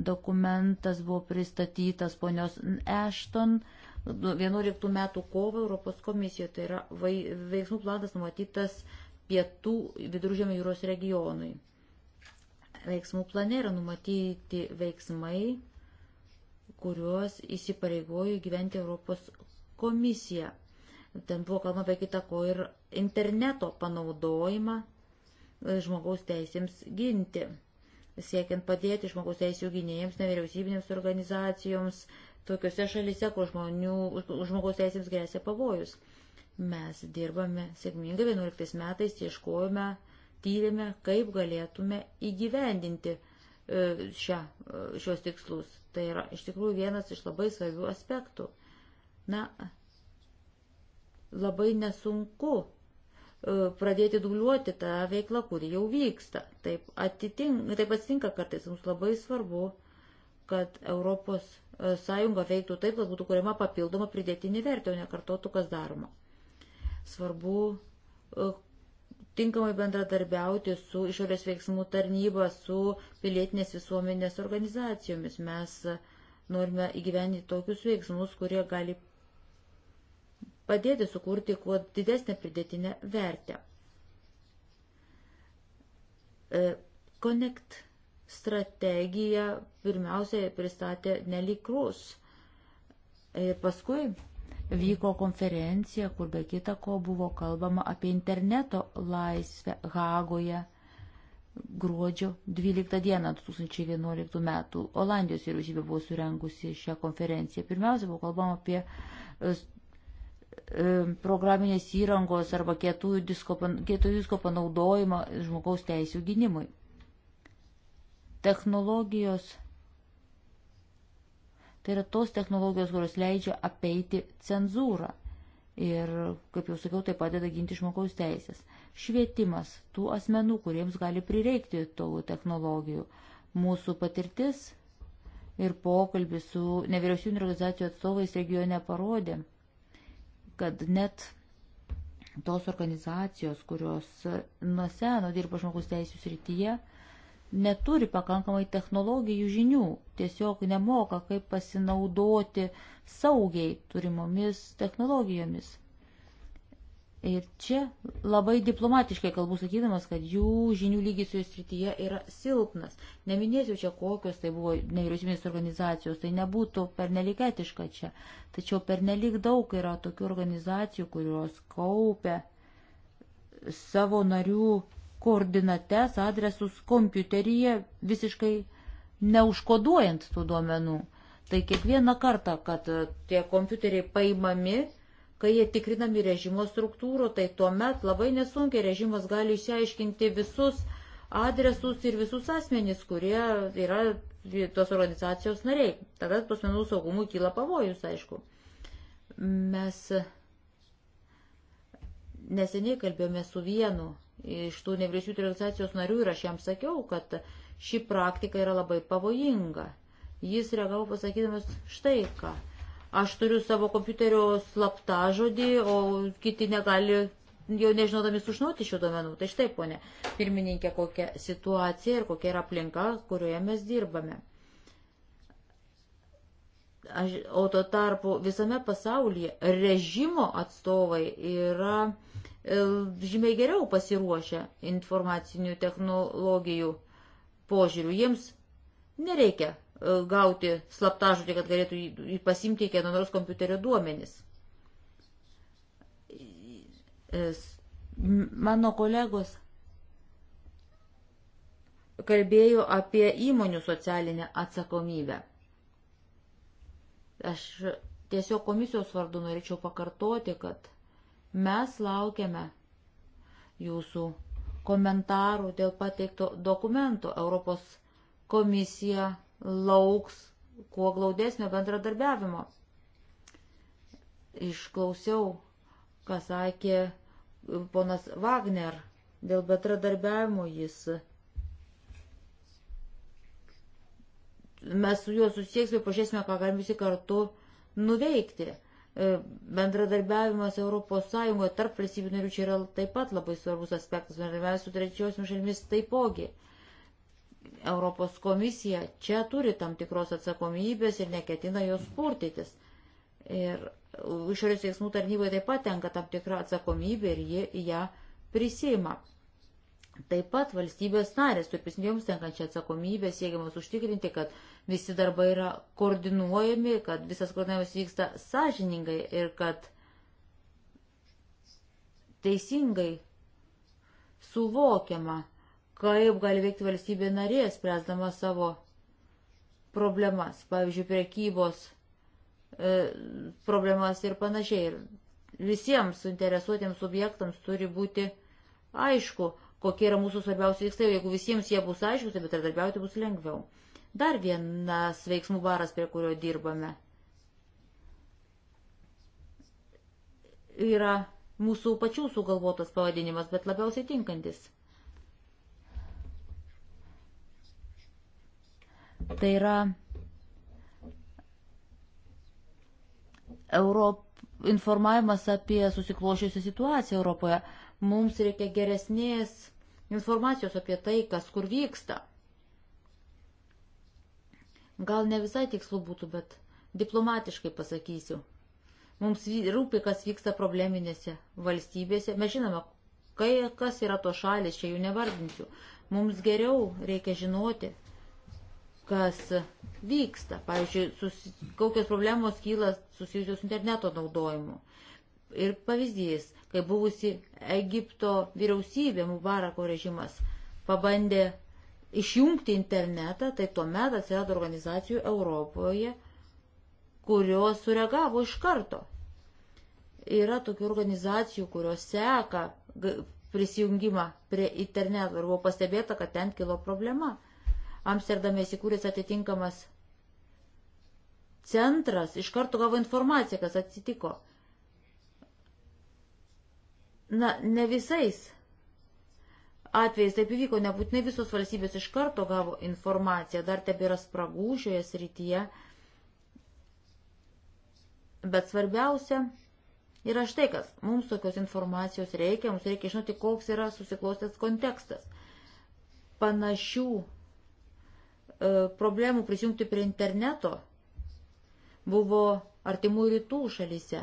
dokumentas buvo pristatytas ponios Ashton 11 metų kovo Europos komisijoje. Tai yra veiksmų planas numatytas pietų viduržėmio jūros regionui. Veiksmų plane yra numatyti veiksmai, kuriuos įsipareigojo gyventi Europos komisija. Ten buvo kalbama be kita ko ir interneto panaudojimą e, žmogaus teisėms ginti, siekiant padėti žmogaus teisėjų gynėjams, nevyriausybinėms organizacijoms, tokiuose šalise, kur žmonių, žmogaus teisėms grėsia pavojus. Mes dirbame sėkmingai, 11 metais ieškojome, tyrėme, kaip galėtume įgyvendinti e, šią, e, šios tikslus. Tai yra iš tikrųjų vienas iš labai svarbių aspektų. Na, labai nesunku e, pradėti dubliuoti tą veiklą, kuri jau vyksta. Taip, atitink, taip atsitinka kartais, mums labai svarbu, kad Europos e, Sąjunga veiktų taip, kad būtų kuriama papildoma pridėtinė vertė, o ne kartotų, kas daroma. Svarbu e, tinkamai bendradarbiauti su išorės veiksmų tarnyba, su pilietinės visuomenės organizacijomis. Mes norime įgyvendinti tokius veiksmus, kurie gali padėti sukurti kuo didesnę pridėtinę vertę. E, Connect strategiją pirmiausiai pristatė nelikrus. Ir e, paskui vyko konferencija, kur be kita ko buvo kalbama apie interneto laisvę Hagoje gruodžio 12 dieną 2011 metų. Olandijos vyriausybė buvo surengusi šią konferenciją. Pirmiausia, buvo kalbama apie e, E, programinės įrangos arba kietųjų disko, kietųjų disko panaudojimą žmogaus teisų gynimui. Technologijos. Tai yra tos technologijos, kurios leidžia apeiti cenzūrą. Ir, kaip jau sakiau, tai padeda ginti žmogaus teisės. Švietimas tų asmenų, kuriems gali prireikti tų technologijų. Mūsų patirtis ir pokalbis su nevyriausybinio organizacijų atstovais regione parodė, kad net tos organizacijos, kurios nuo seno dirba žmogus teisų srityje, neturi pakankamai technologijų žinių, tiesiog nemoka, kaip pasinaudoti saugiai turimomis technologijomis. Ir čia labai diplomatiškai kalbu sakydamas, kad jų žinių lygis jų srityje yra silpnas. Neminėsiu čia kokios tai buvo nevyriausybinės organizacijos, tai nebūtų pernelik etiška čia. Tačiau pernelik daug yra tokių organizacijų, kurios kaupia savo narių koordinates, adresus kompiuteryje visiškai neužkoduojant tų duomenų. Tai kiekvieną kartą, kad tie kompiuteriai paimami, Kai jie tikrinami režimo struktūrų, tai tuomet labai nesunkiai režimas gali išsiaiškinti visus adresus ir visus asmenys, kurie yra tos organizacijos nariai. Tada asmenų saugumui kyla pavojus, aišku. Mes neseniai kalbėjome su vienu iš tų nevyriausybinio organizacijos narių ir aš jam sakiau, kad ši praktika yra labai pavojinga. Jis reagavo pasakydamas štai ką. Aš turiu savo kompiuterio slaptą žodį, o kiti negali jau nežinodami sužinoti šių duomenų. Tai štai, ponė, pirmininkė, kokia situacija ir kokia yra aplinka, kurioje mes dirbame. Aš, o tuo tarpu visame pasaulyje režimo atstovai yra e, žymiai geriau pasiruošę informacinių technologijų požiūrių. Jiems nereikia E, gauti slaptažodį, kad galėtų jį pasimti kieno nors kompiuterio duomenis. E, mano kolegos kalbėjo apie įmonių socialinę atsakomybę. Aš tiesiog komisijos vardu norėčiau pakartoti, kad mes laukiame jūsų komentarų dėl pateikto dokumento. Europos komisija lauks kuo glaudesnio bendradarbiavimo. Išklausiau, ką sakė ponas Wagner dėl bendradarbiavimo jis. Mes su juo susieksime, pažiūrėsime, ką galime visi kartu nuveikti. E, bendradarbiavimas ES tarp valstybių narių čia yra taip pat labai svarbus aspektas, bendradarbiavimas su trečiosiomis šalimis taipogi. Europos komisija čia turi tam tikros atsakomybės ir neketina jos purtytis. Ir išorės veiksmų tarnybai taip pat tenka tam tikra atsakomybė ir jie ją prisima. Taip pat valstybės narės turi prisimti joms tenkančią atsakomybę, siekiamas užtikrinti, kad visi darbai yra koordinuojami, kad visas koordinavimas vyksta sąžiningai ir kad teisingai suvokiama kaip gali veikti valstybė narė, spręsdama savo problemas, pavyzdžiui, prekybos e, problemas ir panašiai. Ir visiems suinteresuotiems subjektams turi būti aišku, kokie yra mūsų svarbiausi tikslai. Jeigu visiems jie bus aiškus, tai bendradarbiauti bus lengviau. Dar vienas veiksmų baras, prie kurio dirbame, yra mūsų pačių sugalvotas pavadinimas, bet labiausiai tinkantis – Tai yra Europ... informavimas apie susiklošiusią situaciją Europoje. Mums reikia geresnės informacijos apie tai, kas kur vyksta. Gal ne visai tikslu būtų, bet diplomatiškai pasakysiu. Mums rūpi, kas vyksta probleminėse valstybėse. Mes žinome, kai, kas yra to šalis, čia jų nevardinsiu. Mums geriau reikia žinoti, kas vyksta. Pavyzdžiui, susi, kokios problemos kyla susijusios su interneto naudojimu. Ir pavyzdys, kai buvusi Egipto vyriausybė Mubarako režimas pabandė išjungti internetą, tai tuomet atsirado organizacijų Europoje, kurios sureagavo iš karto. Yra tokių organizacijų, kurios seka prisijungimą prie interneto ir buvo pastebėta, kad ten kilo problema. Amsterdame įsikūręs atitinkamas centras iš karto gavo informaciją, kas atsitiko. Na, ne visais atvejais taip įvyko, nebūtinai visos valstybės iš karto gavo informaciją, dar tebėra spragų šioje srityje. Bet svarbiausia yra štai kas, mums tokios informacijos reikia, mums reikia žinoti, koks yra susiklostęs kontekstas. Panašių E, problemų prisijungti prie interneto buvo artimų rytų šalyse,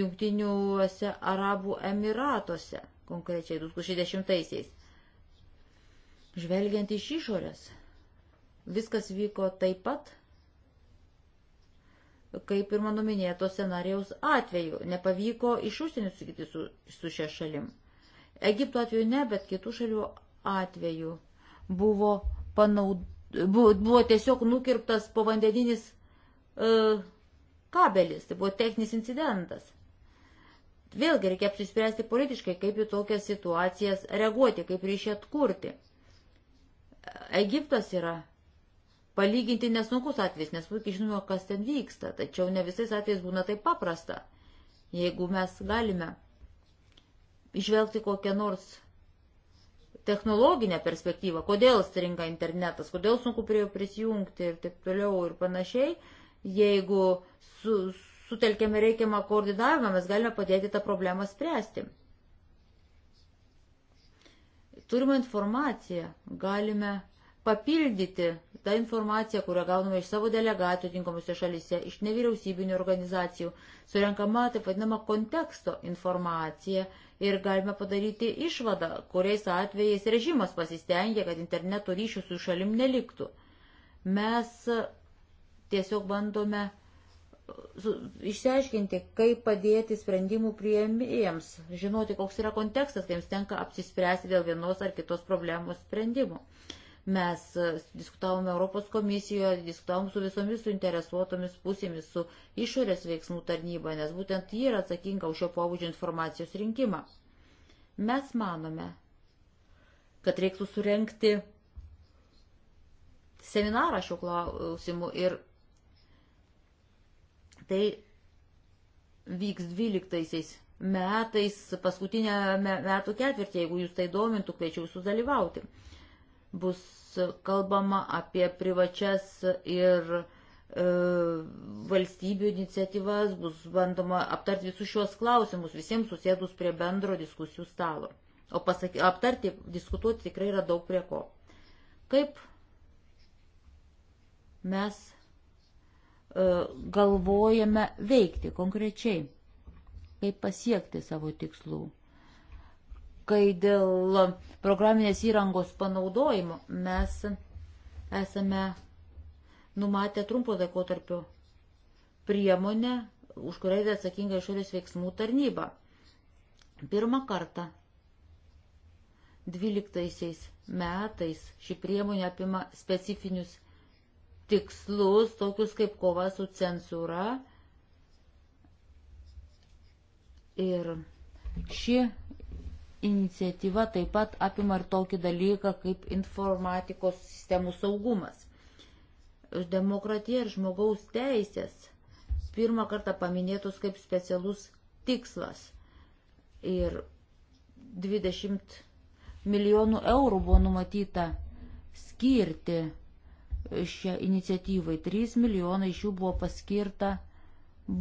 jungtiniuose Arabų Emiratuose, konkrečiai 2010-aisiais. Žvelgiant iš išorės, viskas vyko taip pat, kaip ir mano minėto scenarijaus atveju. Nepavyko iš užsienio susitikti su, su šia šalim. Egipto atveju ne, bet kitų šalių atveju buvo panaud... buvo, buvo tiesiog nukirptas povandeninis e, kabelis, tai buvo techninis incidentas. Vėlgi reikia apsispręsti politiškai, kaip į tokias situacijas reaguoti, kaip ryšį atkurti. Egiptas yra palyginti nesunkus atvejs, nes puikiai žinome, kas ten vyksta, tačiau ne visais atvejais būna taip paprasta. Jeigu mes galime išvelgti kokią nors technologinę perspektyvą, kodėl stringa internetas, kodėl sunku prie jo prisijungti ir taip toliau ir panašiai, jeigu su, sutelkėme reikiamą koordinavimą, mes galime padėti tą problemą spręsti. Turime informaciją, galime papildyti tą informaciją, kurią gauname iš savo delegatų tinkamose šalyse, iš nevyriausybinių organizacijų, surenkama taip vadinama konteksto informacija ir galime padaryti išvadą, kuriais atvejais režimas pasistengia, kad interneto ryšių su šalim neliktų. Mes tiesiog bandome uh, išsiaiškinti, kaip padėti sprendimų prieimėjams, žinoti, koks yra kontekstas, kai jiems tenka apsispręsti dėl vienos ar kitos problemos sprendimų. Mes e, diskutavome Europos komisijoje, diskutavom su visomis suinteresuotomis pusėmis, su išorės veiksmų tarnyba, nes būtent ji yra atsakinga už šio pobūdžio informacijos rinkimą. Mes manome, kad reiktų surenkti seminarą šiuo klausimu ir tai vyks 12 metais, paskutinėme metų ketvirtį, jeigu jūs tai domintų, kviečiu visus dalyvauti bus kalbama apie privačias ir e, valstybių iniciatyvas, bus bandoma aptarti visus šios klausimus, visiems susėdus prie bendro diskusijų stalo. O pasaky, aptarti, diskutuoti tikrai yra daug prie ko. Kaip mes e, galvojame veikti konkrečiai, kaip pasiekti savo tikslų kai dėl programinės įrangos panaudojimo mes esame numatę trumpo laikotarpio priemonę, už kurią yra atsakinga išorės veiksmų tarnyba. Pirmą kartą 12 metais ši priemonė apima specifinius tikslus, tokius kaip kova su cenzūra. Ir ši iniciatyva taip pat apima ir tokį dalyką kaip informatikos sistemų saugumas. Demokratija ir žmogaus teisės pirmą kartą paminėtus kaip specialus tikslas. Ir 20 milijonų eurų buvo numatyta skirti šią iniciatyvai. 3 milijonai iš jų buvo paskirta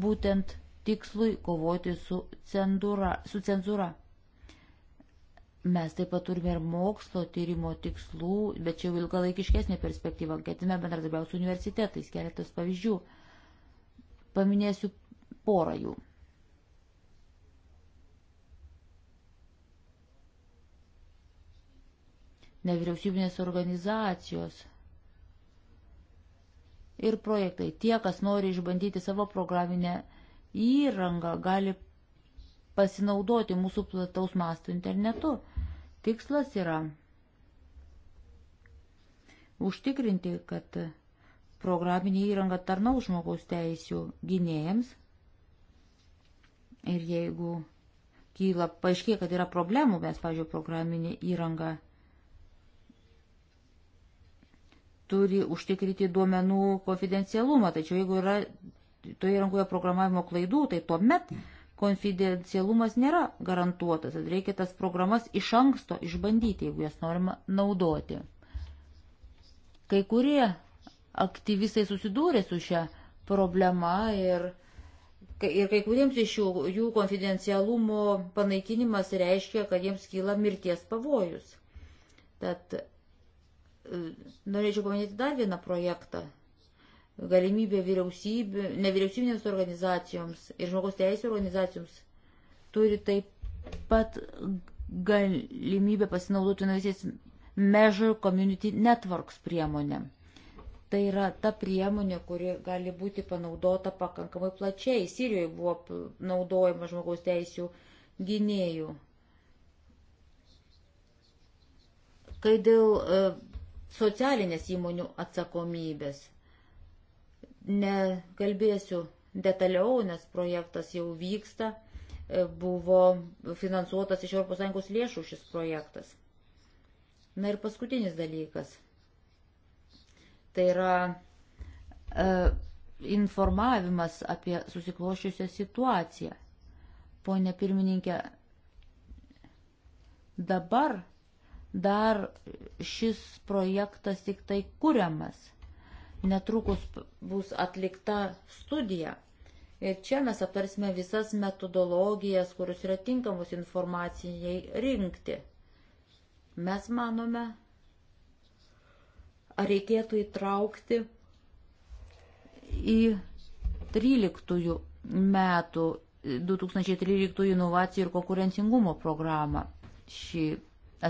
būtent tikslui kovoti su cenzūra. Su cenzūra. Mes taip pat turime ir mokslo tyrimo tikslų, bet čia jau ilgalaikiškesnė perspektyva. Ketime bendradarbiauti su universitetais, keletas pavyzdžių. Paminėsiu porą jų. Nevyriausybinės organizacijos ir projektai. Tie, kas nori išbandyti savo programinę įrangą, gali pasinaudoti mūsų plataus mastų internetu Tikslas yra užtikrinti, kad programinė įranga tarnaus žmogaus teisių gynėjams ir jeigu kyla, paaiškėja, kad yra problemų, mes, pavyzdžiui, programinė įranga turi užtikrinti duomenų konfidencialumą, tačiau jeigu yra toje įrangoje programavimo klaidų, tai tuomet konfidencialumas nėra garantuotas, tad reikia tas programas iš anksto išbandyti, jeigu jas norima naudoti. Kai kurie aktyvistai susidūrė su šią problemą ir, ir kai kuriems iš jų, jų konfidencialumo panaikinimas reiškia, kad jiems kyla mirties pavojus. Tad e, norėčiau paminėti dar vieną projektą galimybė vyriausybė, nevyriausybinėms organizacijoms ir žmogaus teisų organizacijoms turi taip pat galimybę pasinaudoti naisiais Measure Community Networks priemonė. Tai yra ta priemonė, kuri gali būti panaudota pakankamai plačiai. Sirijoje buvo naudojama žmogaus teisų gynėjų. Kai dėl e, socialinės įmonių atsakomybės Nekalbėsiu detaliau, nes projektas jau vyksta, e, buvo finansuotas iš ES lėšų šis projektas. Na ir paskutinis dalykas. Tai yra e, informavimas apie susiklošiusią situaciją. Pone pirmininkė, dabar dar šis projektas tik tai kuriamas – netrukus bus atlikta studija. Ir čia mes aptarsime visas metodologijas, kurios yra tinkamos informacijai rinkti. Mes manome, ar reikėtų įtraukti į 13 metų 2013 inovacijų ir konkurencingumo programą šį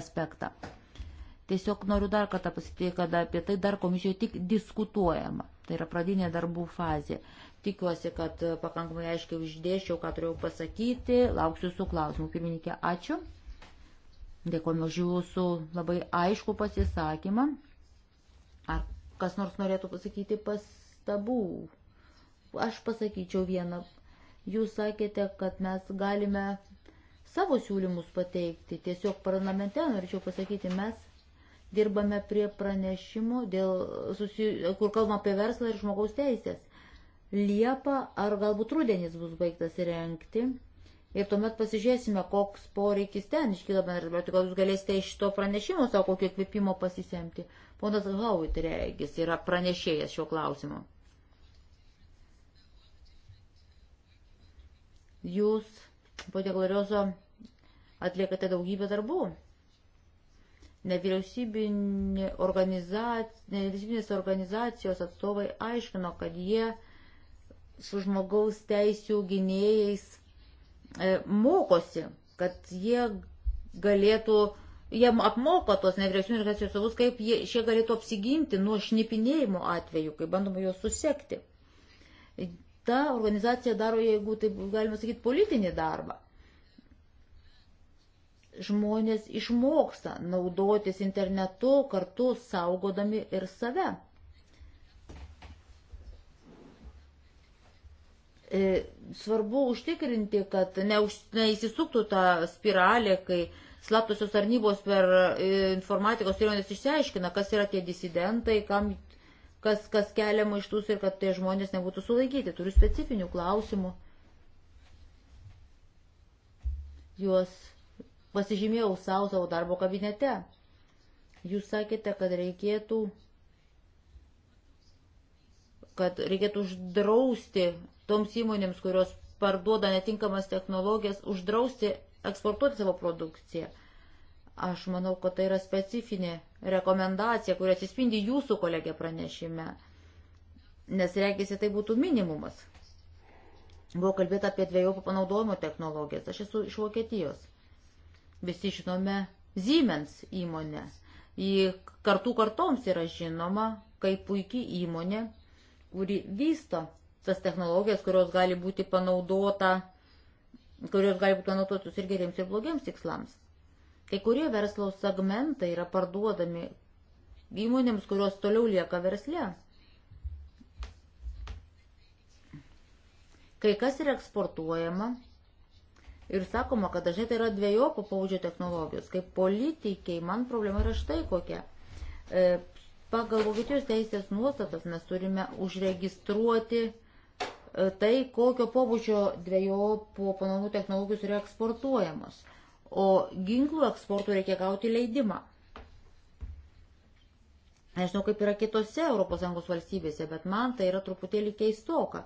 aspektą. Tiesiog noriu dar kartą pasitikėti, kad apie tai dar komisijoje tik diskutuojama. Tai yra pradinė darbų fazė. Tikiuosi, kad pakankamai aiškiai išdėščiau, ką turėjau pasakyti. Lauksiu su klausimu. Pirmininkė, ačiū. Dėkojame už jūsų labai aišku pasisakymą. Ar kas nors norėtų pasakyti pastabų? Aš pasakyčiau vieną. Jūs sakėte, kad mes galime savo siūlymus pateikti. Tiesiog parlamente, norėčiau pasakyti, mes dirbame prie pranešimų, dėl, susij... kur kalbam apie verslą ir žmogaus teisės. Liepa ar galbūt rudenis bus baigtas renkti. Ir tuomet pasižiūrėsime, koks poreikis ten iškyla bendradarbiauti, gal jūs galėsite iš to pranešimo savo kokio kvėpimo pasisemti. Ponas Hauit regis yra pranešėjas šio klausimo. Jūs, po Degloriozo, atliekate daugybę darbų. Nevyriausybinė organizac... Nevyriausybinės organizacijos atstovai aiškino, kad jie su žmogaus teisų gynėjais e, mokosi, kad jie galėtų, jie apmoko tos nevyriausybinės organizacijos savus, kaip jie, šie galėtų apsiginti nuo šnipinėjimo atveju, kai bandoma juos susekti. Ta organizacija daro, jeigu taip galima sakyti, politinį darbą žmonės išmoksta naudotis internetu kartu saugodami ir save. E, svarbu užtikrinti, kad neįsisuktų ta spiralė, kai slaptosios tarnybos per e, informatikos tyrimus išsiaiškina, kas yra tie disidentai, kam, kas, kas kelia maištus ir kad tie žmonės nebūtų sulaikyti. Turiu specifinių klausimų. Juos pasižymėjau savo savo darbo kabinete. Jūs sakėte, kad reikėtų, kad reikėtų uždrausti toms įmonėms, kurios parduoda netinkamas technologijas, uždrausti eksportuoti savo produkciją. Aš manau, kad tai yra specifinė rekomendacija, kuri atsispindi jūsų kolegė pranešime, nes reikėsi tai būtų minimumas. Buvo kalbėta apie dviejopą panaudojimo technologijas. Aš esu iš Vokietijos. Visi žinome Siemens įmonę. Ji kartų kartoms yra žinoma kaip puikiai įmonė, kuri vysto tas technologijas, kurios gali būti panaudota, kurios gali būti panaudotos ir geriems ir blogiems tikslams. Kai kurie verslo segmentai yra parduodami įmonėms, kurios toliau lieka verslė. Kai kas yra eksportuojama, Ir sakoma, kad dažnai tai yra dviejopo paudžio technologijos. Kaip politikiai, man problema yra štai kokia. E, pagal Vokietijos teisės nuostatas mes turime užregistruoti e, tai, kokio pobūdžio dviejopo panaudų technologijos yra eksportuojamos. O ginklų eksportų reikia gauti leidimą. Nežinau, kaip yra kitose ES valstybėse, bet man tai yra truputėlį keistoka.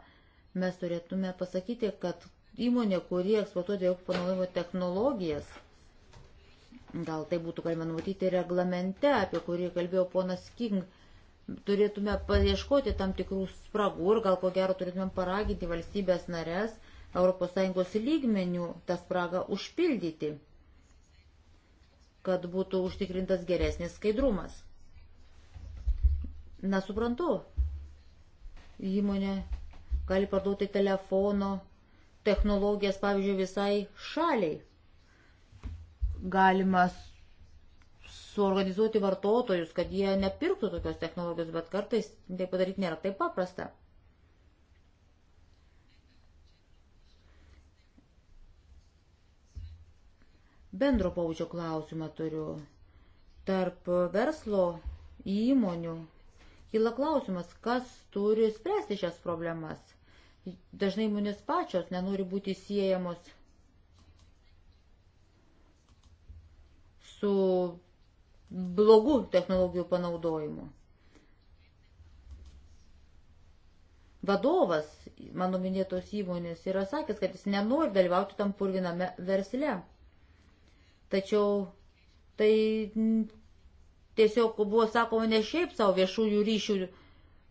Mes turėtume pasakyti, kad įmonė, kuri eksploatuoja dviejų panaudojimo technologijas. Gal tai būtų galima numatyti reglamente, apie kurį kalbėjo ponas King. Turėtume paieškoti tam tikrų spragų ir gal ko gero turėtume paraginti valstybės narės ES lygmenių tą spragą užpildyti, kad būtų užtikrintas geresnis skaidrumas. Na, suprantu, įmonė gali parduoti telefono technologijas, pavyzdžiui, visai šaliai. Galima suorganizuoti vartotojus, kad jie nepirktų tokios technologijos, bet kartais tai padaryti nėra taip paprasta. Bendro paučio klausimą turiu. Tarp verslo įmonių kyla klausimas, kas turi spręsti šias problemas dažnai įmonės pačios nenori būti siejamos su blogų technologijų panaudojimu. Vadovas mano minėtos įmonės yra sakęs, kad jis nenori dalyvauti tam purviname versle. Tačiau tai tiesiog buvo sakoma ne šiaip savo viešųjų ryšių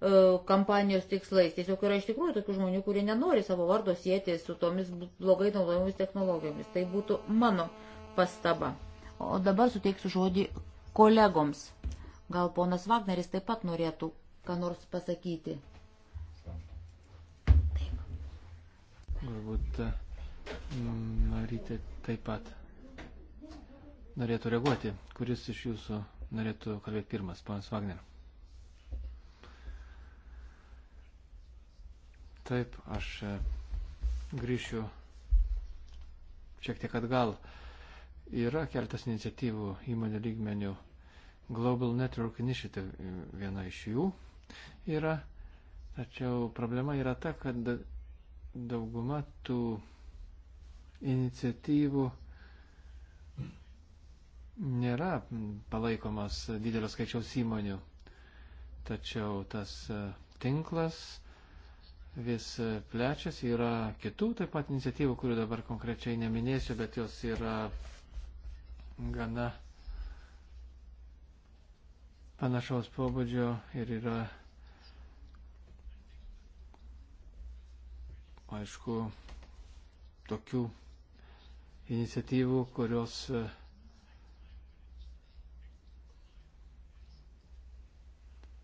E, kampanijos tikslais. Tiesiog yra iš tikrųjų tokių žmonių, kurie nenori savo vardo sėti su tomis blogai naudojamomis technologijomis. Tai būtų mano pastaba. O dabar suteiksiu žodį kolegoms. Gal ponas Wagneris taip pat norėtų ką nors pasakyti. Taip. Galbūt e, Marytė taip pat norėtų reaguoti. Kuris iš jūsų norėtų kalbėti pirmas, ponas Wagner? Taip, aš e, grįšiu šiek tiek atgal. Yra keltas iniciatyvų įmonių lygmenių. Global Network Initiative e, viena iš jų yra. Tačiau problema yra ta, kad dauguma tų iniciatyvų nėra palaikomas didelio skaičiaus įmonių. Tačiau tas e, tinklas vis plečiasi, yra kitų taip pat iniciatyvų, kurių dabar konkrečiai neminėsiu, bet jos yra gana panašaus pobūdžio ir yra, aišku, tokių iniciatyvų, kurios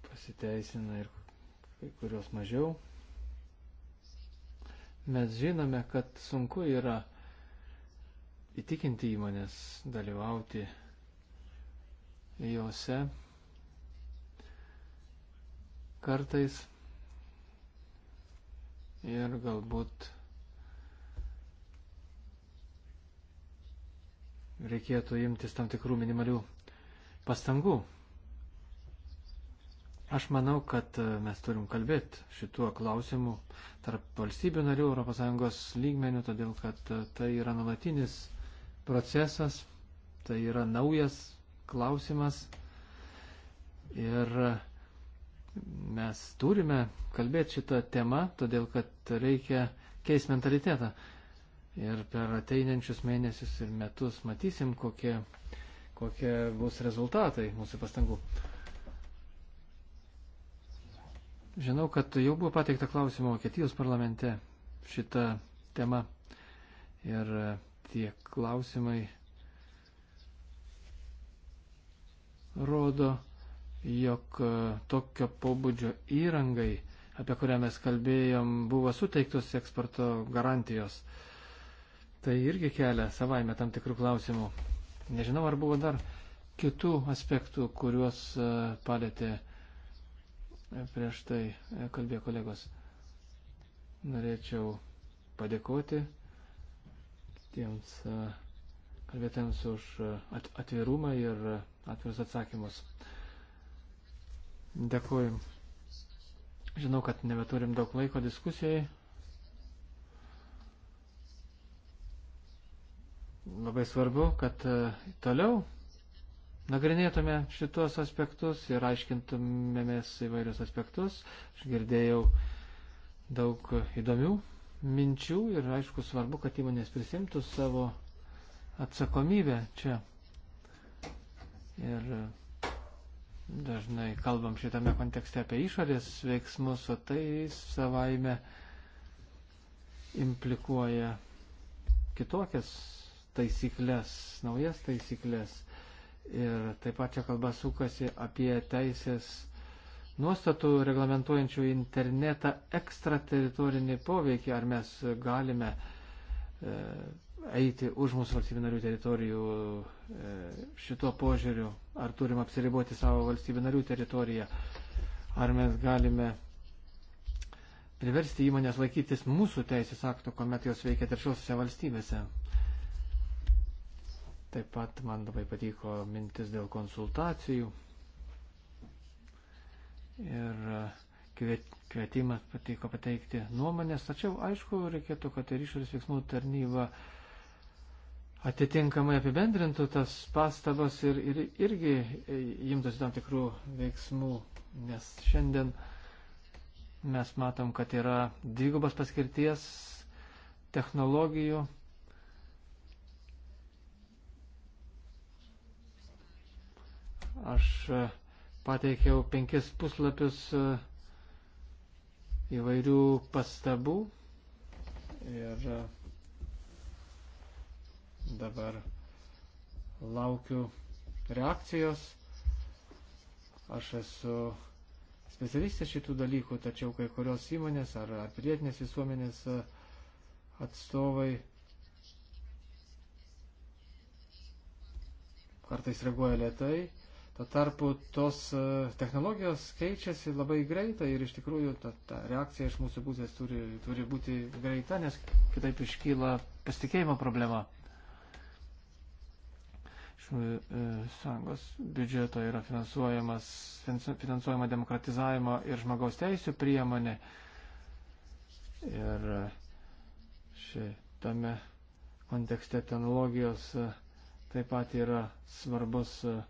pasiteisina ir kai kurios mažiau. Mes žinome, kad sunku yra įtikinti įmonės dalyvauti juose. Kartais ir galbūt reikėtų imtis tam tikrų minimalių pastangų. Aš manau, kad e, mes turim kalbėti šituo klausimu tarp valstybių narių ES lygmenių, todėl kad e, tai yra nulatinis procesas, tai yra naujas klausimas ir e, mes turime kalbėti šitą temą, todėl kad reikia keisti mentalitetą. Ir per ateinančius mėnesius ir metus matysim, kokie, kokie bus rezultatai mūsų pastangų. Žinau, kad jau buvo pateikta klausimo Vokietijos parlamente šita tema. Ir tie klausimai rodo, jog e, tokio pobūdžio įrangai, apie kurią mes kalbėjom, buvo suteiktos eksporto garantijos. Tai irgi kelia savaime tam tikrų klausimų. Nežinau, ar buvo dar kitų aspektų, kuriuos e, palėtė. Uh, prieš tai e, kalbėjo kolegos. Norėčiau padėkoti tiems e, kalbėtėms už e, atvirumą ir atvirus atsakymus. Dėkuoju. Žinau, kad nebeturim daug laiko diskusijai. Labai svarbu, kad toliau nagrinėtume šitos aspektus ir aiškintumėmės įvairius aspektus. Aš girdėjau daug įdomių minčių ir aišku svarbu, kad įmonės prisimtų savo atsakomybę čia. Ir dažnai kalbam šitame kontekste apie išorės veiksmus, o tai savaime implikuoja kitokias taisyklės, naujas taisyklės. Ir taip pat čia kalba sukasi apie teisės nuostatų reglamentuojančių internetą ekstrateritorinį poveikį, ar mes galime e, eiti už mūsų valstybių narių teritorijų e, šituo požiūriu, ar turim apsiriboti savo valstybių narių teritoriją, ar mes galime priversti įmonės laikytis mūsų teisės aktų, kuomet jos veikia trečiosiuose valstybėse. Taip pat man labai patiko mintis dėl konsultacijų ir e, kvietimas patiko pateikti nuomonės, tačiau aišku reikėtų, kad ir išorės veiksmų tarnyba atitinkamai apibendrintų tas pastabas ir, ir irgi e, imtųsi tam tikrų veiksmų, nes šiandien mes matom, kad yra dvigubas paskirties technologijų Aš e, pateikiau penkis puslapius e, įvairių pastabų ir e, dabar laukiu reakcijos. Aš esu specialistė šitų dalykų, tačiau kai kurios įmonės ar, ar pilietinės visuomenės atstovai kartais reaguoja lietai Tuo tarpu tos e, technologijos keičiasi labai greitai ir iš tikrųjų ta, ta reakcija iš mūsų pusės turi, turi būti greita, nes kitaip iškyla pasitikėjimo problema. E, sąjungos biudžeto yra finansuojama demokratizavimo ir žmogaus teisų priemonė. Ir e, šitame kontekste technologijos taip pat yra svarbus uh,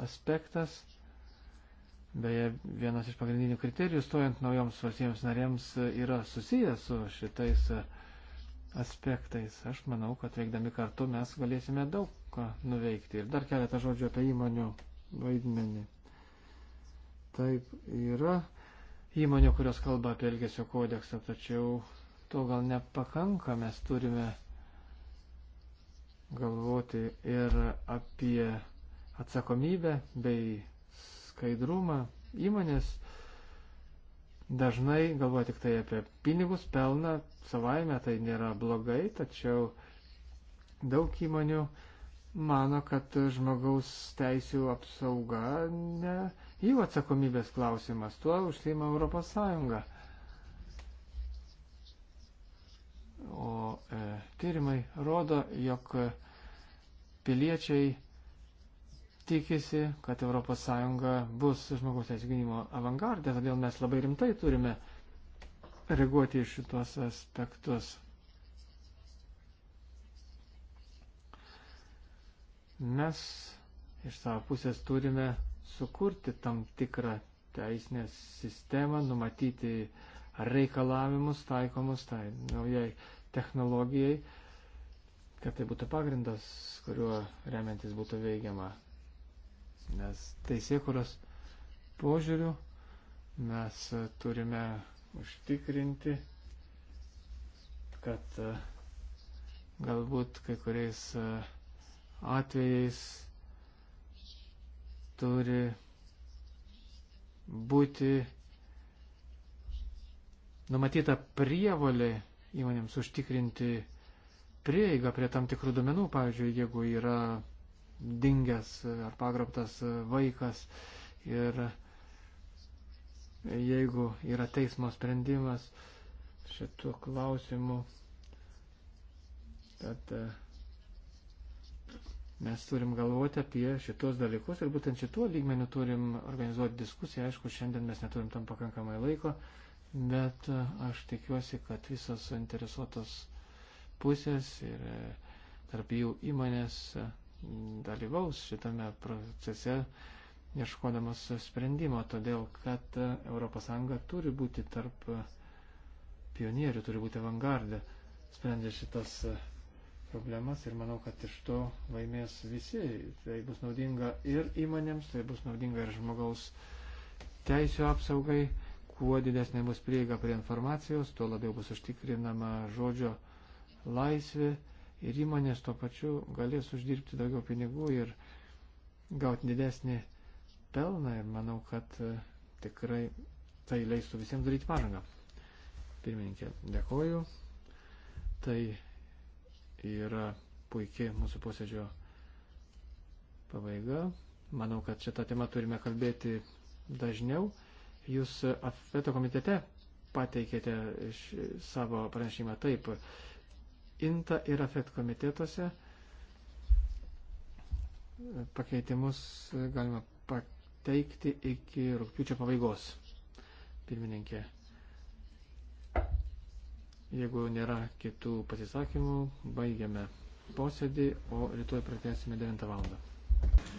aspektas. Beje, vienas iš pagrindinių kriterijų stojant naujoms valstybėms narėms yra susijęs su šitais e, aspektais. Aš manau, kad veikdami kartu mes galėsime daug ką nuveikti. Ir dar keletą žodžių apie įmonių vaidmenį. Taip yra įmonių, kurios kalba apie Elgesio kodeksą, tačiau to gal nepakanka, mes turime galvoti ir apie atsakomybę bei skaidrumą. Įmonės dažnai galvoja tik tai apie pinigus, pelną, savaime tai nėra blogai, tačiau daug įmonių mano, kad žmogaus teisų apsauga ne jų atsakomybės klausimas, tuo užsima Europos Sąjunga. O e, tyrimai rodo, jog piliečiai tikisi, kad ES bus žmogaus teisų gynimo avangardė, todėl mes labai rimtai turime reaguoti į šitos aspektus. Mes iš savo pusės turime sukurti tam tikrą teisinę sistemą, numatyti reikalavimus taikomus tai naujai technologijai, kad tai būtų pagrindas, kuriuo remiantis būtų veigiama nes teisėkuros požiūrių mes e, turime užtikrinti, kad e, galbūt kai kuriais e, atvejais turi būti numatyta prievolė įmonėms užtikrinti prieigą prie tam tikrų domenų, pavyzdžiui, jeigu yra dingęs ar pagrobtas vaikas. Ir jeigu yra teismo sprendimas šitų klausimų, tad e, mes turim galvoti apie šitos dalykus ir būtent šituo lygmeniu turim organizuoti diskusiją. Aišku, šiandien mes neturim tam pakankamai laiko, bet e, aš tikiuosi, kad visos suinteresuotos pusės ir e, tarp jų įmonės dalyvaus šitame procese ieškodamas sprendimo, todėl kad ES turi būti tarp pionierių, turi būti avangardė, sprendžia šitas problemas ir manau, kad iš to laimės visi. Tai bus naudinga ir įmonėms, tai bus naudinga ir žmogaus teisų apsaugai. Kuo didesnė bus prieiga prie informacijos, tuo labiau bus užtikrinama žodžio laisvė ir įmonės tuo pačiu galės uždirbti daugiau pinigų ir gauti didesnį pelną ir manau, kad e, tikrai tai leistų visiems daryti pažangą. Pirmininkė, dėkoju. Tai yra puikiai mūsų posėdžio pabaiga. Manau, kad šitą temą turime kalbėti dažniau. Jūs afeto komitete pateikėte savo pranešimą taip. INTA ir AFET komitetuose. Pakeitimus galima pateikti iki rūpiučio pabaigos. Pirmininkė. Jeigu nėra kitų pasisakymų, baigiame posėdį, o rytoj pratęsime 9 valandą.